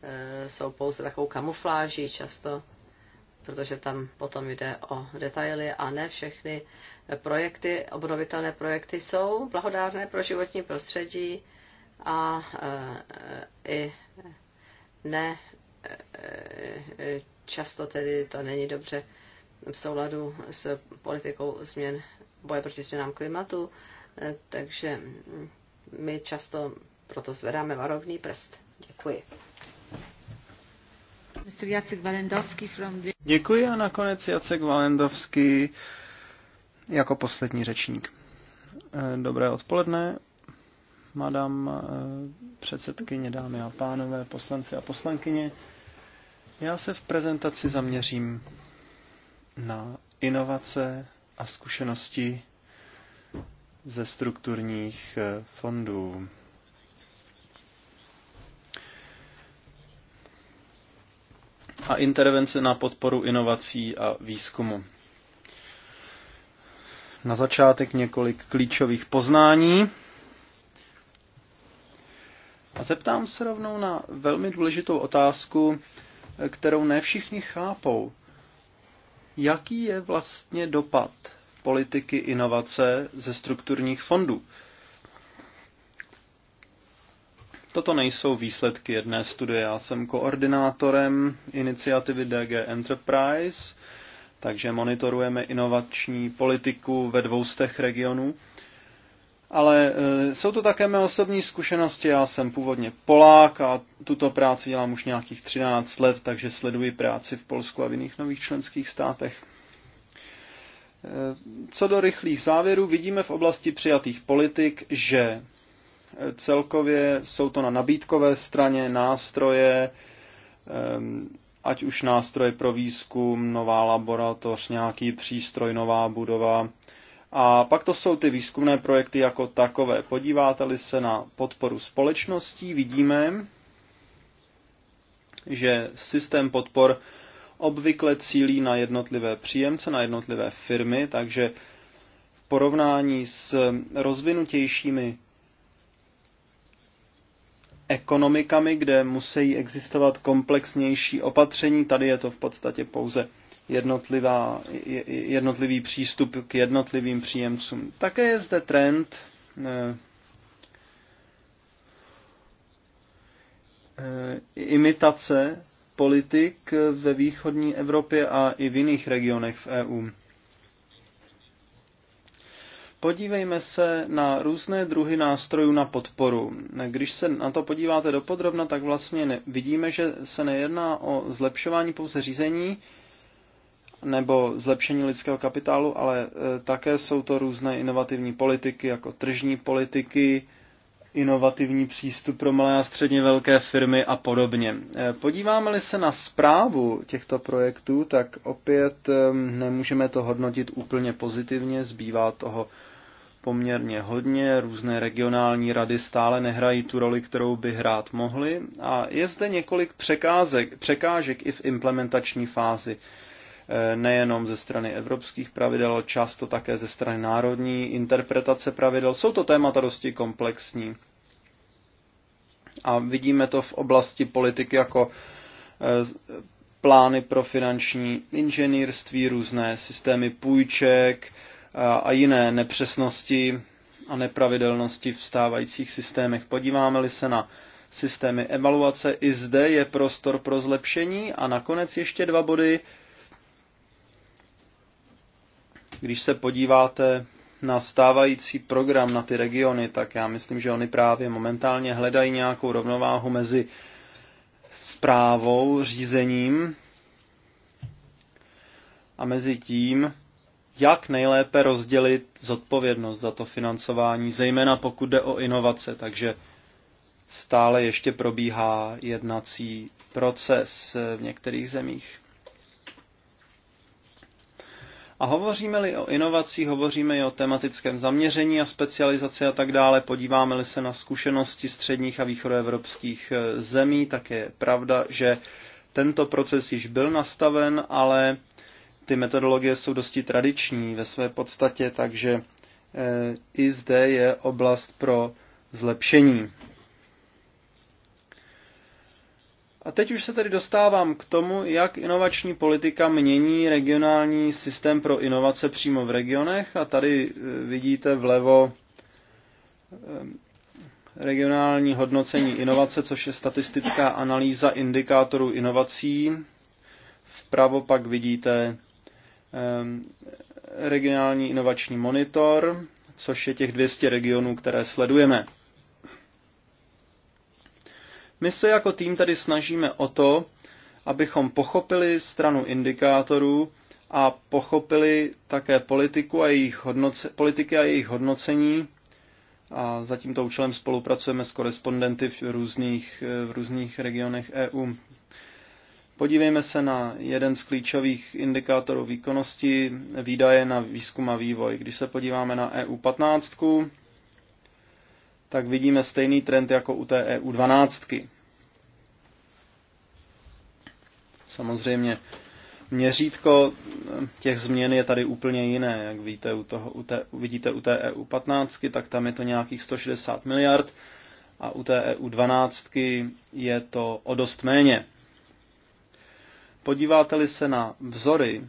e, jsou pouze takovou kamufláží často, protože tam potom jde o detaily a ne všechny projekty, obnovitelné projekty jsou blahodárné pro životní prostředí a i ne často tedy to není dobře v souladu s politikou změn boje proti změnám klimatu, eh, takže my často proto zvedáme varovný prst. Děkuji. Valendovský Děkuji a nakonec Jacek Valendovský jako poslední řečník. Eh, dobré odpoledne, madam eh, předsedkyně, dámy a pánové, poslanci a poslankyně. Já se v prezentaci zaměřím na inovace a zkušenosti ze strukturních eh, fondů. A intervence na podporu inovací a výzkumu. Na začátek několik klíčových poznání. A zeptám se rovnou na velmi důležitou otázku, eh, kterou ne všichni chápou jaký je vlastně dopad politiky inovace ze strukturních fondů. Toto nejsou výsledky jedné studie. Já jsem koordinátorem iniciativy DG Enterprise, takže monitorujeme inovační politiku ve dvoustech regionů ale e, jsou to také mé osobní zkušenosti. Já jsem původně Polák a tuto práci dělám už nějakých 13 let, takže sleduji práci v Polsku a v jiných nových členských státech. E, co do rychlých závěrů, vidíme v oblasti přijatých politik, že e, celkově jsou to na nabídkové straně nástroje, ať už nástroje pro výzkum, nová laboratoř, nějaký přístroj, nová budova, a pak to jsou ty výzkumné projekty jako takové. Podíváte-li se na podporu společností, vidíme, že systém podpor obvykle cílí na jednotlivé příjemce, na jednotlivé firmy, takže v porovnání s rozvinutějšími ekonomikami, kde musí existovat komplexnější opatření, tady je to v podstatě pouze jednotlivá, jednotlivý přístup k jednotlivým příjemcům. Také je zde trend eh, eh, imitace politik ve východní Evropě a i v jiných regionech v EU. Podívejme se na různé druhy nástrojů na podporu. Když se na to podíváte dopodrobna, tak vlastně vidíme, že se nejedná o zlepšování pouze řízení, nebo zlepšení lidského kapitálu, ale eh, také jsou to různé inovativní politiky, jako tržní politiky, inovativní přístup pro malé a středně velké firmy a podobně. Eh, podíváme-li se na zprávu těchto projektů, tak opět eh, nemůžeme to hodnotit úplně pozitivně, zbývá toho poměrně hodně, různé regionální rady stále nehrají tu roli, kterou by hrát mohly a je zde několik překázek, překážek i v implementační fázi. Eh, nejenom ze strany evropských pravidel, často také ze strany národní interpretace pravidel. Jsou to témata dosti komplexní. A vidíme to v oblasti politiky jako eh, plány pro finanční inženýrství, různé systémy půjček eh, a jiné nepřesnosti a nepravidelnosti v stávajících systémech. Podíváme-li se na systémy evaluace, i zde je prostor pro zlepšení. A nakonec ještě dva body, když se podíváte na stávající program na ty regiony, tak já myslím, že oni právě momentálně hledají nějakou rovnováhu mezi zprávou, řízením a mezi tím, jak nejlépe rozdělit zodpovědnost za to financování, zejména pokud jde o inovace. Takže stále ještě probíhá jednací proces v některých zemích. A hovoříme-li o inovacích, hovoříme i o tematickém zaměření a specializaci a tak dále. Podíváme-li se na zkušenosti středních a východoevropských eh, zemí, tak je pravda, že tento proces již byl nastaven, ale ty metodologie jsou dosti tradiční ve své podstatě, takže eh, i zde je oblast pro zlepšení. A teď už se tedy dostávám k tomu, jak inovační politika mění regionální systém pro inovace přímo v regionech. A tady e, vidíte vlevo e, regionální hodnocení inovace, což je statistická analýza indikátorů inovací. Vpravo pak vidíte e, regionální inovační monitor, což je těch 200 regionů, které sledujeme. My se jako tým tady snažíme o to, abychom pochopili stranu indikátorů a pochopili také politiku a jejich hodnoce, politiky a jejich hodnocení. A za tímto účelem spolupracujeme s korespondenty v různých, eh, v různých regionech EU. Podívejme se na jeden z klíčových indikátorů výkonnosti, výdaje na výzkum a vývoj. Když se podíváme na EU 15, tak vidíme stejný trend jako u té EU12. Samozřejmě měřítko těch změn je tady úplně jiné. Jak víte, u toho, u té, vidíte u té EU15, tak tam je to nějakých 160 miliard a u té EU12 je to o dost méně. Podíváte-li se na vzory,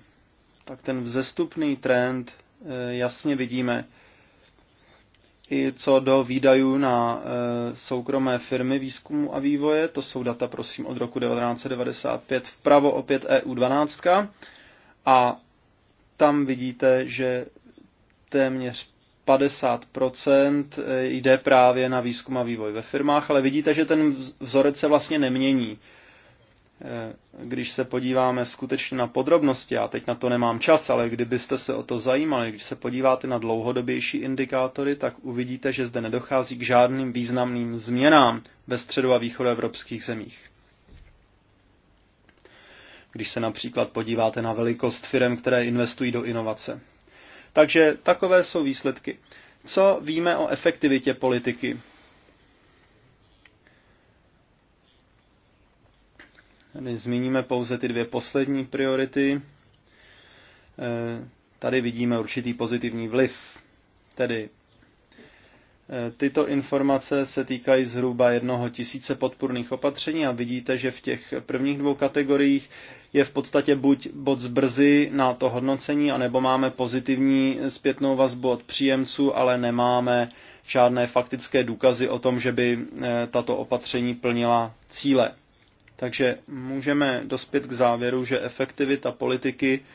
tak ten vzestupný trend eh, jasně vidíme i co do výdajů na e, soukromé firmy výzkumu a vývoje, to jsou data prosím od roku 1995 vpravo opět EU12 a tam vidíte, že téměř 50% e, jde právě na výzkum a vývoj ve firmách, ale vidíte, že ten vzorec se vlastně nemění. Eh, když se podíváme skutečně na podrobnosti, já teď na to nemám čas, ale kdybyste se o to zajímali, když se podíváte na dlouhodobější indikátory, tak uvidíte, že zde nedochází k žádným významným změnám ve středu a evropských zemích. Když se například podíváte na velikost firm, které investují do inovace. Takže takové jsou výsledky. Co víme o efektivitě politiky? Tady zmíníme pouze ty dvě poslední priority. Eh, tady vidíme určitý pozitivní vliv. Tedy eh, tyto informace se týkají zhruba jednoho tisíce podpůrných opatření a vidíte, že v těch prvních dvou kategoriích je v podstatě buď bod zbrzy na to hodnocení, anebo máme pozitivní zpětnou vazbu od příjemců, ale nemáme žádné faktické důkazy o tom, že by eh, tato opatření plnila cíle. Takže můžeme dospět k závěru, že efektivita politiky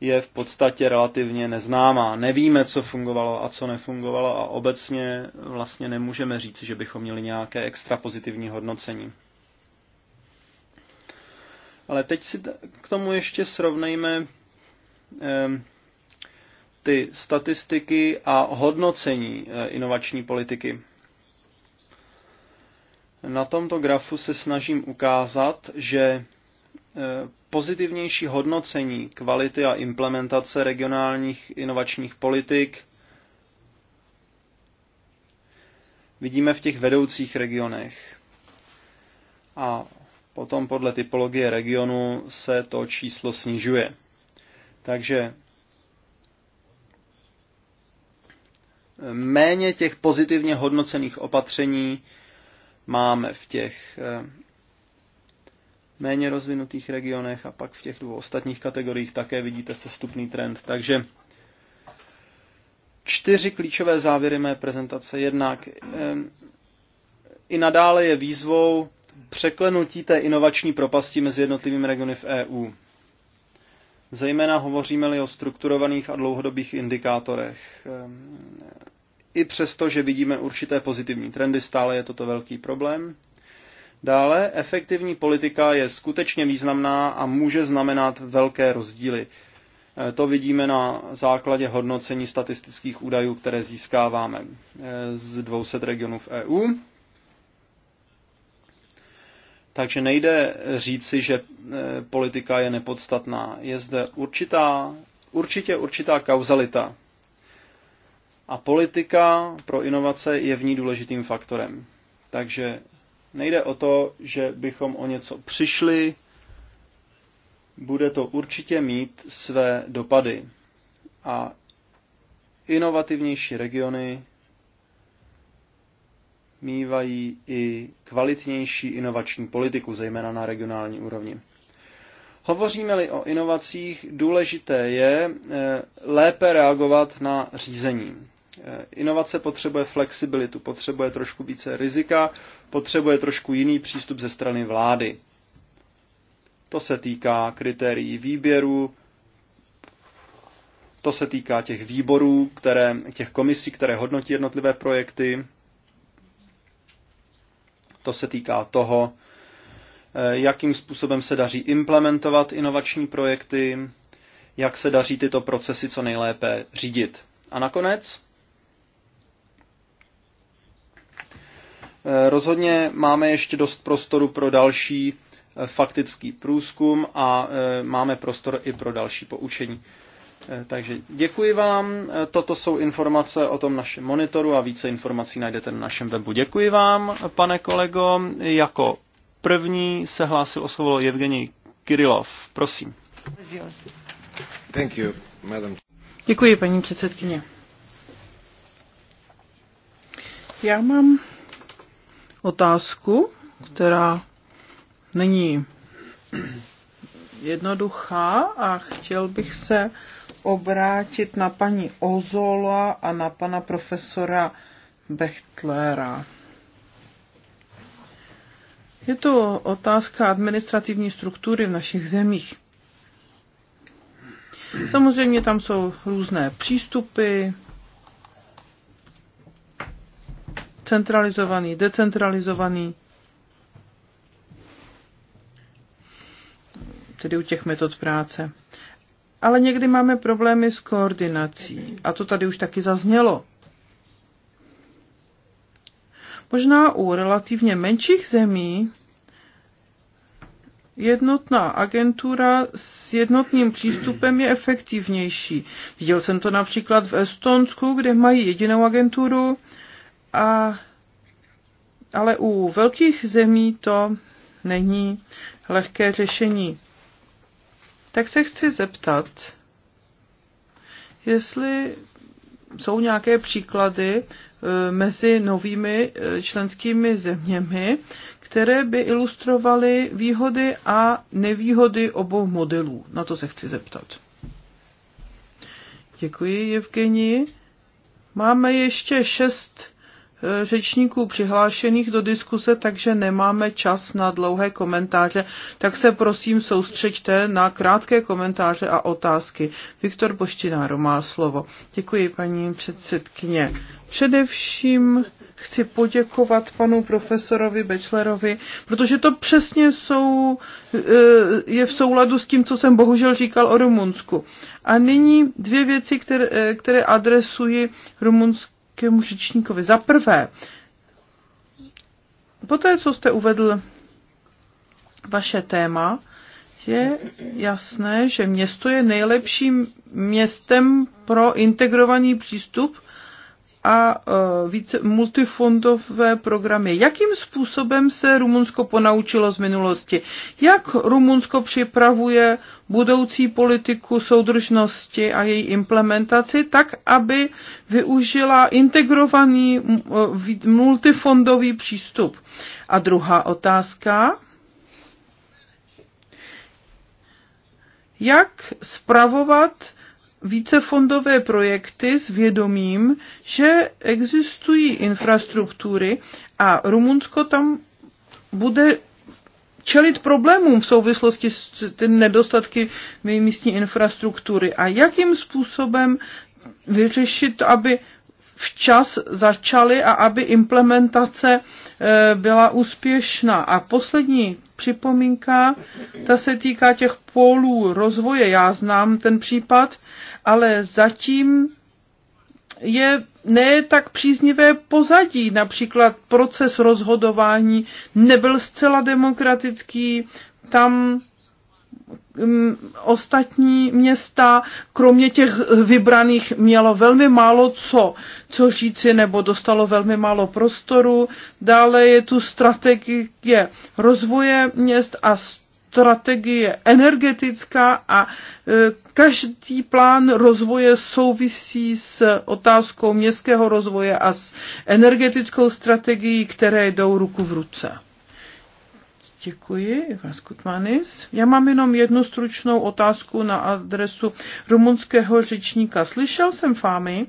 je v podstatě relativně neznámá. Nevíme, co fungovalo a co nefungovalo a obecně vlastně nemůžeme říct, že bychom měli nějaké extra pozitivní hodnocení. Ale teď si k tomu ještě srovnejme ehm, ty statistiky a hodnocení eh, inovační politiky. Na tomto grafu se snažím ukázat, že e, pozitivnější hodnocení kvality a implementace regionálních inovačních politik vidíme v těch vedoucích regionech. A potom podle typologie regionu se to číslo snižuje. Takže e, méně těch pozitivně hodnocených opatření máme v těch eh, méně rozvinutých regionech a pak v těch dvou ostatních kategoriích také vidíte sestupný trend. Takže čtyři klíčové závěry mé prezentace. Jednak eh, i nadále je výzvou překlenutí té inovační propasti mezi jednotlivými regiony v EU. Zejména hovoříme-li o strukturovaných a dlouhodobých indikátorech. Eh, i přesto, že vidíme určité pozitivní trendy, stále je toto velký problém. Dále, efektivní politika je skutečně významná a může znamenat velké rozdíly. E, to vidíme na základě hodnocení statistických údajů, které získáváme e, z 200 regionů v EU. Takže nejde říci, že e, politika je nepodstatná. Je zde určitá, určitě určitá kauzalita. A politika pro inovace je v ní důležitým faktorem. Takže nejde o to, že bychom o něco přišli, bude to určitě mít své dopady. A inovativnější regiony mívají i kvalitnější inovační politiku, zejména na regionální úrovni. Hovoříme-li o inovacích, důležité je eh, lépe reagovat na řízení. Eh, inovace potřebuje flexibilitu, potřebuje trošku více rizika, potřebuje trošku jiný přístup ze strany vlády. To se týká kritérií výběru, to se týká těch výborů, které, těch komisí, které hodnotí jednotlivé projekty. To se týká toho, eh, jakým způsobem se daří implementovat inovační projekty, jak se daří tyto procesy co nejlépe řídit. A nakonec Eh, rozhodně máme ještě dost prostoru pro další eh, faktický průzkum a eh, máme prostor i pro další poučení. Takže děkuji vám. Toto jsou informace o tom našem monitoru a více informací najdete na našem webu. Děkuji vám, pane kolego. Jako první se hlásil o slovo Evgenij Kirilov. Prosím. Thank you, madam. Děkuji, paní předsedkyně. Já mám otázku, která není jednoduchá a chtěl bych se obrátit na paní Ozola a na pana profesora Bechtlera. Je to otázka administrativní struktury v našich zemích. Samozřejmě tam jsou různé přístupy, centralizovaný, decentralizovaný. Tedy u těch metod práce. Ale někdy máme problémy s koordinací. A to tady už taky zaznělo. Možná u relativně menších zemí jednotná agentura s jednotným přístupem je efektivnější. Viděl jsem to například v Estonsku, kde mají jedinou agenturu a, ale u velkých zemí to není lehké řešení. Tak se chci zeptat, jestli jsou nějaké příklady e, mezi novými e, členskými zeměmi, které by ilustrovaly výhody a nevýhody obou modelů. Na to se chci zeptat. Děkuji, Evgenii. Máme ještě šest řečníků přihlášených do diskuse, takže nemáme čas na dlouhé komentáře, tak se prosím soustřeďte na krátké komentáře a otázky. Viktor Boštináro má slovo. Děkuji, paní předsedkyně. Především chci poděkovat panu profesorovi Bečlerovi, protože to přesně jsou, e, je v souladu s tím, co jsem bohužel říkal o Rumunsku. A nyní dvě věci, které, e, které adresuji rumunským evropskému řečníkovi. Za prvé, po té, co jste uvedl vaše téma, je jasné, že město je nejlepším městem pro integrovaný přístup a e, více multifondové programy. Jakým způsobem se Rumunsko ponaučilo z minulosti? Jak Rumunsko připravuje budoucí politiku soudržnosti a její implementaci tak, aby využila integrovaný e, multifondový přístup? A druhá otázka. Jak spravovat vícefondové projekty s vědomím, že existují infrastruktury a Rumunsko tam bude čelit problémům v souvislosti s ty nedostatky místní infrastruktury a jakým způsobem vyřešit, aby včas začaly a aby implementace e, byla úspěšná. A poslední připomínka, ta se týká těch pólů rozvoje. Já znám ten případ, ale zatím je ne tak příznivé pozadí. Například proces rozhodování nebyl zcela demokratický, tam Mm, ostatní města, kromě těch vybraných, mělo velmi málo co, co říci, nebo dostalo velmi málo prostoru. Dále je tu strategie rozvoje měst a strategie energetická a e, každý plán rozvoje souvisí s otázkou městského rozvoje a s energetickou strategií, které jdou ruku v ruce. Děkuji, Ivan Skutmanis. Já mám jenom jednu stručnou otázku na adresu rumunského řečníka. Slyšel jsem fámy,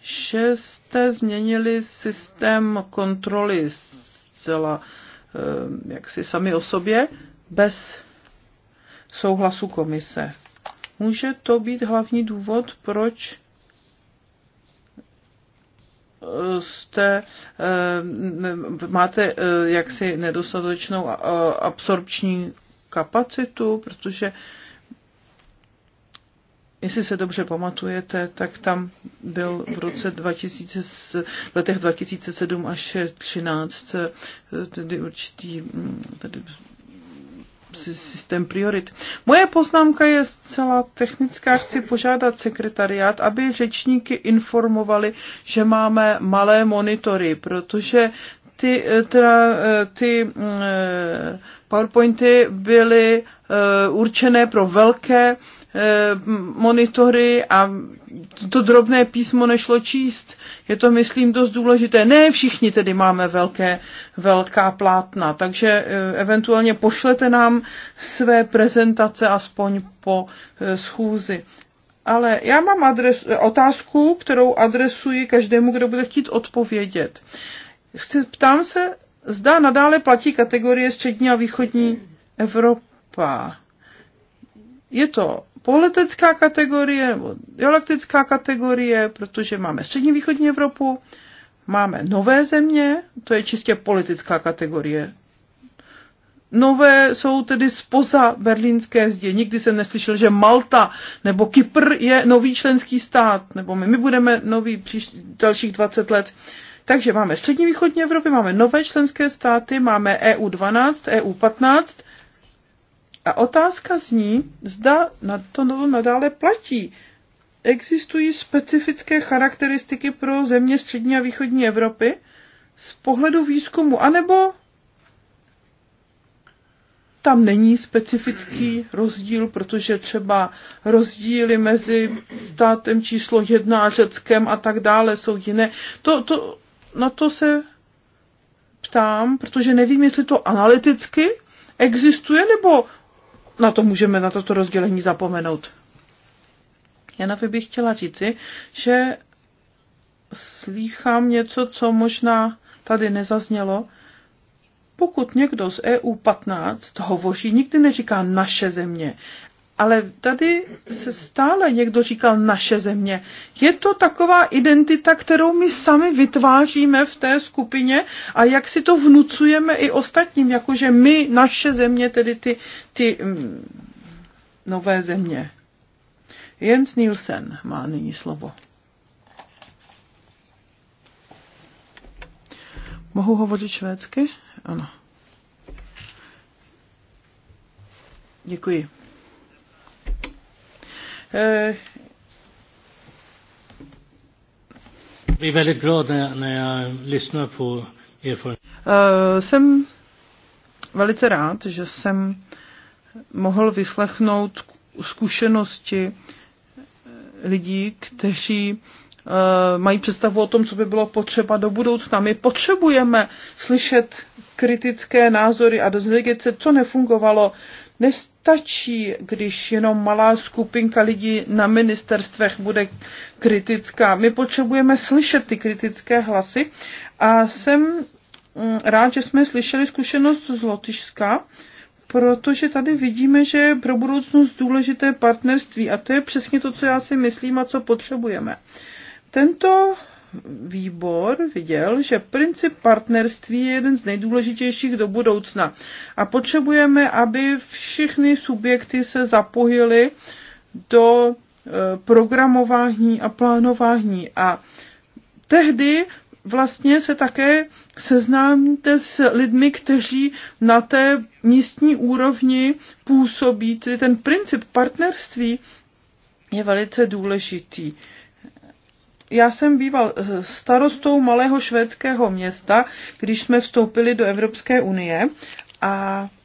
že jste změnili systém kontroly zcela eh, jak si sami o sobě bez souhlasu komise. Může to být hlavní důvod, proč jste, eh, máte eh, jaksi nedostatečnou eh, absorpční kapacitu, protože jestli se dobře pamatujete, tak tam byl v roce 2000, v letech 2007 až 2013 tedy určitý mm, tedy systém priorit. Moje poznámka je zcela technická. Chci požádat sekretariát, aby řečníky informovali, že máme malé monitory, protože ty, eh, teda, eh, ty eh, PowerPointy byly určené pro velké Eh, monitory a to drobné písmo nešlo číst. Je to, myslím, dost důležité. Ne všichni tedy máme velké, velká plátna, takže eh, eventuálně pošlete nám své prezentace aspoň po eh, schůzi. Ale já mám adres, otázku, kterou adresuji každému, kdo bude chtít odpovědět. Chci, ptám se, zda nadále platí kategorie střední a východní Evropa. Je to pololetecká kategorie nebo dialektická kategorie, protože máme střední východní Evropu, máme nové země, to je čistě politická kategorie. Nové jsou tedy spoza berlínské zdi. Nikdy jsem neslyšel, že Malta nebo Kypr je nový členský stát, nebo my, my budeme noví příš, dalších 20 let. Takže máme střední východní Evropy, máme nové členské státy, máme EU 12, EU 15 a otázka zní, zda na to novo nadále platí. Existují specifické charakteristiky pro země střední a východní Evropy z pohledu výzkumu, anebo tam není specifický rozdíl, protože třeba rozdíly mezi státem číslo jedna a řeckém a tak dále jsou jiné. To, to, na to se ptám, protože nevím, jestli to analyticky existuje, nebo na to můžeme, na toto rozdělení zapomenout. Janovi bych chtěla říci, že slýchám něco, co možná tady nezaznělo. Pokud někdo z EU 15 hovoří, nikdy neříká naše země, ale tady se stále někdo říkal naše země. Je to taková identita, kterou my sami vytváříme v té skupině a jak si to vnucujeme i ostatním, jakože my, naše země, tedy ty, ty mm, nové země. Jens Nielsen má nyní slovo. Mohu hovořit švédsky? Ano. Děkuji. Eh, eh, jsem velice rád, že jsem mohl vyslechnout zkušenosti eh, lidí, kteří mají představu o tom, co by bylo potřeba do budoucna. My potřebujeme slyšet kritické názory a dozvědět se, co nefungovalo, Nestačí, když jenom malá skupinka lidí na ministerstvech bude kritická. My potřebujeme slyšet ty kritické hlasy a jsem mm, rád, že jsme slyšeli zkušenost z Lotyšska, protože tady vidíme, že je pro budoucnost důležité partnerství a to je přesně to, co já si myslím a co potřebujeme. Tento výbor viděl, že princip partnerství je jeden z nejdůležitějších do budoucna a potřebujeme, aby všechny subjekty se zapojily do eh, programování a plánování. A tehdy vlastně se také seznámíte s lidmi, kteří na té místní úrovni působí. Tedy ten princip partnerství je velice důležitý já jsem býval eh, starostou malého švédského města, když jsme vstoupili do Evropské unie a eh,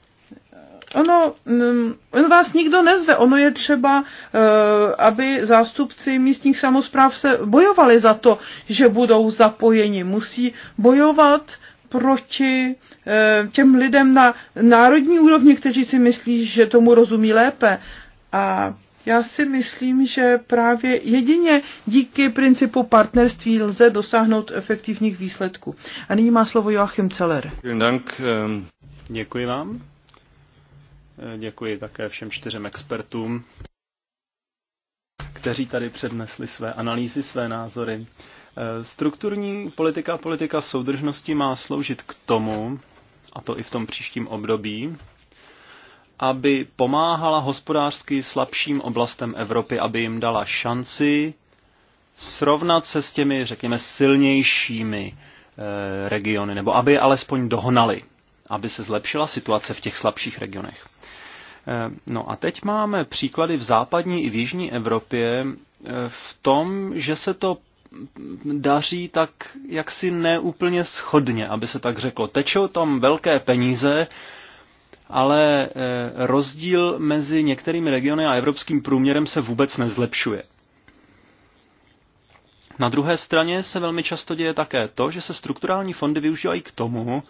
Ono, mm, on vás nikdo nezve, ono je třeba, eh, aby zástupci místních samozpráv se bojovali za to, že budou zapojeni. Musí bojovat proti těm lidem na národní úrovni, kteří si myslí, že tomu rozumí lépe. A já si myslím, že právě jedině díky principu partnerství lze dosáhnout efektivních výsledků. A nyní má slovo Joachim Celer. Ehm. Děkuji vám. Eh, děkuji také všem čtyřem expertům, kteří tady přednesli své analýzy, své názory. Eh, strukturní politika a politika soudržnosti má sloužit k tomu, a to i v tom příštím období, aby pomáhala hospodářsky slabším oblastem Evropy, aby jim dala šanci srovnat se s těmi, řekněme, silnějšími e, regiony, nebo aby je alespoň dohnali, aby se zlepšila situace v těch slabších regionech. Eh, no a teď máme příklady v západní i v jižní Evropě eh, v tom, že se to daří tak jaksi neúplně schodně, aby se tak řeklo. Tečou tam velké peníze, ale eh, rozdíl mezi některými regiony a evropským průměrem se vůbec nezlepšuje. Na druhé straně se velmi často děje také to, že se strukturální fondy využívají k tomu,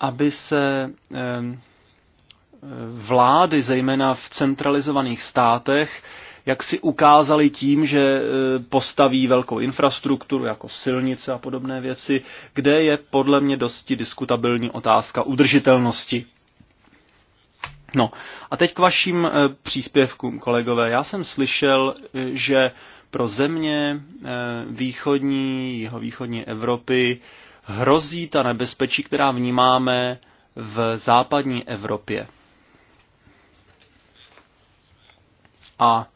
aby se eh, eh, vlády, zejména v centralizovaných státech, jak si ukázali tím, že e, postaví velkou infrastrukturu, jako silnice a podobné věci, kde je podle mě dosti diskutabilní otázka udržitelnosti. No a teď k vašim e, příspěvkům, kolegové. Já jsem slyšel, e, že pro země východní, jeho východní Evropy hrozí ta nebezpečí, která vnímáme v západní Evropě. A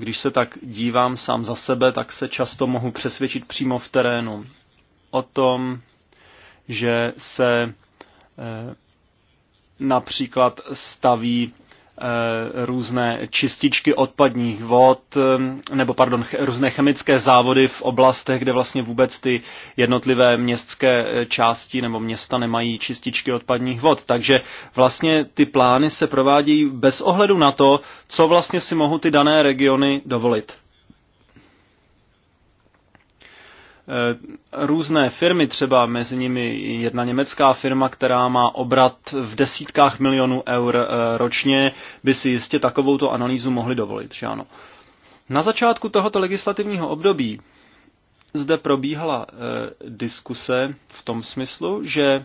když se tak dívám sám za sebe, tak se často mohu přesvědčit přímo v terénu o tom, že se eh, například staví Eh, různé čističky odpadních vod, eh, nebo pardon, různé chemické závody v oblastech, kde vlastně vůbec ty jednotlivé městské eh, části nebo města nemají čističky odpadních vod. Takže vlastně ty plány se provádějí bez ohledu na to, co vlastně si mohou ty dané regiony dovolit. Eh, různé firmy, třeba mezi nimi jedna německá firma, která má obrat v desítkách milionů eur eh, ročně, by si jistě takovouto analýzu mohli dovolit, že ano. Na začátku tohoto legislativního období zde probíhala e, diskuse v tom smyslu, že e,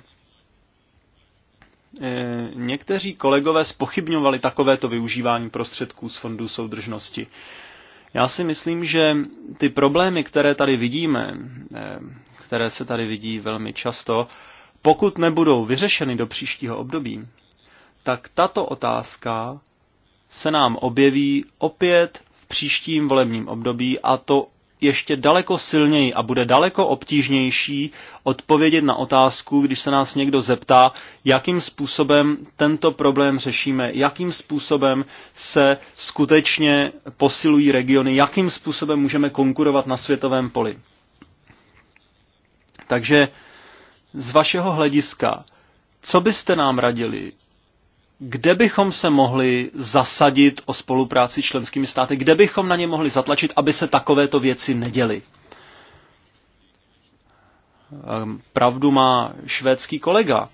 někteří kolegové spochybňovali takovéto využívání prostředků z fondů soudržnosti. E, já si myslím, že ty problémy, které tady vidíme, eh, které se tady vidí velmi často, pokud nebudou vyřešeny do příštího období, tak tato otázka se nám objeví opět v příštím volebním období a to ještě daleko silněji a bude daleko obtížnější odpovědět na otázku, když se nás někdo zeptá, jakým způsobem tento problém řešíme, jakým způsobem se skutečně posilují regiony, jakým způsobem můžeme konkurovat na světovém poli. Takže z vašeho hlediska, co byste nám radili, kde bychom se mohli zasadit o spolupráci s členskými státy, kde bychom na ně mohli zatlačit, aby se takovéto věci neděly. Ehm, pravdu má švédský kolega.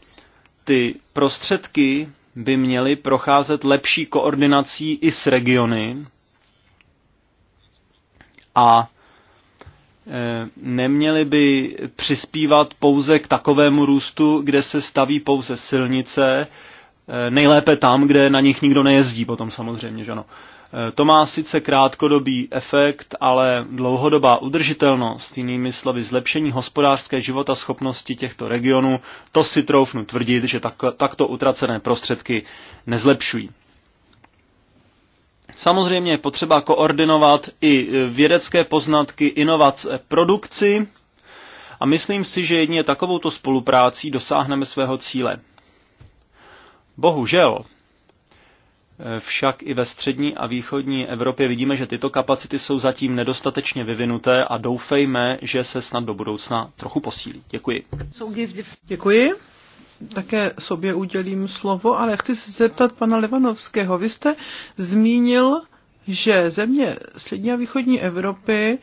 Ty prostředky by měly procházet lepší koordinací i s regiony a e, neměly by přispívat pouze k takovému růstu, kde se staví pouze silnice, Eh, nejlépe tam, kde na nich nikdo nejezdí potom samozřejmě, že ano. Eh, to má sice krátkodobý efekt, ale dlouhodobá udržitelnost, jinými slovy zlepšení hospodářské života schopnosti těchto regionů, to si troufnu tvrdit, že tak, takto utracené prostředky nezlepšují. Samozřejmě je potřeba koordinovat i eh, vědecké poznatky, inovace, produkci a myslím si, že jedině takovouto spoluprácí dosáhneme svého cíle. Bohužel, eh, však i ve střední a východní Evropě vidíme, že tyto kapacity jsou zatím nedostatečně vyvinuté a doufejme, že se snad do budoucna trochu posílí. Děkuji. Děkuji. Také sobě udělím slovo, ale chci se zeptat pana Levanovského. Vy jste zmínil, že země střední a východní Evropy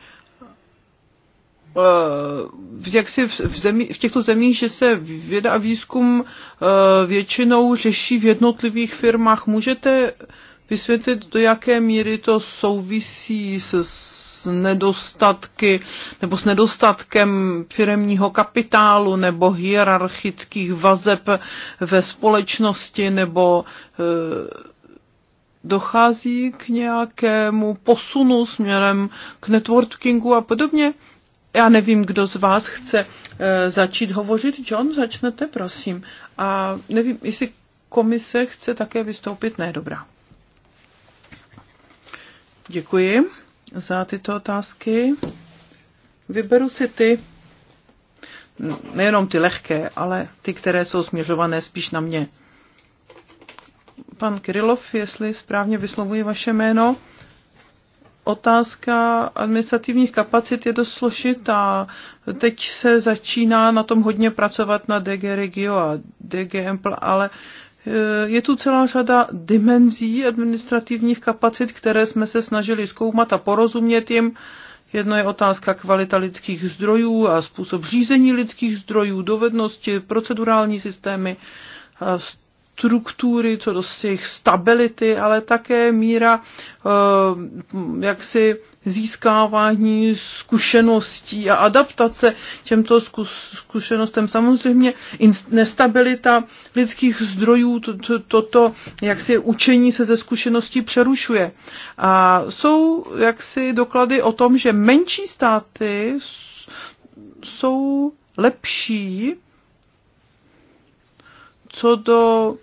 Eh, jak si v, zemí, v těchto zemích, že se věda a výzkum eh, většinou řeší v jednotlivých firmách. Můžete vysvětlit, do jaké míry to souvisí s, s nedostatky nebo s nedostatkem firemního kapitálu nebo hierarchických vazeb ve společnosti nebo eh, dochází k nějakému posunu směrem k networkingu a podobně já nevím, kdo z vás chce uh, začít hovořit. John, začnete, prosím. A nevím, jestli komise chce také vystoupit. Ne, dobrá. Děkuji za tyto otázky. Vyberu si ty, nejenom ty lehké, ale ty, které jsou směřované spíš na mě. Pan Kirilov, jestli správně vyslovuji vaše jméno otázka administrativních kapacit je dost složitá. Teď se začíná na tom hodně pracovat na DG Regio a DG Ample, ale eh, je tu celá řada dimenzí administrativních kapacit, které jsme se snažili zkoumat a porozumět jim. Jedno je otázka kvalita lidských zdrojů a způsob řízení lidských zdrojů, dovednosti, procedurální systémy struktury, co do jejich stability, ale také míra eh, jaksi získávání zkušeností a adaptace těmto zkušenostem. Samozřejmě nestabilita lidských zdrojů, toto to, to, jaksi učení se ze zkušeností přerušuje. A jsou jaksi doklady o tom, že menší státy jsou lepší co do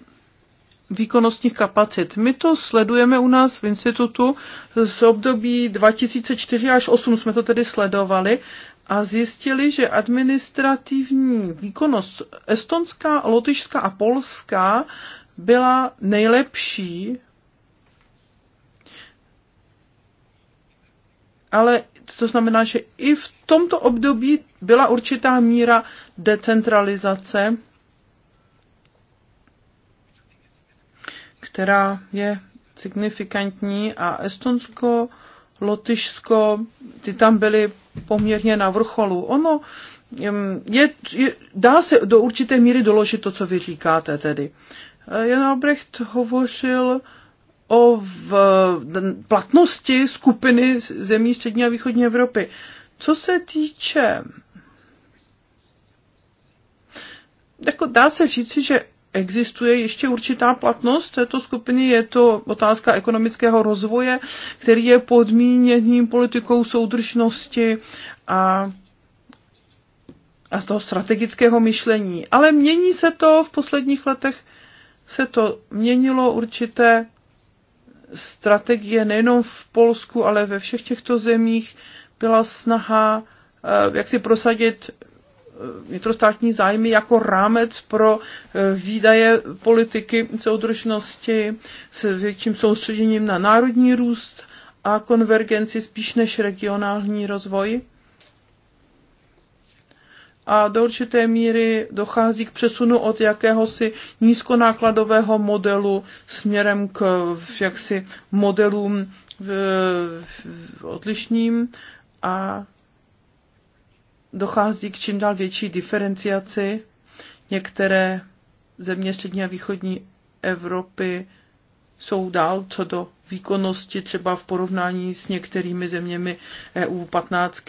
výkonnostních kapacit. My to sledujeme u nás v institutu z období 2004 až 2008 jsme to tedy sledovali a zjistili, že administrativní výkonnost estonská, lotyšská a polská byla nejlepší, ale to znamená, že i v tomto období byla určitá míra decentralizace která je signifikantní a Estonsko, Lotyšsko, ty tam byly poměrně na vrcholu. Ono je, je, dá se do určité míry doložit to, co vy říkáte tedy. Eh, Jan Albrecht hovořil o v, platnosti skupiny zemí střední a východní Evropy. Co se týče, jako dá se říci, že existuje ještě určitá platnost této skupiny. Je to otázka ekonomického rozvoje, který je podmíněným politikou soudržnosti a a z toho strategického myšlení. Ale mění se to v posledních letech, se to měnilo určité strategie nejenom v Polsku, ale ve všech těchto zemích byla snaha eh, jak si prosadit Eh, vnitrostátní zájmy jako rámec pro eh, výdaje politiky soudržnosti s větším soustředěním na národní růst a konvergenci spíš než regionální rozvoj. A do určité míry dochází k přesunu od jakéhosi nízkonákladového modelu směrem k jaksi modelům odlišným a dochází k čím dál větší diferenciaci. Některé země střední a východní Evropy jsou dál co do výkonnosti třeba v porovnání s některými zeměmi EU 15.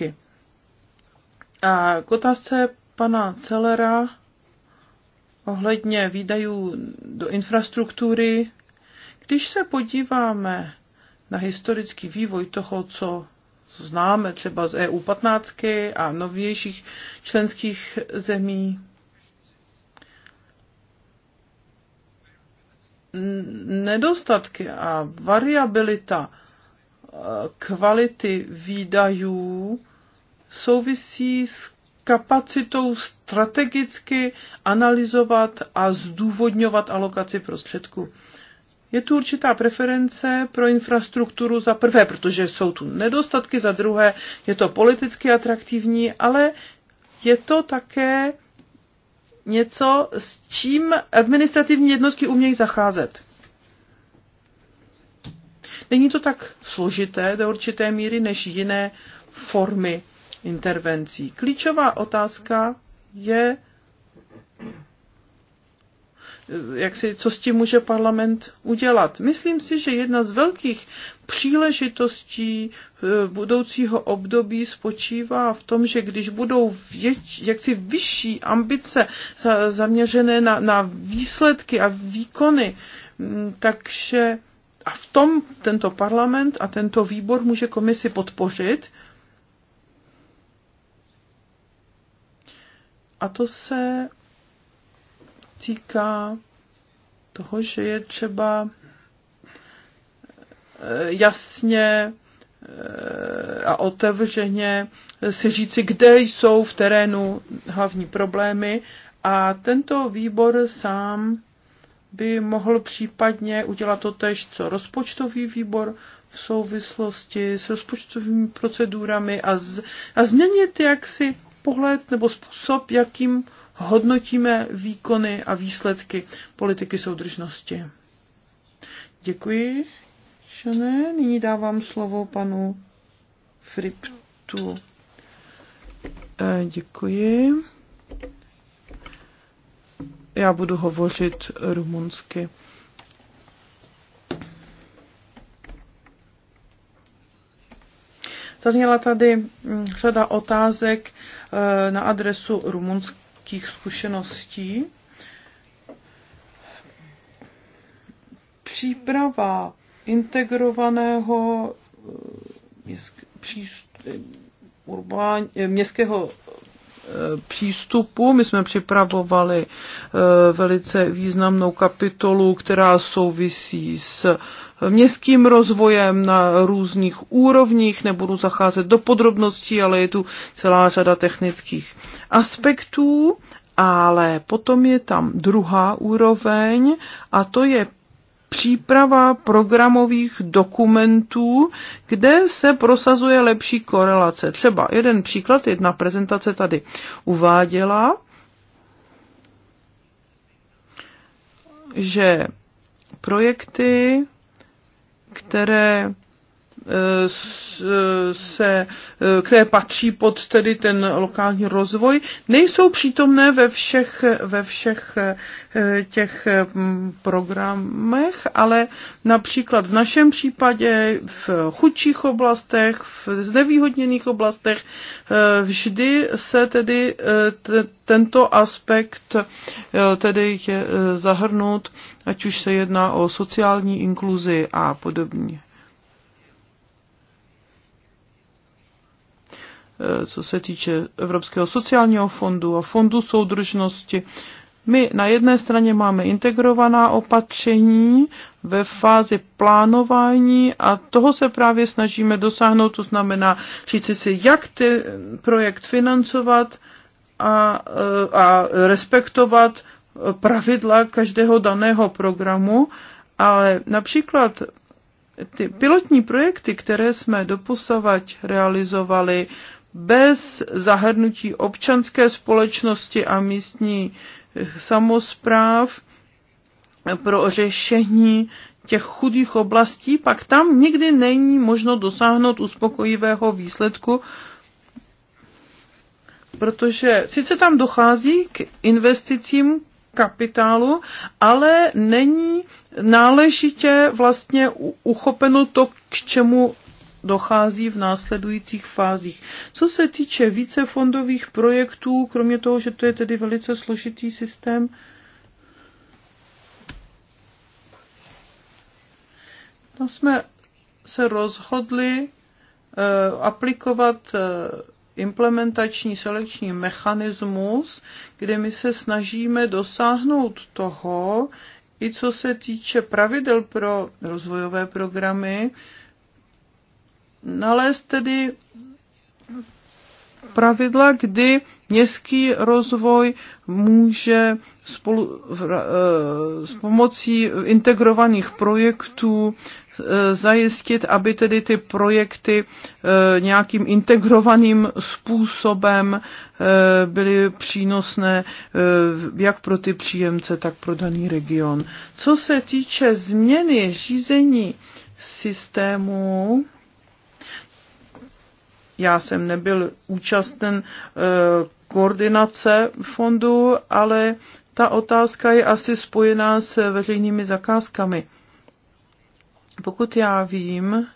A k otázce pana Celera ohledně výdajů do infrastruktury, když se podíváme na historický vývoj toho, co známe třeba z EU 15 a novějších členských zemí. Nedostatky a variabilita e, kvality výdajů souvisí s kapacitou strategicky analyzovat a zdůvodňovat alokaci prostředků. Je tu určitá preference pro infrastrukturu za prvé, protože jsou tu nedostatky, za druhé je to politicky atraktivní, ale je to také něco, s čím administrativní jednotky umějí zacházet. Není to tak složité do určité míry než jiné formy intervencí. Klíčová otázka je jak si, co s tím může parlament udělat. Myslím si, že jedna z velkých příležitostí eh, budoucího období spočívá v tom, že když budou věč, jaksi vyšší ambice zaměřené na, na výsledky a výkony, mm, takže a v tom tento parlament a tento výbor může komisi podpořit. A to se týká toho, že je třeba eh, jasně eh, a otevřeně si říci, kde jsou v terénu hlavní problémy a tento výbor sám by mohl případně udělat to tež, co rozpočtový výbor v souvislosti s rozpočtovými procedurami a, z, a změnit jaksi pohled nebo způsob, jakým hodnotíme výkony a výsledky politiky soudržnosti. Děkuji, Šené. Nyní dávám slovo panu Friptu. Eh, děkuji. Já budu hovořit rumunsky. Zazněla tady mm, řada otázek eh, na adresu rumunsky nějakých zkušeností. Příprava integrovaného eh, eh, eh, městského přístupu. My jsme připravovali eh, velice významnou kapitolu, která souvisí s eh, městským rozvojem na různých úrovních. Nebudu zacházet do podrobností, ale je tu celá řada technických aspektů. Ale potom je tam druhá úroveň a to je příprava programových dokumentů, kde se prosazuje lepší korelace. Třeba jeden příklad, jedna prezentace tady uváděla, že projekty, které se, eh, které patří pod tedy ten lokální rozvoj, nejsou přítomné ve všech, ve všech eh, těch mm, programech, ale například v našem případě v chudších oblastech, v znevýhodněných oblastech eh, vždy se tedy tento aspekt tedy je zahrnut, ať už se jedná o sociální inkluzi a podobně. co se týče Evropského sociálního fondu a fondu soudržnosti. My na jedné straně máme integrovaná opatření ve fázi plánování a toho se právě snažíme dosáhnout, to znamená říci si, jak ten projekt financovat a, a respektovat pravidla každého daného programu, ale například ty pilotní projekty, které jsme doposavať realizovali bez zahrnutí občanské společnosti a místní samozpráv pro řešení těch chudých oblastí, pak tam nikdy není možno dosáhnout uspokojivého výsledku, protože sice tam dochází k investicím kapitálu, ale není náležitě vlastně uchopeno to, k čemu dochází v následujících fázích. Co se týče více fondových projektů, kromě toho, že to je tedy velice složitý systém, no jsme se rozhodli eh, aplikovat eh, implementační selekční mechanismus, kde my se snažíme dosáhnout toho, i co se týče pravidel pro rozvojové programy, nalézt tedy pravidla, kdy městský rozvoj může spolu, eh, s pomocí integrovaných projektů eh, zajistit, aby tedy ty projekty eh, nějakým integrovaným způsobem byly přínosné jak pro ty příjemce, tak pro daný region. Co se týče změny řízení systému, já jsem nebyl účasten eh, koordinace fondu, ale ta otázka je asi spojená s veřejnými zakázkami. Pokud já vím,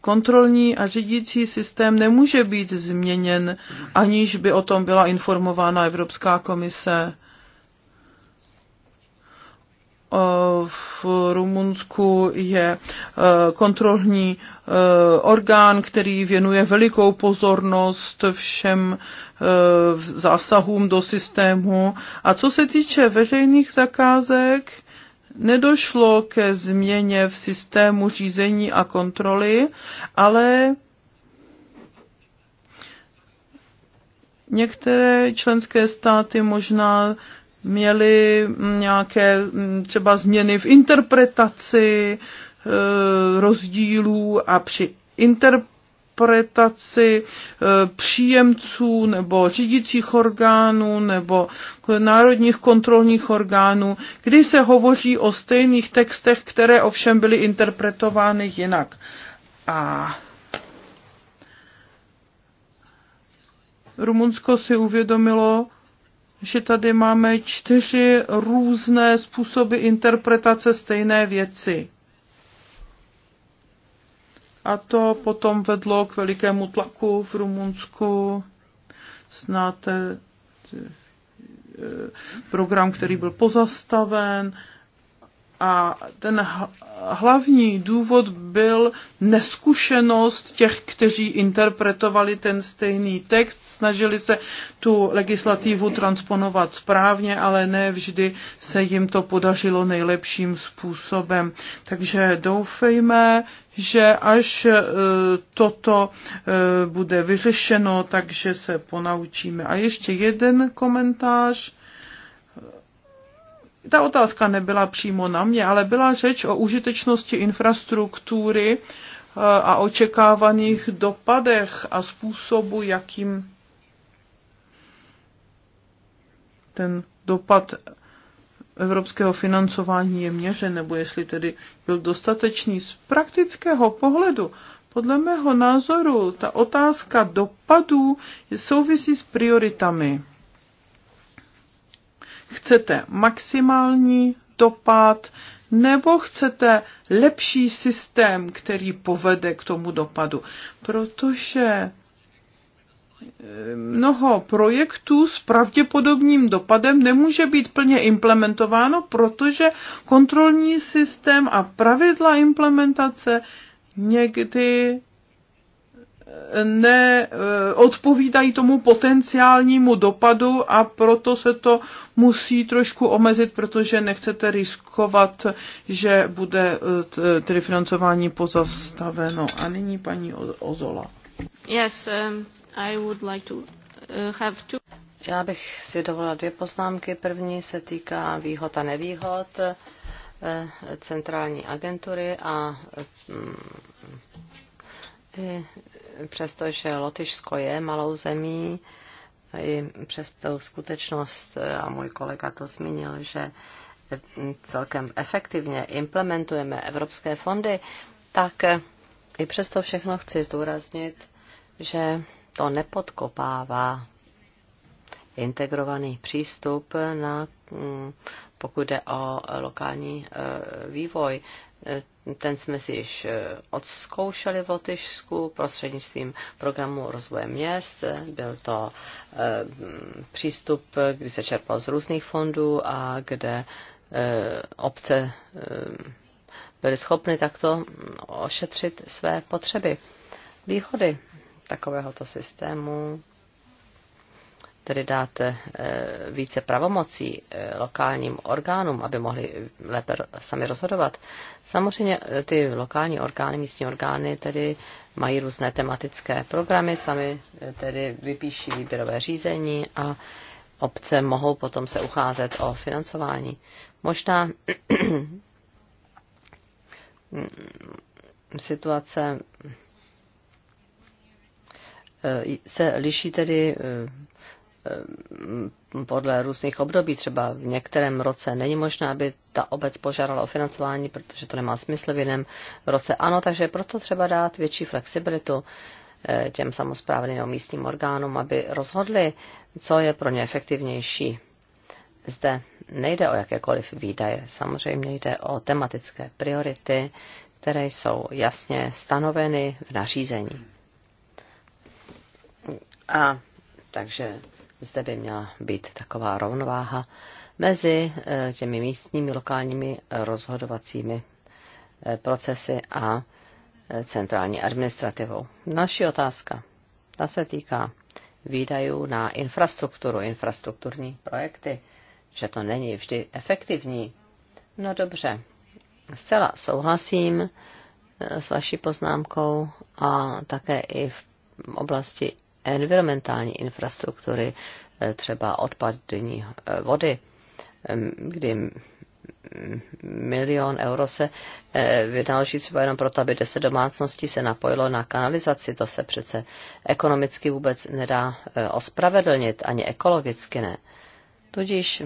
kontrolní a řídící systém nemůže být změněn, aniž by o tom byla informována Evropská komise. Eh, v Rumunsku je eh, kontrolní eh, orgán, který věnuje velikou pozornost všem zásahům do systému. A co se týče veřejných zakázek, nedošlo ke změně v systému řízení a kontroly, ale některé členské státy možná měli nějaké mm, třeba změny v interpretaci eh, rozdílů a při interpretaci eh, příjemců nebo řídících orgánů nebo národních kontrolních orgánů, kdy se hovoří o stejných textech, které ovšem byly interpretovány jinak. A Rumunsko si uvědomilo, že tady máme čtyři různé způsoby interpretace stejné věci. A to potom vedlo k velikému tlaku v Rumunsku. Znáte eh, program, který byl pozastaven a ten hlavní důvod byl neskušenost těch, kteří interpretovali ten stejný text, snažili se tu legislativu transponovat správně, ale ne vždy se jim to podařilo nejlepším způsobem. Takže doufejme, že až e, toto e, bude vyřešeno, takže se ponaučíme. A ještě jeden komentář ta otázka nebyla přímo na mě, ale byla řeč o užitečnosti infrastruktury eh, a očekávaných dopadech a způsobu, jakým ten dopad evropského financování je měřen, nebo jestli tedy byl dostatečný z praktického pohledu. Podle mého názoru ta otázka dopadů souvisí s prioritami. Chcete maximální dopad nebo chcete lepší systém, který povede k tomu dopadu? Protože eh, mnoho projektů s pravděpodobným dopadem nemůže být plně implementováno, protože kontrolní systém a pravidla implementace někdy neodpovídají tomu potenciálnímu dopadu a proto se to musí trošku omezit, protože nechcete riskovat, že bude eh, tedy financování pozastaveno. A nyní paní Ozola. Yes, um, I would like to uh, have two... Já bych si dovolila dvě poznámky. První se týká výhod a nevýhod eh, centrální agentury a mm, přestože Lotyšsko je malou zemí, i přes tu skutečnost, a můj kolega to zmínil, že celkem efektivně implementujeme evropské fondy, tak i přesto všechno chci zdůraznit, že to nepodkopává integrovaný přístup, na, mm, pokud jde o lokální e, vývoj. Ten jsme si již eh, odzkoušeli v Lotyšsku prostřednictvím programu rozvoje měst. Byl to eh, přístup, kdy se čerpal z různých fondů a kde eh, obce byly schopny takto ošetřit své potřeby. Výhody takovéhoto systému tedy dát eh, více pravomocí eh, lokálním orgánům, aby mohli lépe sami rozhodovat. Samozřejmě eh, ty lokální orgány, místní orgány tedy mají různé tematické programy, sami tedy vypíší výběrové řízení a obce mohou potom se ucházet o financování. Možná situace se liší tedy Ehm, podle různých období, třeba v některém roce není možné, aby ta obec požádala o financování, protože to nemá smysl v jiném roce. Ano, takže proto třeba dát větší flexibilitu eh, těm samozprávným nebo místním orgánům, aby rozhodli, co je pro ně efektivnější. Zde nejde o jakékoliv výdaje, samozřejmě jde o tematické priority, které jsou jasně stanoveny v nařízení. A takže zde by měla být taková rovnováha mezi eh, těmi místními lokálními rozhodovacími eh, procesy a eh, centrální administrativou. Další otázka. Ta se týká výdajů na infrastrukturu, infrastrukturní projekty, že to není vždy efektivní. No dobře, zcela souhlasím s vaší poznámkou a také i v oblasti environmentální infrastruktury, eh, třeba odpadní eh, vody, kdy milion euro se eh, vynaloží třeba jenom proto, aby deset domácností se napojilo na kanalizaci. To se přece ekonomicky vůbec nedá ospravedlnit, ani ekologicky ne. Tudíž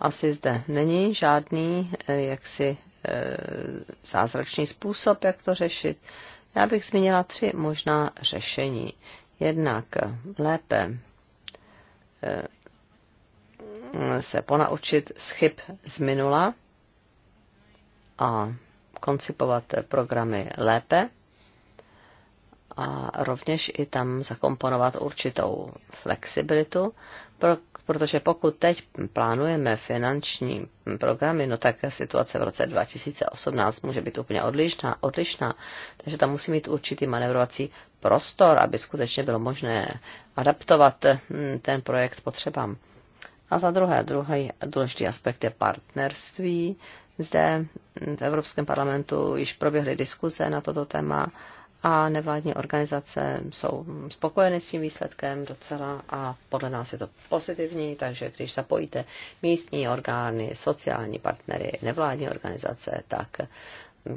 asi zde není žádný jaksi zázračný způsob, jak to řešit. Já bych zmínila tři možná řešení. Jednak lépe eh, se ponaučit z chyb z minula a koncipovat programy lépe a rovněž i tam zakomponovat určitou flexibilitu, pro protože pokud teď plánujeme finanční programy, no tak situace v roce 2018 může být úplně odlišná, odlišná takže tam musí mít určitý manevrovací prostor, aby skutečně bylo možné adaptovat hm, ten projekt potřebám. A za druhé, druhý důležitý aspekt je partnerství. Zde v Evropském parlamentu již proběhly diskuze na toto téma a nevládní organizace jsou spokojeny s tím výsledkem docela a podle nás je to pozitivní, takže když zapojíte místní orgány, sociální partnery, nevládní organizace, tak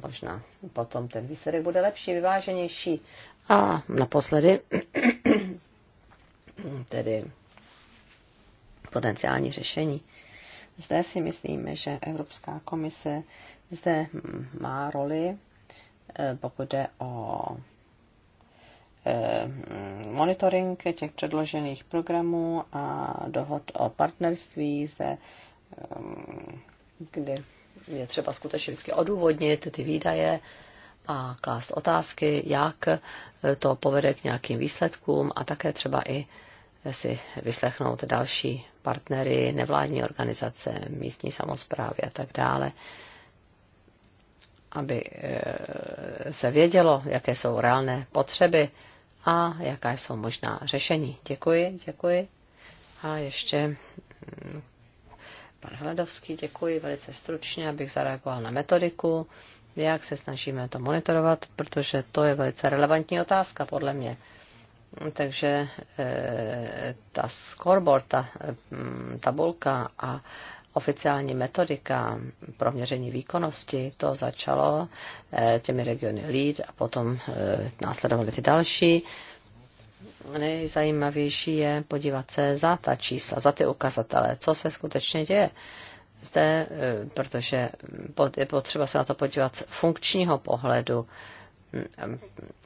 možná potom ten výsledek bude lepší, vyváženější. A naposledy tedy potenciální řešení. Zde si myslíme, že Evropská komise zde má roli Eh, pokud jde o eh, monitoring těch předložených programů a dohod o partnerství, zde, eh, kdy je třeba skutečně vždycky odůvodnit ty výdaje a klást otázky, jak to povede k nějakým výsledkům a také třeba i si vyslechnout další partnery, nevládní organizace, místní samozprávy a tak dále aby e, se vědělo, jaké jsou reálné potřeby a jaká jsou možná řešení. Děkuji, děkuji. A ještě mm, pan Hledovský, děkuji velice stručně, abych zareagoval na metodiku, jak se snažíme to monitorovat, protože to je velice relevantní otázka podle mě. Takže e, ta scoreboard, ta mm, tabulka a oficiální metodika pro měření výkonnosti, to začalo eh, těmi regiony LEAD a potom eh, následovaly ty další. Nejzajímavější je podívat se za ta čísla, za ty ukazatele, co se skutečně děje zde, eh, protože je potřeba se na to podívat z funkčního pohledu, hm,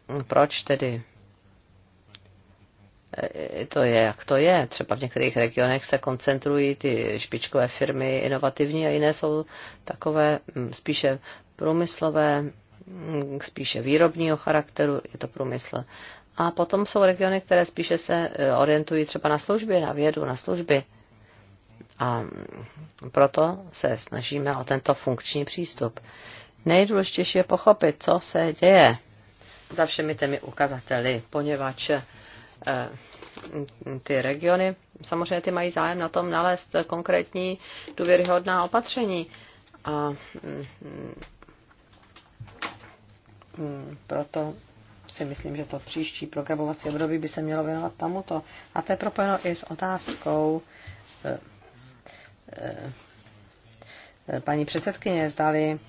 hm, proč tedy E, to je, jak to je. Třeba v některých regionech se koncentrují ty špičkové firmy inovativní a jiné jsou takové mm, spíše průmyslové, mm, spíše výrobního charakteru, je to průmysl. A potom jsou regiony, které spíše se e, orientují třeba na služby, na vědu, na služby. A mm, proto se snažíme o tento funkční přístup. Nejdůležitější je pochopit, co se děje za všemi těmi ukazateli, poněvadž Eh, ty regiony, samozřejmě ty mají zájem na tom nalézt konkrétní důvěryhodná opatření. A mm, mm, proto si myslím, že to příští programovací období by se mělo věnovat tamuto. A to je propojeno i s otázkou eh, eh, paní předsedkyně, zdali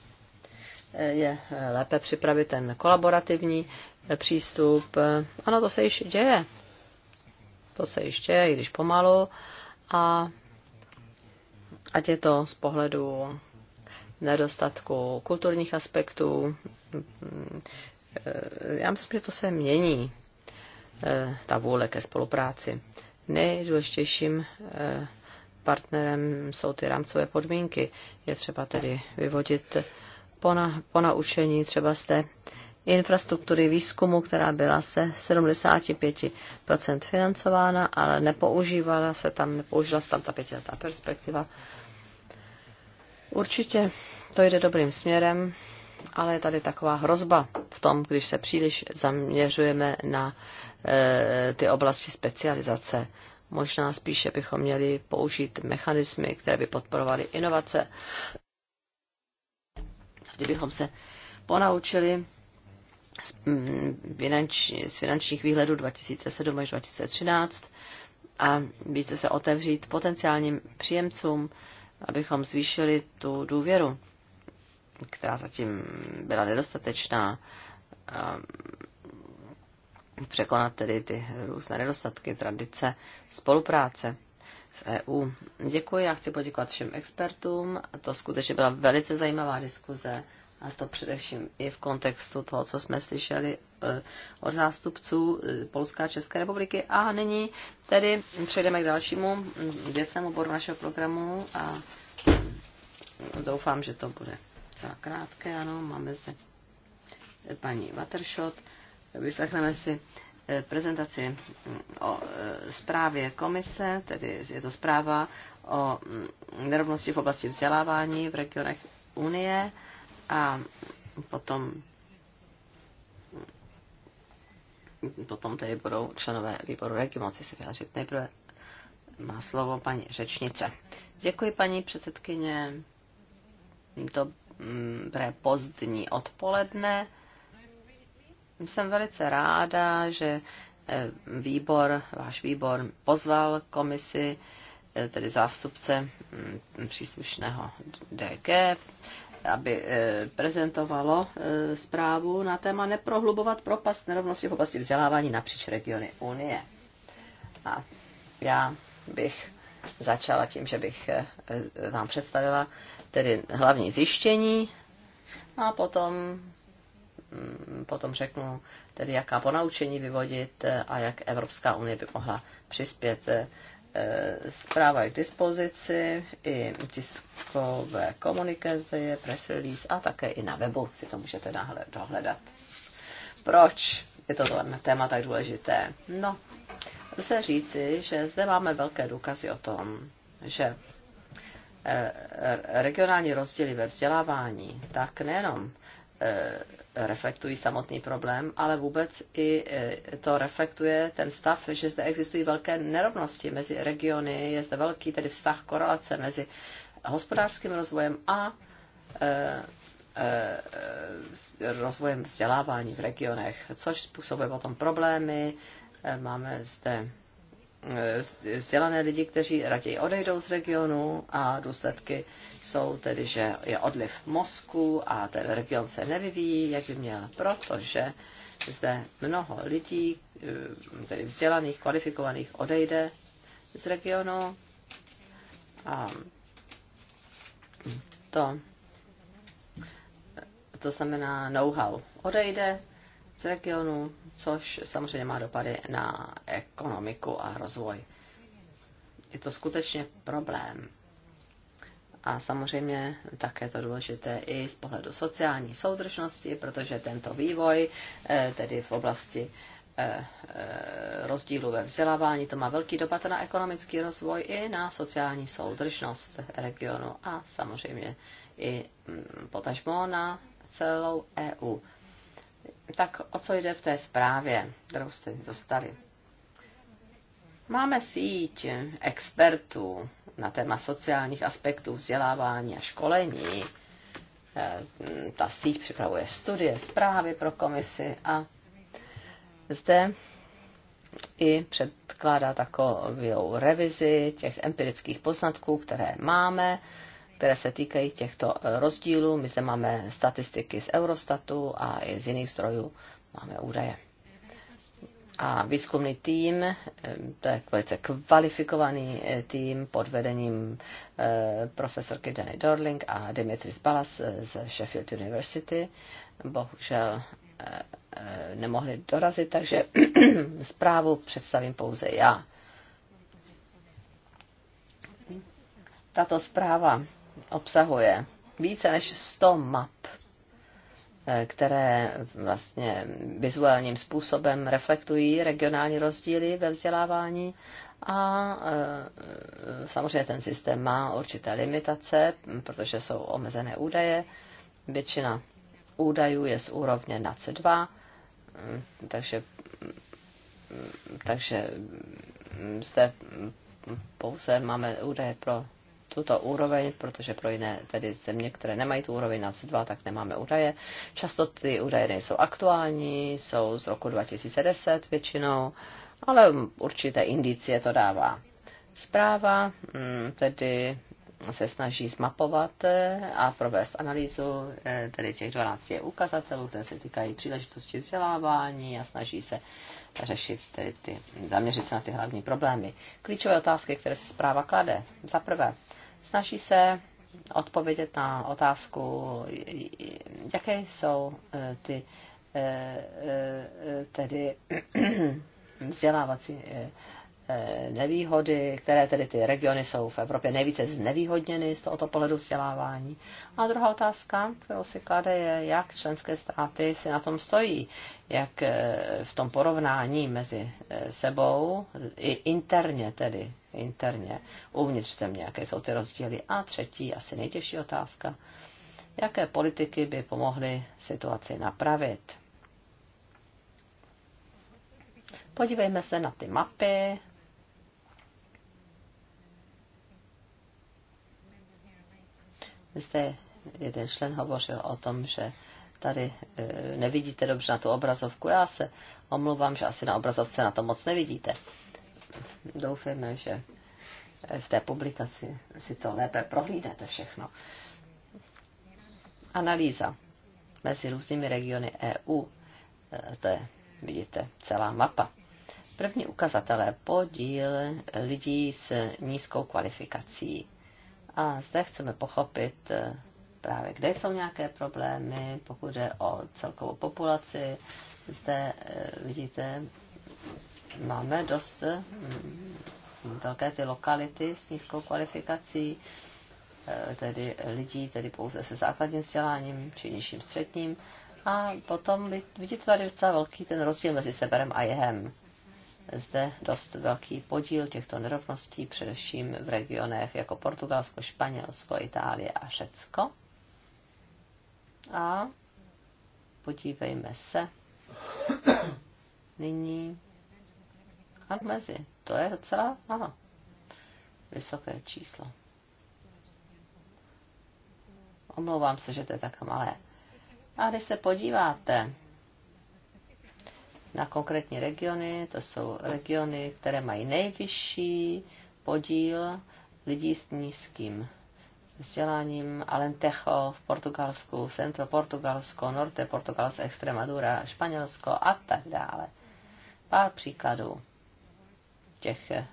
je lépe připravit ten kolaborativní přístup. Ano, to se již děje to se ještě, i když pomalu, a ať je to z pohledu nedostatku kulturních aspektů. Eh, já myslím, že to se mění, eh, ta vůle ke spolupráci. Nejdůležitějším eh, partnerem jsou ty rámcové podmínky. Je třeba tedy vyvodit po ponaučení třeba z té infrastruktury výzkumu, která byla se 75% financována, ale nepoužívala se tam, nepoužila se tam ta pětiletá perspektiva. Určitě to jde dobrým směrem, ale je tady taková hrozba v tom, když se příliš zaměřujeme na e, ty oblasti specializace. Možná spíše bychom měli použít mechanismy, které by podporovaly inovace. Kdybychom se ponaučili Mm, z finančních výhledů 2007 až 2013 a více se otevřít potenciálním příjemcům, abychom zvýšili tu důvěru, která zatím byla nedostatečná, překonat tedy ty různé nedostatky, tradice, spolupráce v EU. Děkuji a chci poděkovat všem expertům. To skutečně byla velice zajímavá diskuze a to především i v kontextu toho, co jsme slyšeli eh, od zástupců eh, Polska a České republiky. A nyní tedy přejdeme k dalšímu mm, věcnému bodu našeho programu a mm, doufám, že to bude celá krátké. Ano, máme zde eh, paní Watershot. Vyslechneme si prezentaci mm, o zprávě komise, tedy je to zpráva o nerovnosti v oblasti vzdělávání v regionech Unie. A potom potom tedy budou členové výboru regi moci se vyjádřit. Nejprve má slovo paní řečnice. Děkuji, paní předsedkyně. Dobré pozdní odpoledne. Jsem velice ráda, že eh, výbor, váš výbor pozval komisi, eh, tedy zástupce mm, příslušného DG, aby eh, prezentovalo eh, zprávu na téma neprohlubovat propast nerovnosti v oblasti vzdělávání napříč regiony Unie. A já bych začala tím, že bych eh, vám představila tedy hlavní zjištění a potom, mm, potom řeknu, tedy jaká ponaučení vyvodit a jak Evropská unie by mohla přispět Eh, zpráva je k dispozici, i tiskové komuniké zde je, press release a také i na webu si to můžete dohledat. Proč je toto téma tak důležité? No, lze říci, že zde máme velké důkazy o tom, že eh, regionální rozdíly ve vzdělávání, tak nejenom eh, reflektují samotný problém, ale vůbec i e, to reflektuje ten stav, že zde existují velké nerovnosti mezi regiony, je zde velký tedy vztah korelace mezi hospodářským rozvojem a e, e, rozvojem vzdělávání v regionech, což způsobuje potom problémy. Máme zde Eh, vzdělané lidi, kteří raději odejdou z regionu a důsledky jsou tedy, že je odliv mozku a ten region se nevyvíjí, jak by měl, protože zde mnoho lidí, eh, tedy vzdělaných, kvalifikovaných, odejde z regionu a to, to znamená know-how odejde z regionu, což samozřejmě má dopady na ekonomiku a rozvoj. Je to skutečně problém. A samozřejmě také to důležité i z pohledu sociální soudržnosti, protože tento vývoj, eh, tedy v oblasti eh, eh, rozdílu ve vzdělávání, to má velký dopad na ekonomický rozvoj i na sociální soudržnost regionu a samozřejmě i mm, potažmo na celou EU tak o co jde v té zprávě, kterou jste dostali? Máme síť expertů na téma sociálních aspektů vzdělávání a školení. Eh, ta síť připravuje studie, zprávy pro komisi a zde i předkládá takovou revizi těch empirických poznatků, které máme které se týkají těchto eh, rozdílů. My zde máme statistiky z Eurostatu a i z jiných zdrojů máme údaje. A výzkumný tým, eh, to je velice kvalifikovaný eh, tým pod vedením profesorky Danny Dorling a Dimitris Balas z Sheffield University. Bohužel nemohli dorazit, takže zprávu představím pouze já. Tato zpráva obsahuje více než 100 map, eh, které vlastně vizuálním způsobem reflektují regionální rozdíly ve vzdělávání a eh, samozřejmě ten systém má určité limitace, protože jsou omezené údaje. Většina údajů je z úrovně na c 2 takže, mm, takže mm, zde pouze máme údaje pro tuto úroveň, protože pro jiné tedy země, které nemají tu úroveň NAC 2, tak nemáme údaje. Často ty údaje nejsou aktuální, jsou z roku 2010 většinou, ale určité indicie to dává. Zpráva mm, tedy se snaží zmapovat eh, a provést analýzu eh, tedy těch 12 ukazatelů, které se týkají příležitosti vzdělávání a snaží se řešit tedy ty, zaměřit se na ty hlavní problémy. Klíčové otázky, které se zpráva klade. Za prvé, Snaží se odpovědět na otázku, jaké jsou eh, ty eh, eh, tedy vzdělávací Eh, nevýhody, které tedy ty regiony jsou v Evropě nejvíce znevýhodněny z tohoto pohledu vzdělávání. A druhá otázka, kterou si klade, je, jak členské státy si na tom stojí, jak eh, v tom porovnání mezi eh, sebou, i interně tedy, interně, uvnitř země, jaké jsou ty rozdíly. A třetí, asi nejtěžší otázka, jaké politiky by pomohly situaci napravit. Podívejme se na ty mapy, jste jeden člen hovořil o tom, že tady e, nevidíte dobře na tu obrazovku. Já se omluvám, že asi na obrazovce na to moc nevidíte. Doufejme, že v té publikaci si to lépe prohlídete všechno. Analýza mezi různými regiony EU. E, to je, vidíte, celá mapa. První ukazatelé podíl lidí s nízkou kvalifikací a zde chceme pochopit eh, právě, kde jsou nějaké problémy, pokud je o celkovou populaci. Zde eh, vidíte, máme dost mm, velké ty lokality s nízkou kvalifikací, eh, tedy lidí tedy pouze se základním vzděláním či nižším středním. A potom vidíte tady docela velký ten rozdíl mezi severem a Jehem zde dost velký podíl těchto nerovností, především v regionech jako Portugalsko, Španělsko, Itálie a Řecko. A podívejme se nyní a mezi. To je docela aha, vysoké číslo. Omlouvám se, že to je tak malé. A když se podíváte na konkrétní regiony. To jsou regiony, které mají nejvyšší podíl lidí s nízkým vzděláním Alentejo v Portugalsku, Centro Portugalsko, Norte Portugalsko, Extremadura, Španělsko a tak dále. Pár příkladů těch, eh,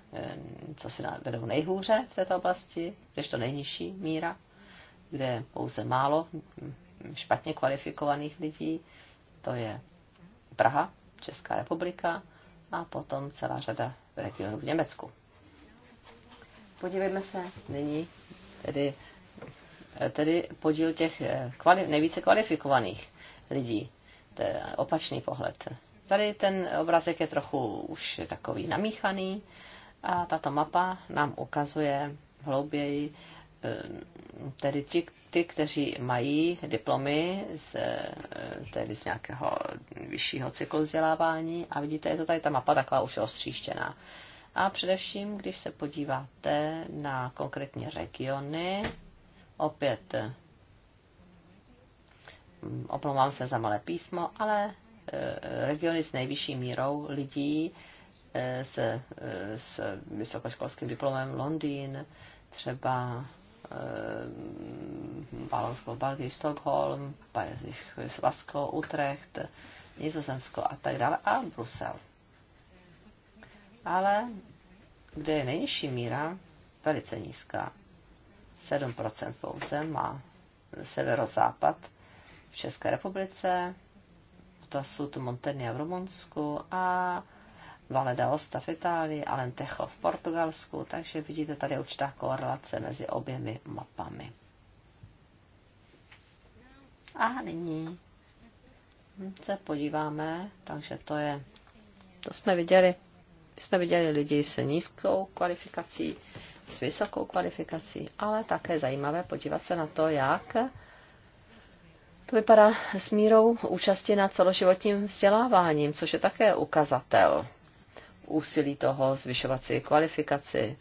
co se vedou nejhůře v této oblasti, když to nejnižší míra, kde pouze málo hm, špatně kvalifikovaných lidí, to je Praha Česká republika a potom celá řada regionů v Německu. Podívejme se nyní tedy, tedy podíl těch eh, kvali, nejvíce kvalifikovaných lidí. To je opačný pohled. Tady ten obrazek je trochu už takový namíchaný a tato mapa nám ukazuje hlouběji eh, tedy ti, ty, kteří mají diplomy z, eh, tedy z nějakého vyššího cyklu vzdělávání a vidíte, je to tady ta mapa taková už ostříštěná. A především, když se podíváte na konkrétní regiony, opět hm, oplomám se za malé písmo, ale eh, regiony s nejvyšší mírou lidí eh, s, s vysokoškolským diplomem Londýn, třeba Ehm, Valonsko, Belgii, Stockholm, Slovasko, Utrecht, Nizozemsko a tak dále a Brusel. Ale kde je nejnižší míra, velice nízká, 7% pouze má severozápad v České republice, Tasud, Monterně v Rumunsku a Vale d'Aosta v Itálii, Alentejo v Portugalsku, takže vidíte tady určitá korelace mezi oběmi mapami. A nyní se podíváme, takže to je, to jsme viděli, jsme viděli lidi s nízkou kvalifikací, s vysokou kvalifikací, ale také zajímavé podívat se na to, jak to vypadá s mírou účasti na celoživotním vzděláváním, což je také ukazatel úsilí toho zvyšovat si kvalifikaci,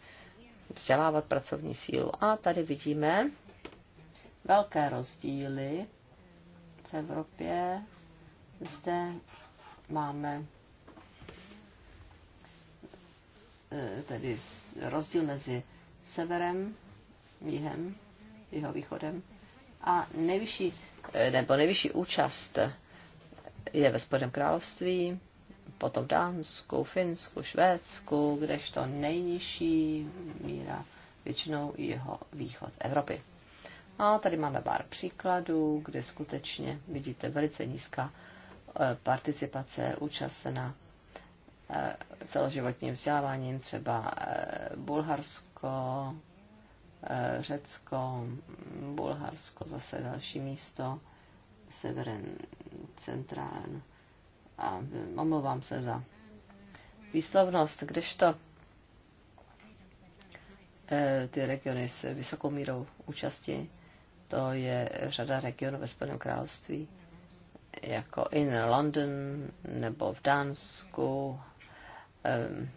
vzdělávat pracovní sílu. A tady vidíme velké rozdíly v Evropě. Zde máme e, tedy rozdíl mezi severem, jihem, jihovýchodem a nejvyšší, e, nebo nejvyšší účast je ve Spodem království, potom v Dánsku, Finsku, Švédsku, kdežto nejnižší míra většinou jeho východ Evropy. A tady máme pár příkladů, kde skutečně vidíte velice nízká e, participace, účast na e, celoživotním vzděláváním, třeba e, Bulharsko, Řecko, Bulharsko, zase další místo, Severin, Centrální a omlouvám se za výslovnost, kdežto eh, ty regiony s vysokou mírou účasti, to je řada regionů ve Spojeném království, jako in London nebo v Dánsku, ehm,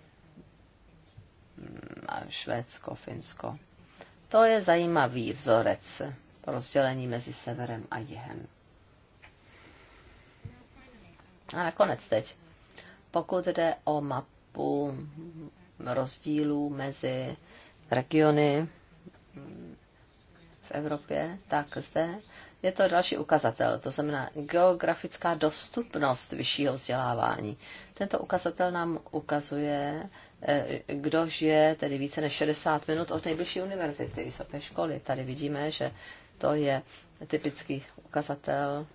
a Švédsko, Finsko. To je zajímavý vzorec rozdělení mezi severem a jihem. A nakonec teď, pokud jde o mapu rozdílů mezi regiony v Evropě, tak zde je to další ukazatel, to znamená geografická dostupnost vyššího vzdělávání. Tento ukazatel nám ukazuje, eh, kdo žije tedy více než 60 minut od nejbližší univerzity, vysoké školy. Tady vidíme, že to je typický ukazatel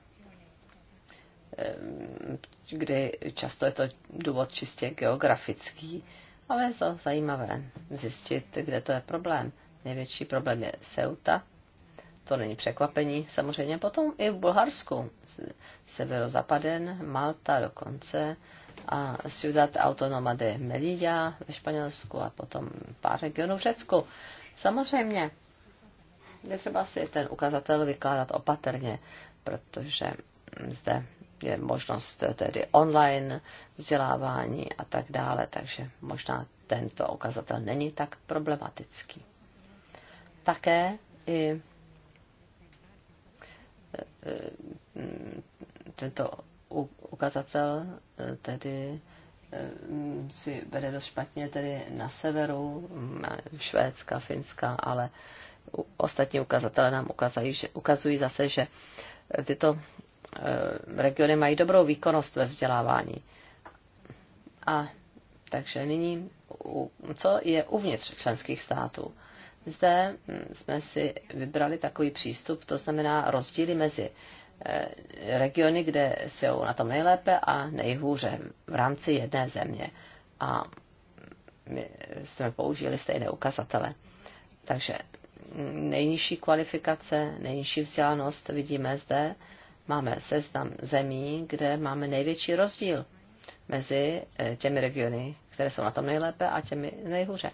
Ehm, kdy často je to důvod čistě geografický, ale je to zajímavé zjistit, kde to je problém. Největší problém je Seuta, to není překvapení, samozřejmě potom i v Bulharsku, severozapaden, Malta dokonce, a Ciudad Autonoma de Melilla ve Španělsku a potom pár regionů v Řecku. Samozřejmě je třeba si ten ukazatel vykládat opatrně, protože zde je možnost tedy online vzdělávání a tak dále, takže možná tento ukazatel není tak problematický. Také i e, e, tento ukazatel e, tedy si vede dost špatně tedy na severu, Švédska, Finska, ale ostatní ukazatele nám ukazují, že, ukazují zase, že tyto Eh, regiony mají dobrou výkonnost ve vzdělávání. A takže nyní, co je uvnitř členských států? Zde hm, jsme si vybrali takový přístup, to znamená rozdíly mezi eh, regiony, kde jsou na tom nejlépe a nejhůře v rámci jedné země. A my jsme použili stejné ukazatele. Takže hm, nejnižší kvalifikace, nejnižší vzdělanost vidíme zde máme seznam zemí, kde máme největší rozdíl mezi eh, těmi regiony, které jsou na tom nejlépe a těmi nejhůře.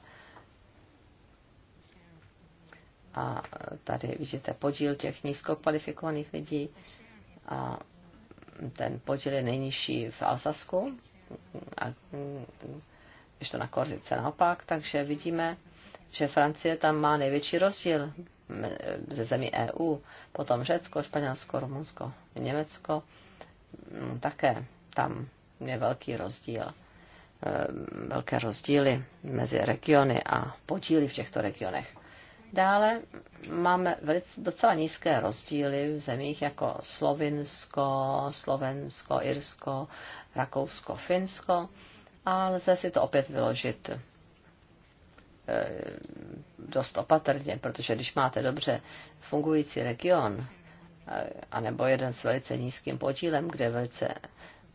A eh, tady vidíte podíl těch nízkokvalifikovaných lidí a ten podíl je nejnižší v Alsasku, a, mm, když to na Korzice naopak, takže vidíme, že Francie tam má největší rozdíl ze zemí EU, potom Řecko, Španělsko, Rumunsko, Německo, mm, také tam je velký rozdíl, ehm, velké rozdíly mezi regiony a podíly v těchto regionech. Dále máme velice, docela nízké rozdíly v zemích jako Slovinsko, Slovensko, Irsko, Rakousko, Finsko a lze si to opět vyložit Eh, dost opatrně, protože když máte dobře fungující region, eh, anebo jeden s velice nízkým podílem, kde velice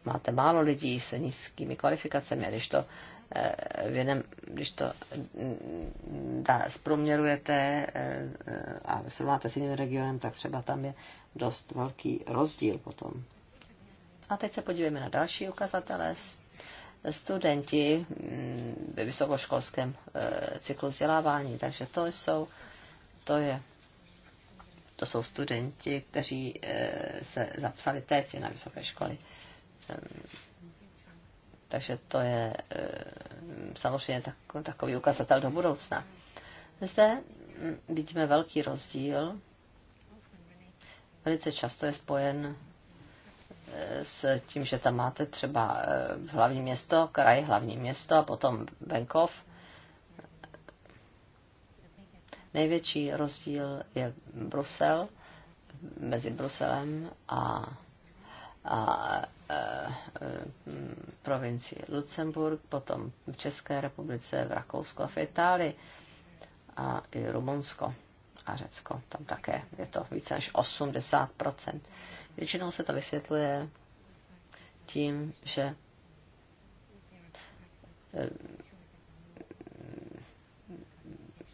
máte málo lidí se nízkými kvalifikacemi, a když to eh, v když to mm, dá, zprůměrujete a srovnáte s jiným regionem, tak třeba tam je dost velký rozdíl potom. A teď se podívejme na další ukazatele studenti ve mm, vysokoškolském e, cyklu vzdělávání. Takže to jsou, to je, to jsou studenti, kteří e, se zapsali teď na vysoké školy. Takže to je e, samozřejmě takový ukazatel do budoucna. Zde vidíme velký rozdíl. Velice často je spojen s tím, že tam máte třeba eh, hlavní město, kraj, hlavní město a potom venkov. Největší rozdíl je Brusel, mezi Bruselem a, a, a, eh, a provincií Lucemburg, potom v České republice, v Rakousku a v Itálii a i Rumunsko a Řecko. Tam také je to více než 80 Většinou se to vysvětluje tím, že eh,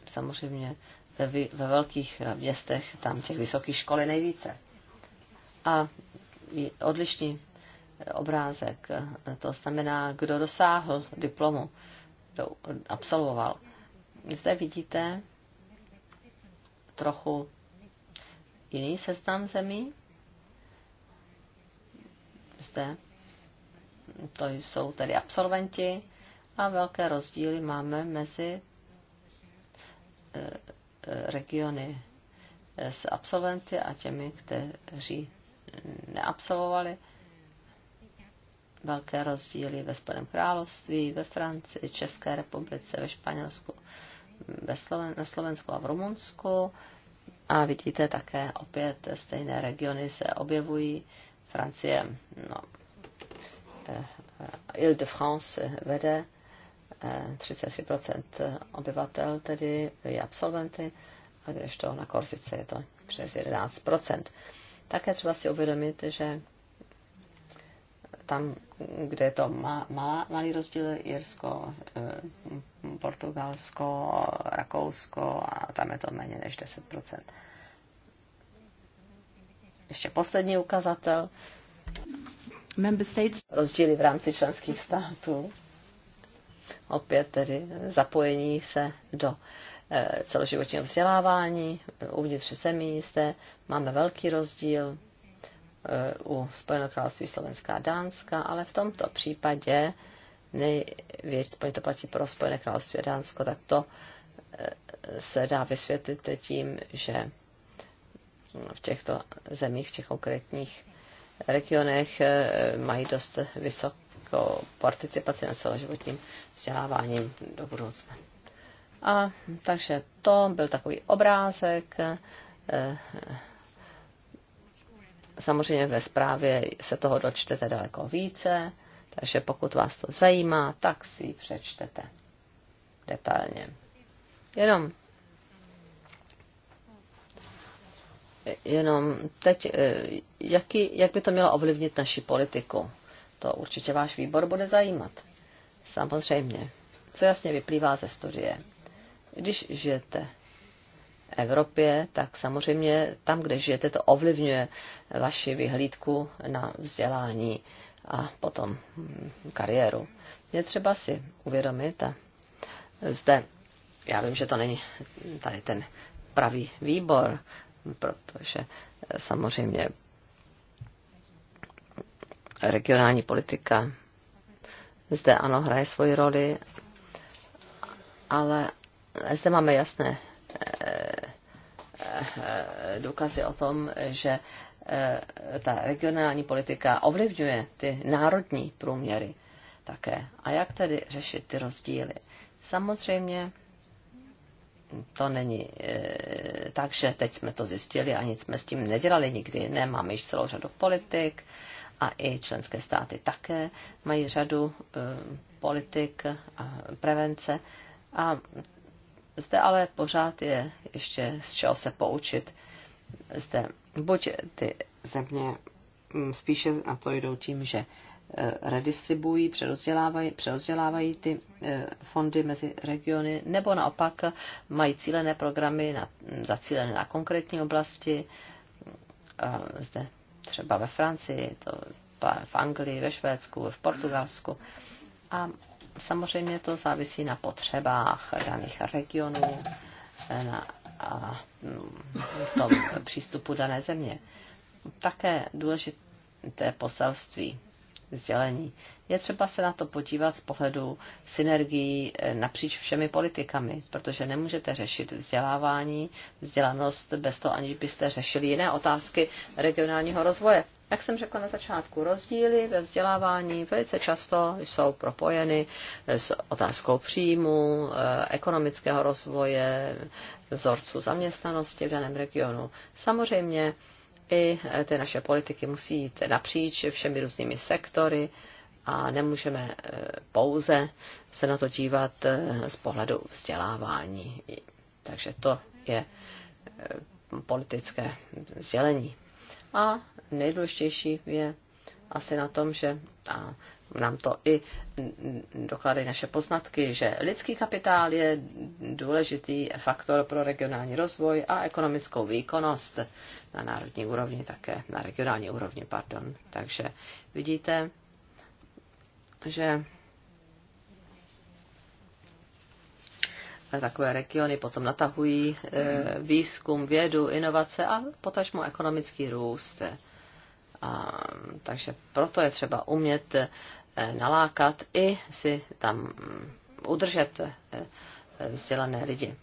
samozřejmě ve, ve velkých městech tam těch vysokých školy nejvíce. A odlišný obrázek, to znamená, kdo dosáhl diplomu, kdo absolvoval. Zde vidíte trochu jiný seznam zemí, zde. To jsou tedy absolventi a velké rozdíly máme mezi eh, eh, regiony s absolventy a těmi, kteří neabsolvovali. Velké rozdíly ve Spojeném království, ve Francii, České republice, ve Španělsku, ve Sloven- na Slovensku a v Rumunsku. A vidíte také opět stejné regiony se objevují Francie, no, eh, Ile-de-France vede 33% eh, obyvatel, tedy je absolventy, a když to na Korsice je to přes 11%. Také třeba si uvědomit, že tam, kde je to má, má, malý rozdíl, Jirsko, eh, Portugalsko, Rakousko a tam je to méně než 10% ještě poslední ukazatel. Member states. Rozdíly v rámci členských států. Opět tedy zapojení se do eh, celoživotního vzdělávání eh, uvnitř zemí zde máme velký rozdíl eh, u Spojeného království Slovenská a Dánska, ale v tomto případě největší, to platí pro Spojené království a Dánsko, tak to se dá vysvětlit tím, že v těchto zemích, v těch konkrétních regionech eh, mají dost vysokou participaci na celoživotním vzdělávání do budoucna. A takže to byl takový obrázek. Eh, samozřejmě ve zprávě se toho dočtete daleko více, takže pokud vás to zajímá, tak si ji přečtete detailně. Jenom jenom teď, eh, jaký, jak by to mělo ovlivnit naši politiku? To určitě váš výbor bude zajímat. Samozřejmě. Co jasně vyplývá ze studie? Když žijete v Evropě, tak samozřejmě tam, kde žijete, to ovlivňuje vaši vyhlídku na vzdělání a potom hm, kariéru. Je třeba si uvědomit a zde, já vím, že to není tady ten pravý výbor, protože eh, samozřejmě regionální politika zde ano hraje svoji roli, ale zde máme jasné eh, eh, důkazy o tom, že ta regionální politika ovlivňuje ty národní průměry také. A jak tedy řešit ty rozdíly? Samozřejmě to není e, tak, že teď jsme to zjistili a nic jsme s tím nedělali nikdy. Ne, máme již celou řadu politik a i členské státy také mají řadu e, politik a prevence. A zde ale pořád je ještě z čeho se poučit. Zde buď ty země spíše na to jdou tím, že redistribují, přerozdělávají, přerozdělávají ty eh, fondy mezi regiony, nebo naopak mají cílené programy na, zacílené na konkrétní oblasti. Zde třeba ve Francii, to v Anglii, ve Švédsku, v Portugalsku. A samozřejmě to závisí na potřebách daných regionů eh, na, a mm, tom přístupu dané země. Také důležité poselství sdělení. Je třeba se na to podívat z pohledu synergií eh, napříč všemi politikami, protože nemůžete řešit vzdělávání, vzdělanost bez toho, aniž byste řešili jiné otázky regionálního rozvoje. Jak jsem řekla na začátku, rozdíly ve vzdělávání velice často jsou propojeny s otázkou příjmu, eh, ekonomického rozvoje, vzorců zaměstnanosti v daném regionu. Samozřejmě i e, ty naše politiky musí jít napříč všemi různými sektory a nemůžeme e, pouze se na to dívat e, z pohledu vzdělávání. Takže to je politické sdělení. A nejdůležitější je asi na tom, že nám to i dokladají naše poznatky, že lidský kapitál je důležitý faktor pro regionální rozvoj a ekonomickou výkonnost na národní úrovni také, na regionální úrovni, pardon. Takže vidíte, že takové regiony potom natahují e, výzkum, vědu, inovace a potažmo ekonomický růst. A, takže proto je třeba umět Eh, nalákat i si tam mm, udržet eh, eh, vzdělané lidi.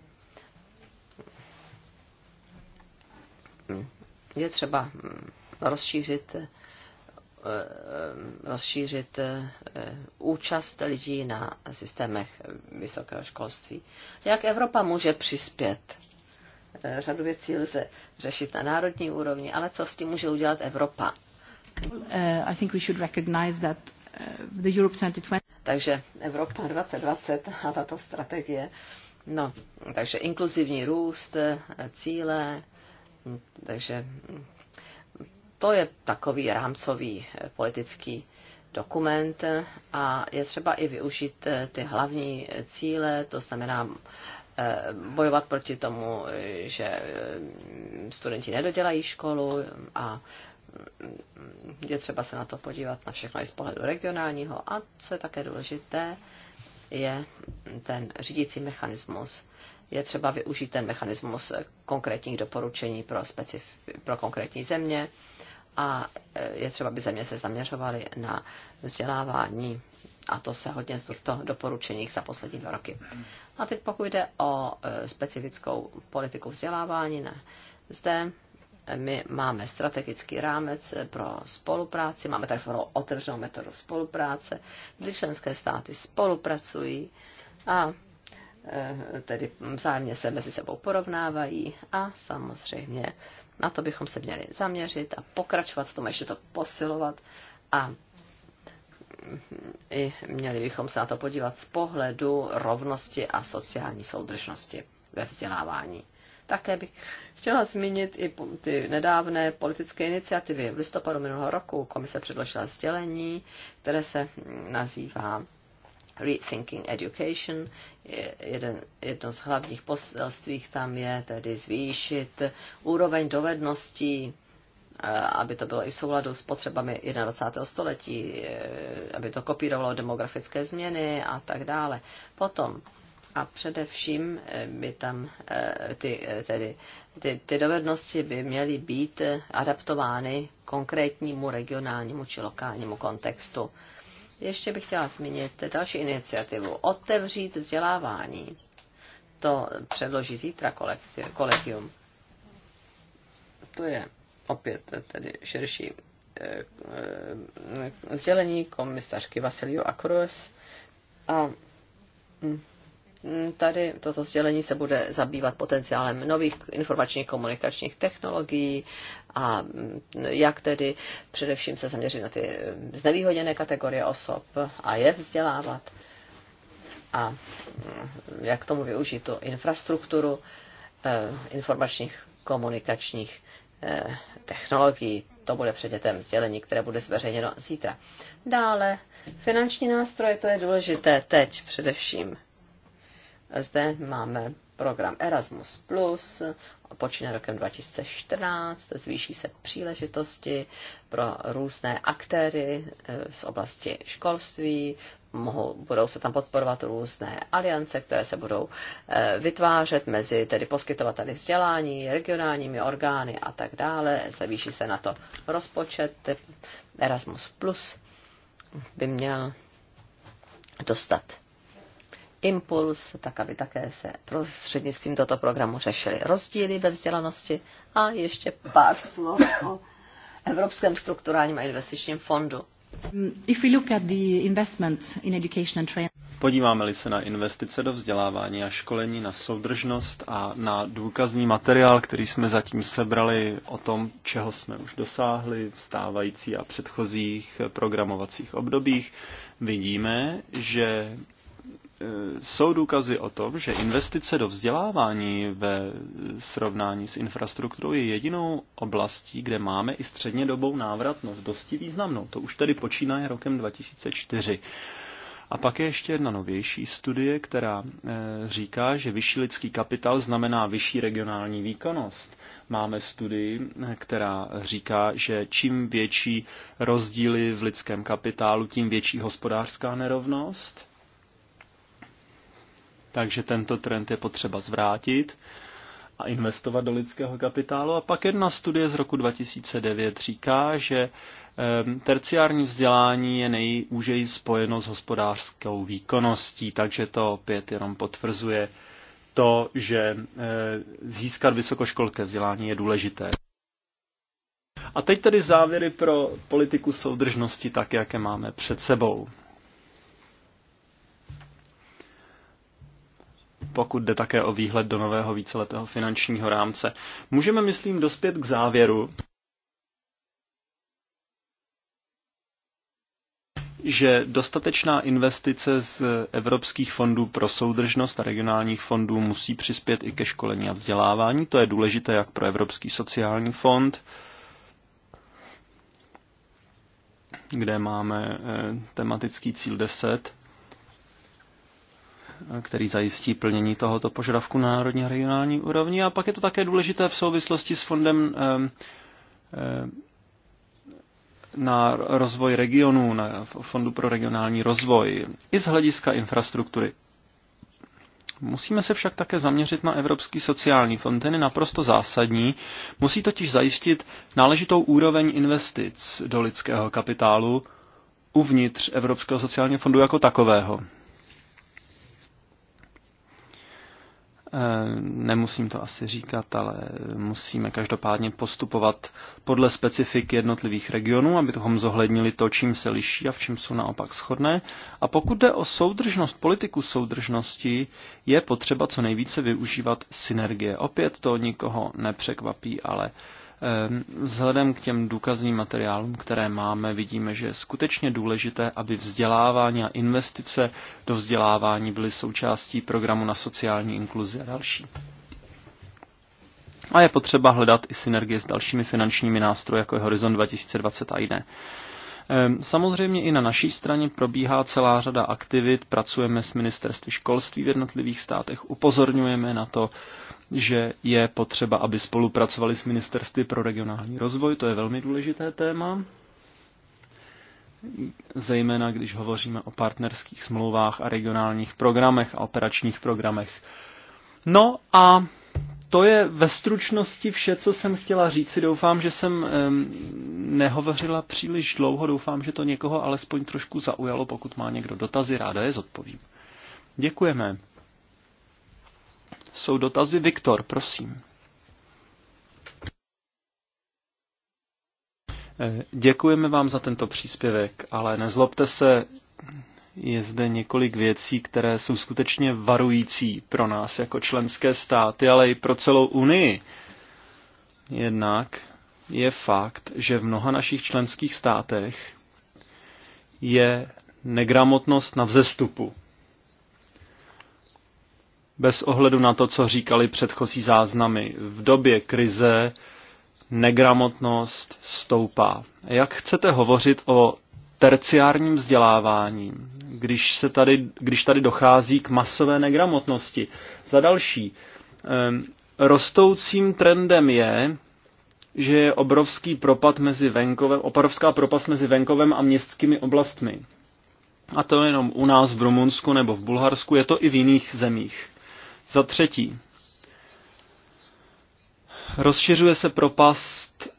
Je třeba mm, rozšířit rozšířit účast lidí na systémech vysokého školství. Jak Evropa může přispět? Řadu věcí lze řešit na národní úrovni, ale co s tím může udělat Evropa? I think we should recognize that Eh, the Europe 2020. Takže Evropa 2020 a tato strategie. No, takže inkluzivní růst, eh, cíle, hm, takže hm, to je takový rámcový eh, politický dokument a je třeba i využít ty hlavní cíle, to znamená bojovat proti tomu, že studenti nedodělají školu a je třeba se na to podívat na všechno i z pohledu regionálního a co je také důležité, je ten řídící mechanismus. Je třeba využít ten mechanismus konkrétních doporučení pro, specif- pro konkrétní země a e, je třeba, aby země se zaměřovaly na vzdělávání a to se hodně z těchto doporučeních za poslední dva roky. A teď pokud jde o e, specifickou politiku vzdělávání, ne. zde my máme strategický rámec pro spolupráci, máme takzvanou otevřenou metodu spolupráce, kdy členské státy spolupracují a eh, tedy vzájemně se mezi sebou porovnávají a samozřejmě na to bychom se měli zaměřit a pokračovat v tom, ještě to posilovat a mm, i měli bychom se na to podívat z pohledu rovnosti a sociální soudržnosti ve vzdělávání. Také bych chtěla zmínit i ty nedávné politické iniciativy. V listopadu minulého roku komise předložila sdělení, které se nazývá Rethinking Education. Jeden, jedno z hlavních poselství tam je tedy zvýšit úroveň dovedností eh, aby to bylo i v souladu s potřebami 21. století, eh, aby to kopírovalo demografické změny a tak dále. Potom a především eh, by tam eh, ty, eh, tedy, ty, ty dovednosti by měly být adaptovány konkrétnímu regionálnímu či lokálnímu kontextu. Ještě bych chtěla zmínit další iniciativu. Otevřít vzdělávání. To předloží zítra kolegium. To je opět tedy širší sdělení komisařky Vasilio Akros. A hm, Mm, tady toto sdělení se bude zabývat potenciálem nových informačních komunikačních technologií a mm, jak tedy především se zaměřit na ty mm, znevýhodněné kategorie osob a je vzdělávat a jak tomu využít tu infrastrukturu eh, informačních komunikačních eh, technologií. To bude předmětem sdělení, které bude zveřejněno zítra. Dále, finanční nástroje, to je důležité teď především zde máme program Erasmus+, počíná rokem 2014, zvýší se příležitosti pro různé aktéry eh, z oblasti školství, mohou, budou se tam podporovat různé aliance, které se budou eh, vytvářet mezi tedy poskytovateli vzdělání, regionálními orgány a tak dále. zvýší se na to rozpočet. Erasmus Plus by měl dostat impuls, tak aby také se prostřednictvím tohoto programu řešily rozdíly ve vzdělanosti. A ještě pár slov o Evropském strukturálním a investičním fondu. If we look at the investment in education and training. Podíváme-li se na investice do vzdělávání a školení, na soudržnost a na důkazní materiál, který jsme zatím sebrali o tom, čeho jsme už dosáhli v stávající a předchozích programovacích obdobích, vidíme, že Eh, jsou důkazy o tom, že investice do vzdělávání ve srovnání s infrastrukturou je jedinou oblastí, kde máme i dobou návratnost dosti významnou. To už tedy počínaje rokem 2004. A pak je ještě jedna novější studie, která eh, říká, že vyšší lidský kapitál znamená vyšší regionální výkonnost. Máme studii, eh, která říká, že čím větší rozdíly v lidském kapitálu, tím větší hospodářská nerovnost – takže tento trend je potřeba zvrátit a investovat do lidského kapitálu. A pak jedna studie z roku 2009 říká, že ehm, terciární vzdělání je nejúžeji spojeno s hospodářskou výkonností, takže to opět jenom potvrzuje to, že eh, získat vysokoškolské vzdělání je důležité. A teď tedy závěry pro politiku soudržnosti tak, jaké máme před sebou. pokud jde také o výhled do nového víceletého finančního rámce. Můžeme, myslím, dospět k závěru, že dostatečná investice z evropských fondů pro soudržnost a regionálních fondů musí přispět i ke školení a vzdělávání. To je důležité jak pro Evropský sociální fond, kde máme eh, tematický cíl 10, který zajistí plnění tohoto požadavku na národní a regionální úrovni. A pak je to také důležité v souvislosti s fondem na rozvoj regionů, na Fondu pro regionální rozvoj, i z hlediska infrastruktury. Musíme se však také zaměřit na Evropský sociální fond, ten je naprosto zásadní. Musí totiž zajistit náležitou úroveň investic do lidského kapitálu uvnitř Evropského sociálního fondu jako takového. Eh, nemusím to asi říkat, ale musíme každopádně postupovat podle specifik jednotlivých regionů, abychom zohlednili to, čím se liší a v čem jsou naopak shodné. A pokud jde o soudržnost, politiku soudržnosti, je potřeba co nejvíce využívat synergie. Opět to nikoho nepřekvapí, ale Ehm, vzhledem k těm důkazním materiálům, které máme, vidíme, že je skutečně důležité, aby vzdělávání a investice do vzdělávání byly součástí programu na sociální inkluzi a další. A je potřeba hledat i synergie s dalšími finančními nástroji, jako je Horizon 2020 a jiné. Ehm, samozřejmě i na naší straně probíhá celá řada aktivit, pracujeme s ministerství školství v jednotlivých státech, upozorňujeme na to, že je potřeba, aby spolupracovali s ministerstvy pro regionální rozvoj, to je velmi důležité téma, zejména když hovoříme o partnerských smlouvách a regionálních programech a operačních programech. No a to je ve stručnosti vše, co jsem chtěla říci. Doufám, že jsem nehovořila příliš dlouho, doufám, že to někoho alespoň trošku zaujalo. Pokud má někdo dotazy, ráda je zodpovím. Děkujeme jsou dotazy. Viktor, prosím. Eh, děkujeme vám za tento příspěvek, ale nezlobte se, je zde několik věcí, které jsou skutečně varující pro nás jako členské státy, ale i pro celou Unii. Jednak je fakt, že v mnoha našich členských státech je negramotnost na vzestupu bez ohledu na to, co říkali předchozí záznamy. V době krize negramotnost stoupá. Jak chcete hovořit o terciárním vzdělávání, když, se tady, když tady dochází k masové negramotnosti? Za další, rostoucím trendem je, že je obrovský propad mezi venkovem, obrovská propast mezi venkovem a městskými oblastmi. A to jenom u nás v Rumunsku nebo v Bulharsku, je to i v jiných zemích. Za třetí, rozšiřuje se propast eh,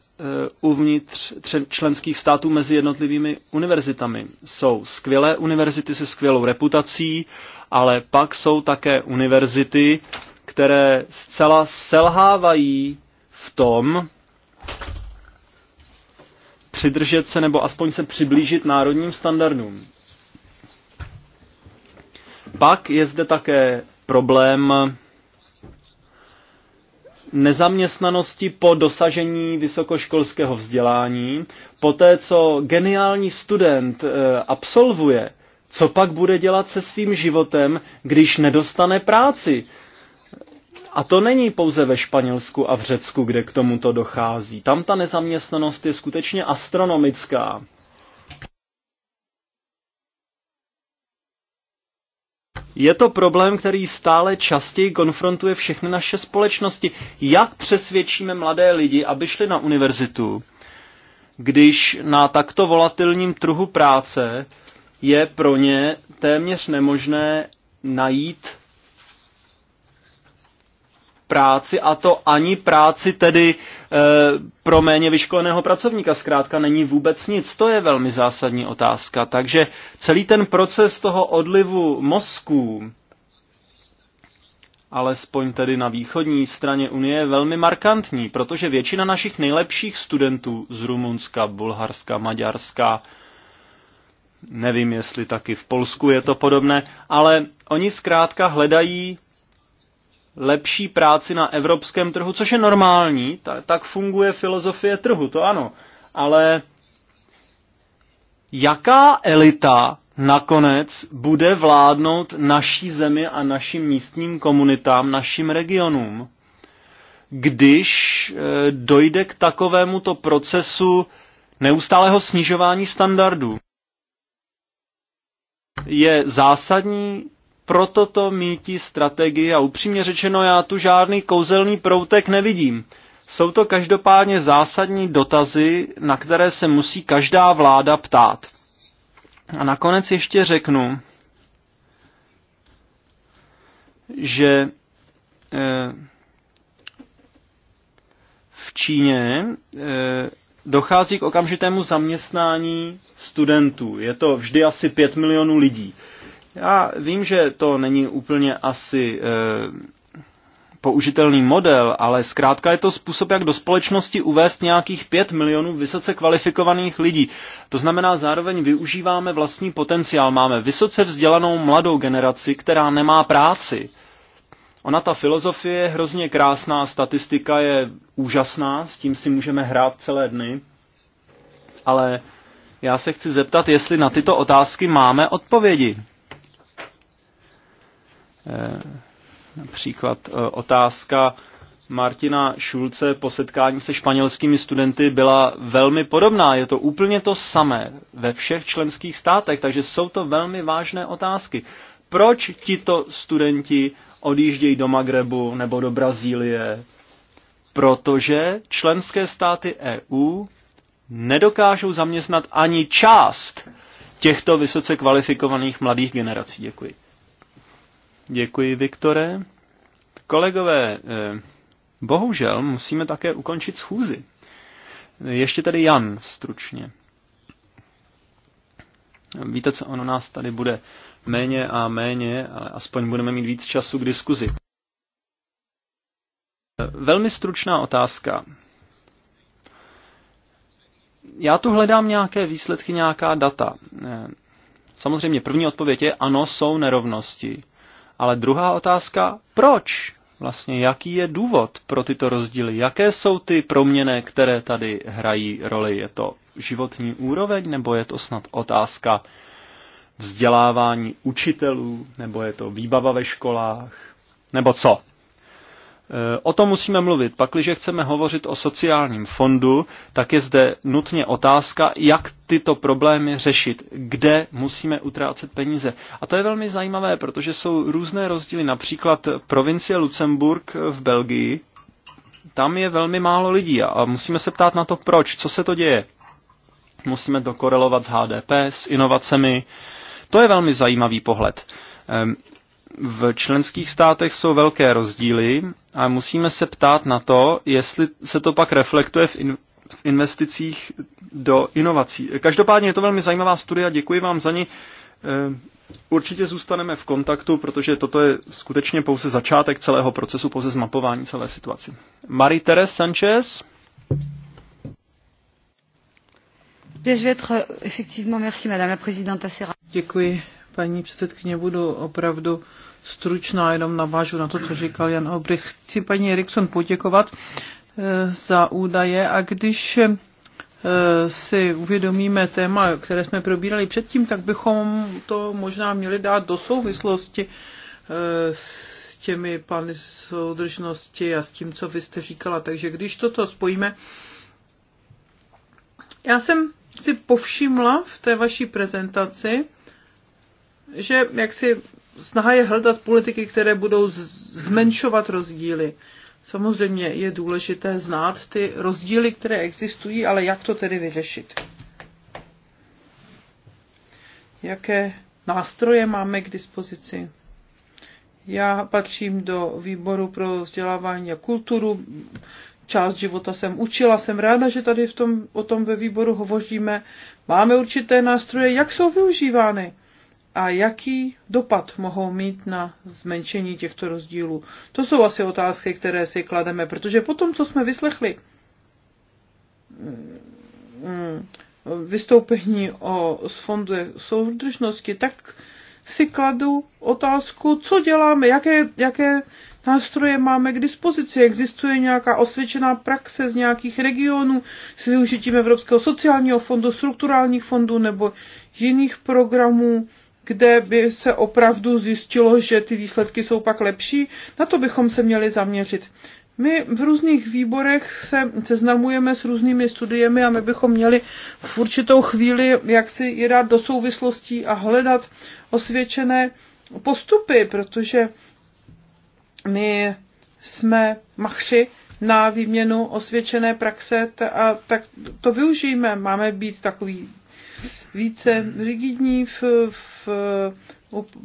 uvnitř členských států mezi jednotlivými univerzitami. Jsou skvělé univerzity se skvělou reputací, ale pak jsou také univerzity, které zcela selhávají v tom, přidržet se nebo aspoň se přiblížit národním standardům. Pak je zde také problém nezaměstnanosti po dosažení vysokoškolského vzdělání, po té, co geniální student eh, absolvuje, co pak bude dělat se svým životem, když nedostane práci? A to není pouze ve Španělsku a v Řecku, kde k tomuto dochází. Tam ta nezaměstnanost je skutečně astronomická. Je to problém, který stále častěji konfrontuje všechny naše společnosti. Jak přesvědčíme mladé lidi, aby šli na univerzitu, když na takto volatilním trhu práce je pro ně téměř nemožné najít práci a to ani práci tedy e, pro méně vyškoleného pracovníka. Zkrátka není vůbec nic. To je velmi zásadní otázka. Takže celý ten proces toho odlivu mozků, alespoň tedy na východní straně Unie, je velmi markantní, protože většina našich nejlepších studentů z Rumunska, Bulharska, Maďarska, nevím, jestli taky v Polsku je to podobné, ale oni zkrátka hledají lepší práci na evropském trhu, což je normální, tak, tak funguje filozofie trhu, to ano. Ale jaká elita nakonec bude vládnout naší zemi a našim místním komunitám, našim regionům, když eh, dojde k takovému to procesu neustálého snižování standardů. Je zásadní proto to mítí strategii a upřímně řečeno já tu žádný kouzelný proutek nevidím. Jsou to každopádně zásadní dotazy, na které se musí každá vláda ptát. A nakonec ještě řeknu, že eh, v Číně eh, dochází k okamžitému zaměstnání studentů. Je to vždy asi 5 milionů lidí. Já vím, že to není úplně asi e, použitelný model, ale zkrátka je to způsob, jak do společnosti uvést nějakých 5 milionů vysoce kvalifikovaných lidí. To znamená, zároveň využíváme vlastní potenciál. Máme vysoce vzdělanou mladou generaci, která nemá práci. Ona ta filozofie je hrozně krásná, statistika je úžasná, s tím si můžeme hrát celé dny, ale já se chci zeptat, jestli na tyto otázky máme odpovědi. Eh, například eh, otázka Martina Šulce po setkání se španělskými studenty byla velmi podobná. Je to úplně to samé ve všech členských státech, takže jsou to velmi vážné otázky. Proč tito studenti odjíždějí do Magrebu nebo do Brazílie? Protože členské státy EU nedokážou zaměstnat ani část těchto vysoce kvalifikovaných mladých generací. Děkuji. Děkuji, Viktore. Kolegové, eh, bohužel musíme také ukončit schůzi. Ještě tady Jan, stručně. Víte, co ono nás tady bude méně a méně, ale aspoň budeme mít víc času k diskuzi. Velmi stručná otázka. Já tu hledám nějaké výsledky, nějaká data. Eh, samozřejmě první odpověď je ano, jsou nerovnosti. Ale druhá otázka, proč? Vlastně jaký je důvod pro tyto rozdíly? Jaké jsou ty proměny, které tady hrají roli? Je to životní úroveň nebo je to snad otázka vzdělávání učitelů nebo je to výbava ve školách? Nebo co? Eh, o tom musíme mluvit. Pakliže chceme hovořit o sociálním fondu, tak je zde nutně otázka, jak tyto problémy řešit, kde musíme utrácet peníze. A to je velmi zajímavé, protože jsou různé rozdíly. Například provincie Lucemburg v Belgii, tam je velmi málo lidí a musíme se ptát na to, proč, co se to děje. Musíme to korelovat s HDP, s inovacemi. To je velmi zajímavý pohled. Ehm, v členských státech jsou velké rozdíly a musíme se ptát na to, jestli se to pak reflektuje v, in, v investicích do inovací. Každopádně je to velmi zajímavá studia, děkuji vám za ní. Eh, určitě zůstaneme v kontaktu, protože toto je skutečně pouze začátek celého procesu, pouze zmapování celé situace. Marie Teres Sanchez. Euh, děkuji, paní předsedkyně, budu opravdu stručná, jenom navážu na to, co říkal Jan Obrych. Chci paní Erikson poděkovat eh, za údaje a když eh, si uvědomíme téma, které jsme probírali předtím, tak bychom to možná měli dát do souvislosti eh, s těmi plány soudržnosti a s tím, co vy jste říkala. Takže když toto spojíme, já jsem si povšimla v té vaší prezentaci, že jaksi snaha je hledat politiky, které budou zmenšovat rozdíly. Samozřejmě je důležité znát ty rozdíly, které existují, ale jak to tedy vyřešit? Jaké nástroje máme k dispozici? Já patřím do výboru pro vzdělávání a kulturu. Část života jsem učila, jsem ráda, že tady v tom, o tom ve výboru hovoříme. Máme určité nástroje, jak jsou využívány a jaký dopad mohou mít na zmenšení těchto rozdílů. To jsou asi otázky, které si klademe, protože potom, co jsme vyslechli mm, vystoupení o, z fondu soudržnosti, tak si kladu otázku, co děláme, jaké, jaké nástroje máme k dispozici, existuje nějaká osvědčená praxe z nějakých regionů s využitím Evropského sociálního fondu, strukturálních fondů nebo jiných programů kde by se opravdu zjistilo, že ty výsledky jsou pak lepší, na to bychom se měli zaměřit. My v různých výborech se seznamujeme s různými studiemi a my bychom měli v určitou chvíli jak si je dát do souvislostí a hledat osvědčené postupy, protože my jsme machři na výměnu osvědčené praxe a tak to využijeme. Máme být takový více rigidní v, v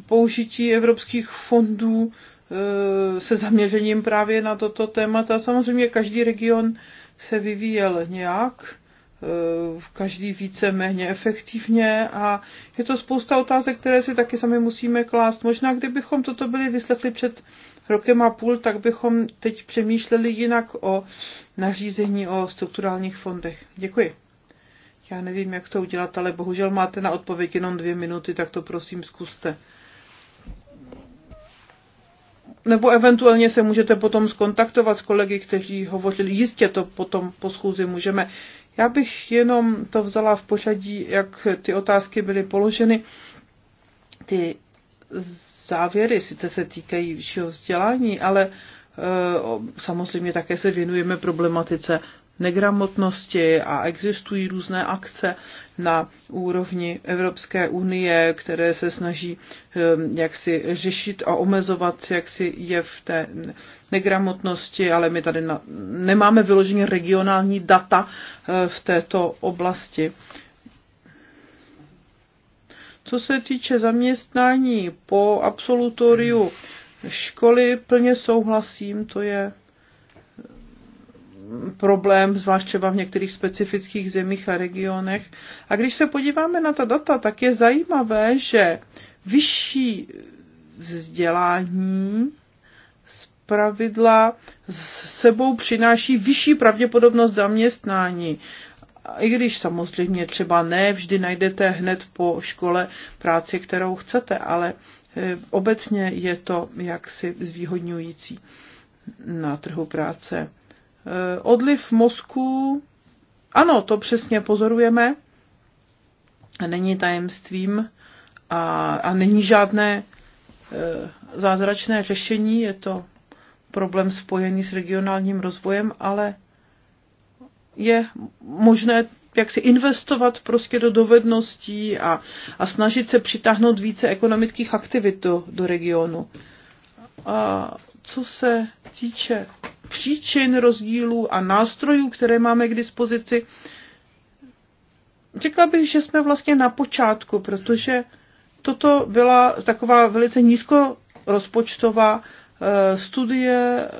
použití evropských fondů e, se zaměřením právě na toto téma. A Samozřejmě každý region se vyvíjel nějak, e, každý více méně efektivně a je to spousta otázek, které si taky sami musíme klást. Možná kdybychom toto byli vyslechli před rokem a půl, tak bychom teď přemýšleli jinak o nařízení o strukturálních fondech. Děkuji. Já nevím, jak to udělat, ale bohužel máte na odpověď jenom dvě minuty, tak to prosím zkuste. Nebo eventuálně se můžete potom skontaktovat s kolegy, kteří hovořili. Jistě to potom po schůzi můžeme. Já bych jenom to vzala v pořadí, jak ty otázky byly položeny. Ty závěry sice se týkají vyššího vzdělání, ale eh, samozřejmě také se věnujeme problematice negramotnosti a existují různé akce na úrovni Evropské unie, které se snaží ehm, jak si řešit a omezovat jak si je v té negramotnosti, ale my tady na, nemáme vyloženě regionální data eh, v této oblasti. Co se týče zaměstnání po absolutoriu školy, plně souhlasím, to je problém, zvlášť třeba v některých specifických zemích a regionech. A když se podíváme na ta data, tak je zajímavé, že vyšší vzdělání z pravidla s sebou přináší vyšší pravděpodobnost zaměstnání. I když samozřejmě třeba ne vždy najdete hned po škole práci, kterou chcete, ale eh, obecně je to jaksi zvýhodňující na trhu práce. Eh, odliv mozku, ano, to přesně pozorujeme, není tajemstvím a, a není žádné eh, zázračné řešení, je to problém spojený s regionálním rozvojem, ale je možné jak si investovat prostě do dovedností a, a snažit se přitáhnout více ekonomických aktivit do, do regionu. A co se týče příčin rozdílů a nástrojů, které máme k dispozici. Řekla bych, že jsme vlastně na počátku, protože toto byla taková velice nízkorozpočtová eh, studie eh,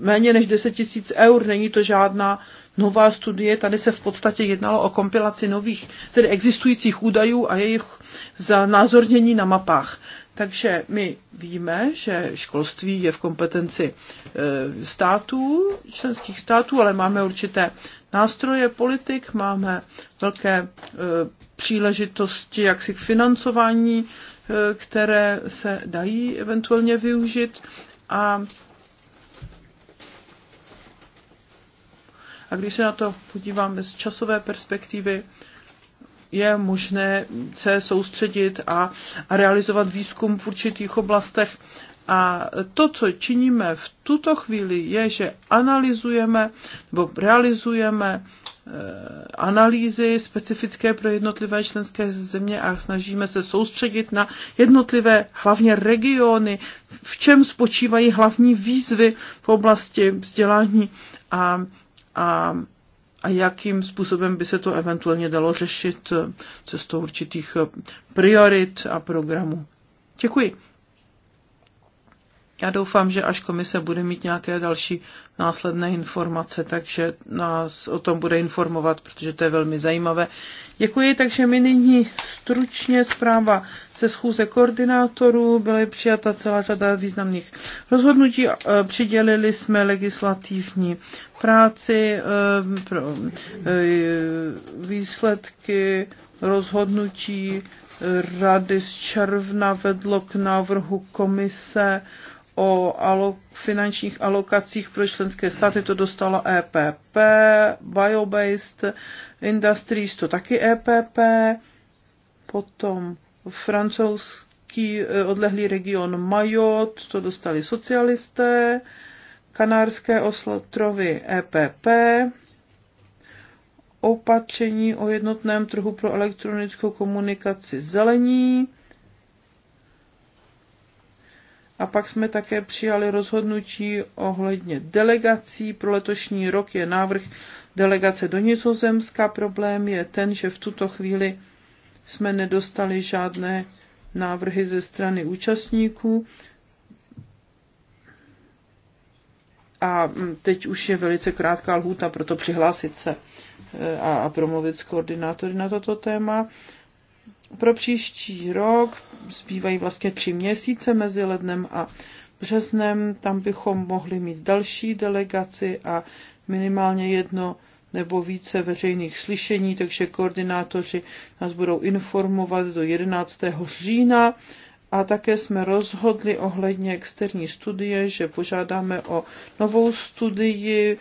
méně než 10 tisíc eur, není to žádná nová studie, tady se v podstatě jednalo o kompilaci nových, tedy existujících údajů a jejich zanázornění na mapách. Takže my víme, že školství je v kompetenci eh, států, členských států, ale máme určité nástroje politik, máme velké eh, příležitosti jaksi k financování, eh, které se dají eventuálně využít a a když se na to podíváme z časové perspektivy, je možné se soustředit a, a realizovat výzkum v určitých oblastech. A to, co činíme v tuto chvíli, je, že analyzujeme nebo realizujeme eh, analýzy specifické pro jednotlivé členské země a snažíme se soustředit na jednotlivé hlavně regiony, v čem spočívají hlavní výzvy v oblasti vzdělání a, a a jakým způsobem by se to eventuálně dalo řešit cestou určitých priorit a programů. Děkuji. Já doufám, že až komise bude mít nějaké další následné informace, takže nás o tom bude informovat, protože to je velmi zajímavé. Děkuji, takže my nyní stručně zpráva se schůze koordinátorů. Byly přijata celá řada významných rozhodnutí. E, přidělili jsme legislativní práci e, pro e, výsledky rozhodnutí rady z června vedlo k návrhu komise o alo- finančních alokacích pro členské státy, to dostalo EPP, Biobased Industries, to taky EPP, potom francouzský eh, odlehlý region Majot, to dostali socialisté, Kanárské ostrovy EPP, opatření o jednotném trhu pro elektronickou komunikaci zelení, a pak jsme také přijali rozhodnutí ohledně delegací. Pro letošní rok je návrh delegace do Nizozemska. Problém je ten, že v tuto chvíli jsme nedostali žádné návrhy ze strany účastníků. A teď už je velice krátká lhůta pro to přihlásit se e, a promluvit s koordinátory na toto téma pro příští rok zbývají vlastně tři měsíce mezi lednem a březnem. Tam bychom mohli mít další delegaci a minimálně jedno nebo více veřejných slyšení, takže koordinátoři nás budou informovat do 11. října. A také jsme rozhodli ohledně externí studie, že požádáme o novou studii,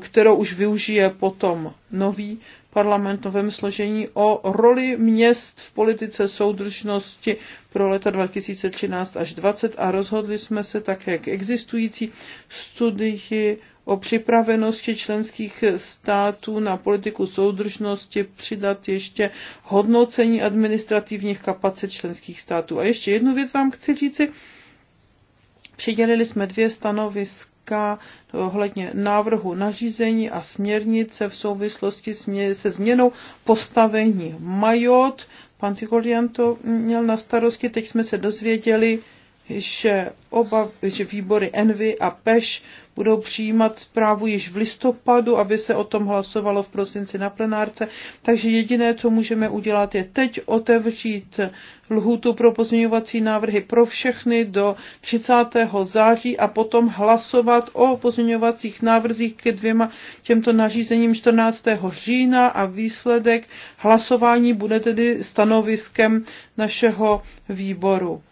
kterou už využije potom nový parlamentovém složení o roli měst v politice soudržnosti pro leta 2013 až 2020 a rozhodli jsme se také k existující studii o připravenosti členských států na politiku soudržnosti přidat ještě hodnocení administrativních kapacit členských států. A ještě jednu věc vám chci říci. Přidělili jsme dvě stanoviska týká ohledně návrhu nařízení a směrnice v souvislosti se změnou postavení majot. Pan Tigolian to měl na starosti, teď jsme se dozvěděli, že, oba, že výbory Envy a PEŠ budou přijímat zprávu již v listopadu, aby se o tom hlasovalo v prosinci na plenárce. Takže jediné, co můžeme udělat, je teď otevřít lhutu pro pozměňovací návrhy pro všechny do 30. září a potom hlasovat o pozměňovacích návrzích ke dvěma těmto nařízením 14. října a výsledek hlasování bude tedy stanoviskem našeho výboru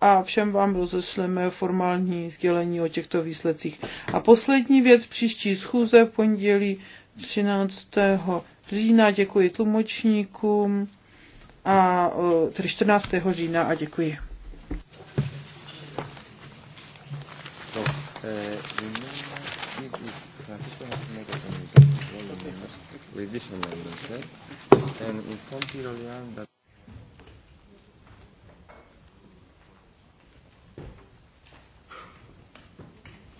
a všem vám rozešleme formální sdělení o těchto výsledcích. A poslední věc příští schůze v pondělí 13. října. Děkuji tlumočníkům a tedy 14. října a děkuji. With and